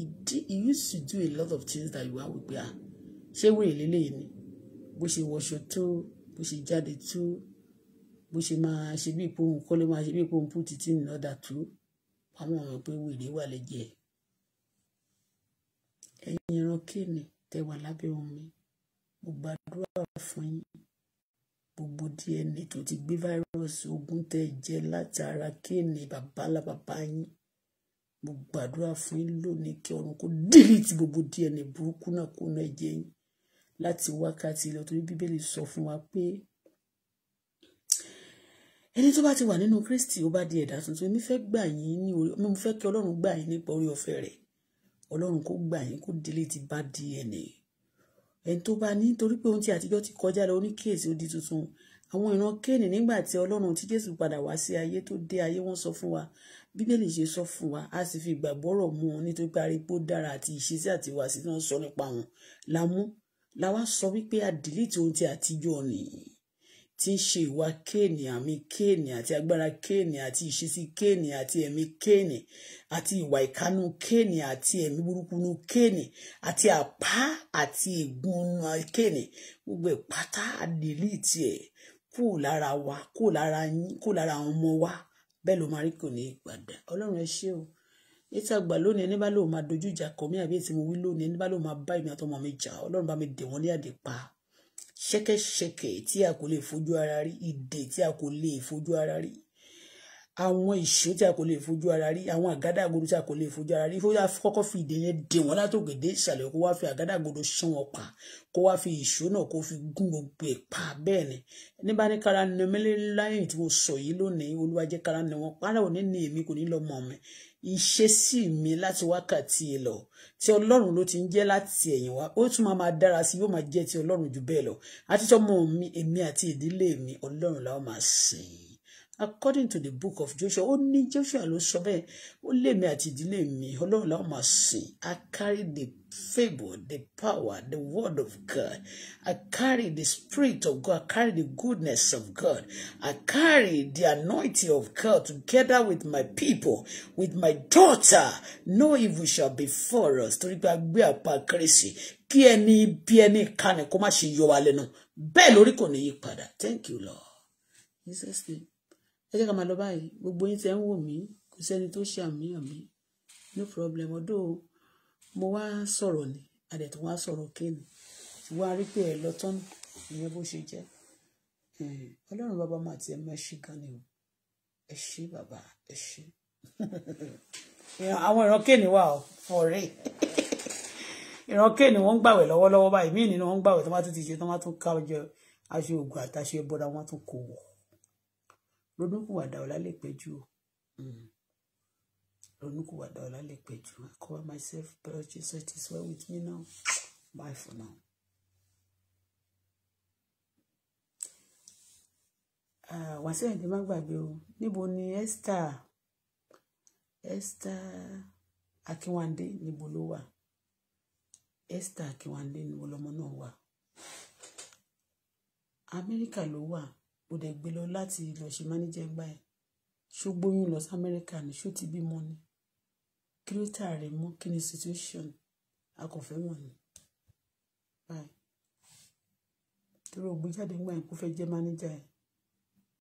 i he used to do a lot of things that you are with ah She wèrè lélẹ́yìn ni? Bó ṣe wọṣọ tó, bó ṣe jáde tó, bó ṣe máa ṣe bí ipò òun kọ́lé máa ṣe she be òun put it in order tó. Àwọn ọ̀rọ̀ pé wèrè wà lẹ́jẹ̀. Ẹ̀yin ìran kí ni tẹ wà lábẹ́ omi? mo gbàdúrà fún yín gbogbo DNA tó ti gbé fáírọ́ọ̀sì ogun tẹ́ jẹ́ láti ara kéènì babalábàbá yín mo gbàdúrà fún yín lónìí kí ọ̀run kó dìlìtì gbogbo DNA burúkú náà kó náà jẹ yín láti wákàtí lọ torí bíbélì sọ fún wa pé ẹni tó bá ti wà nínú Kristi ó bá di ẹ̀dá tuntun mi fẹ́ gbà yín ní orí mo fẹ́ kí Ọlọ́run gbà yín nípa orí ọ̀fẹ́ rẹ̀ Ọlọ́run kó gbà yín kó délé ti bá DNA ẹni tó bá ní torí pé ohun tí àtijọ́ ti kọjá lọ oníkèésí ó di tuntun àwọn ìran kéènì nígbà tí ọlọ́run tí jésù padà wá sí ayé tó dé ayé wọ́n sọ fún wa bíbélì ṣe sọ fún wa a sì fi ìgbàgbọ́ rọ̀ mú wọn nítorí pé arígbó dára àti ìṣesí àti ìwàsí tí wọ́n sọ nípa wọn la mú la wá sọ wípé a dìlítì ohun tí àtijọ́ nìyí tí ń ṣe ìwà kéènì àmì kéènì àti agbára kéènì àti ìṣesí kéènì àti ẹ̀mí kéènì àti ìwà ìkánú kéènì àti ẹ̀mí burúkunu kéènì àti àpá àti ègún kéènì gbogbo ìpátá àdìlí tiẹ̀ kú lára wa kú lára yín kú lára àwọn ọmọ wa bẹ́ẹ̀ ló máa rí kò ní í padà ọlọ́run ẹ ṣé o ètò àgbà lónìí ẹni bá lóun máa dojú ìjà kọ mí àbí ètò mo wí lónìí ẹni bá lóun máa bá èmi àtọmọ mi jà ọlọ́run bá mi dè wọ́n ní àdìpá ṣẹ́kẹ́ṣẹkẹ̀ tí a kò lè fojú ara rí ìdè tí a kò lè fojú ara rí àwọn ìṣó tí a kò lè fojú ara rí àwọn àgádágodo tí a kò lè fojú ara rí fúnra kọ́kọ́ fi ìdè yẹn dè wọ́n látòkè dé ìsàlẹ̀ kó wá fi àgádágodo sán wọn pa kó wá fi ìṣó náà kó fi gún gbogbo ẹ̀ pa bẹ́ẹ̀ ni nígbà ní kára ni mílẹ̀ láyìn tí mo sọ yìí lónìí olúwa jẹ́ kára ni wọ́n pálọ̀ òní ni èmi kò ní lọ mọ̀ mi ìṣesí mi láti wákàtí lọ ti ọlọ́run ló ti ń jẹ́ láti ẹ̀yìn wá ó tún máa máa dára sí yóò máa jẹ́ ti ọlọ́run jù bẹ́ẹ̀ lọ àti tí ọmọ mi èmi àti ìdílé mi ọlọ́run la máa sìn according to the book of Joshua ó ní Joshua ló sọ bẹ́ẹ̀ ó lèmi àti ìdílé mi ọlọ́run làwọn máa sìn I carry the favour the power the word of God I carry the spirit of God I carry the goodness of God I carry the anointing of God together with my people with my daughter no evil shall befall us torí pé a gbé àpá kérésì kí ẹni bí ẹni kan ni kó má ṣe yọ wa lẹ́nu bẹ́ẹ̀ lórí kò ní yí padà thank you Lord. Jesus name ẹ jẹ́ ká máa lọ báyìí gbogbo yín tẹ́ ń wò mí kò sẹ́ni tó ṣe àmìyàn mi no problem ọdọ́ mo wá sọ̀rọ̀ ni adẹ̀tún wá sọ̀rọ̀ kéènì ṣùgbọ́n a rí pé ẹ lọ tán ìyẹn bó ṣe jẹ́ ọlọ́run bàbá máa ti ẹ̀ máa ṣí gan ni
o ẹ ṣí bàbá ẹ ṣí
àwọn ìran kéènì wà ọ ọ̀rẹ́ ìran kéènì wọ́n ń gbàwẹ̀ lọ́wọ́lọ́wọ́ báyìí míì nínú wọ́n ń gbàwẹ̀ tó má tún ti ṣe tó má tún ká ọjọ́ aṣọ ògùn àtàṣe bọ́dà wọ́n tún kò wọ̀ ronúkúwàdà ọ̀la lè pẹ́jù o mm. ronúkúwàdà ọ̀la lè pẹ́jù I call myself blood Jesus it is well with me now bye for now. Ah, wàásù ẹ̀jẹ̀ má gbàgbé o níbo ni Esther Esther Akínwándé níbo ló wà Esther Akínwándé níbo lọmọ náà wà Amẹ́ríkà ló wà mo dẹ̀ gbé lọ láti lọ ṣe mánéjà ń gbà ẹ̀ ṣó gbóyún lọ sí amẹ́ríkà ní ṣó ti bímọ ni kí ló tà rẹ̀ mọ́ kí ni situation akọ̀fẹ́ mọ̀ ni báyìí torí ògbéjáde ń gbà yẹn kó fẹ́ jẹ́ mánéjà yẹn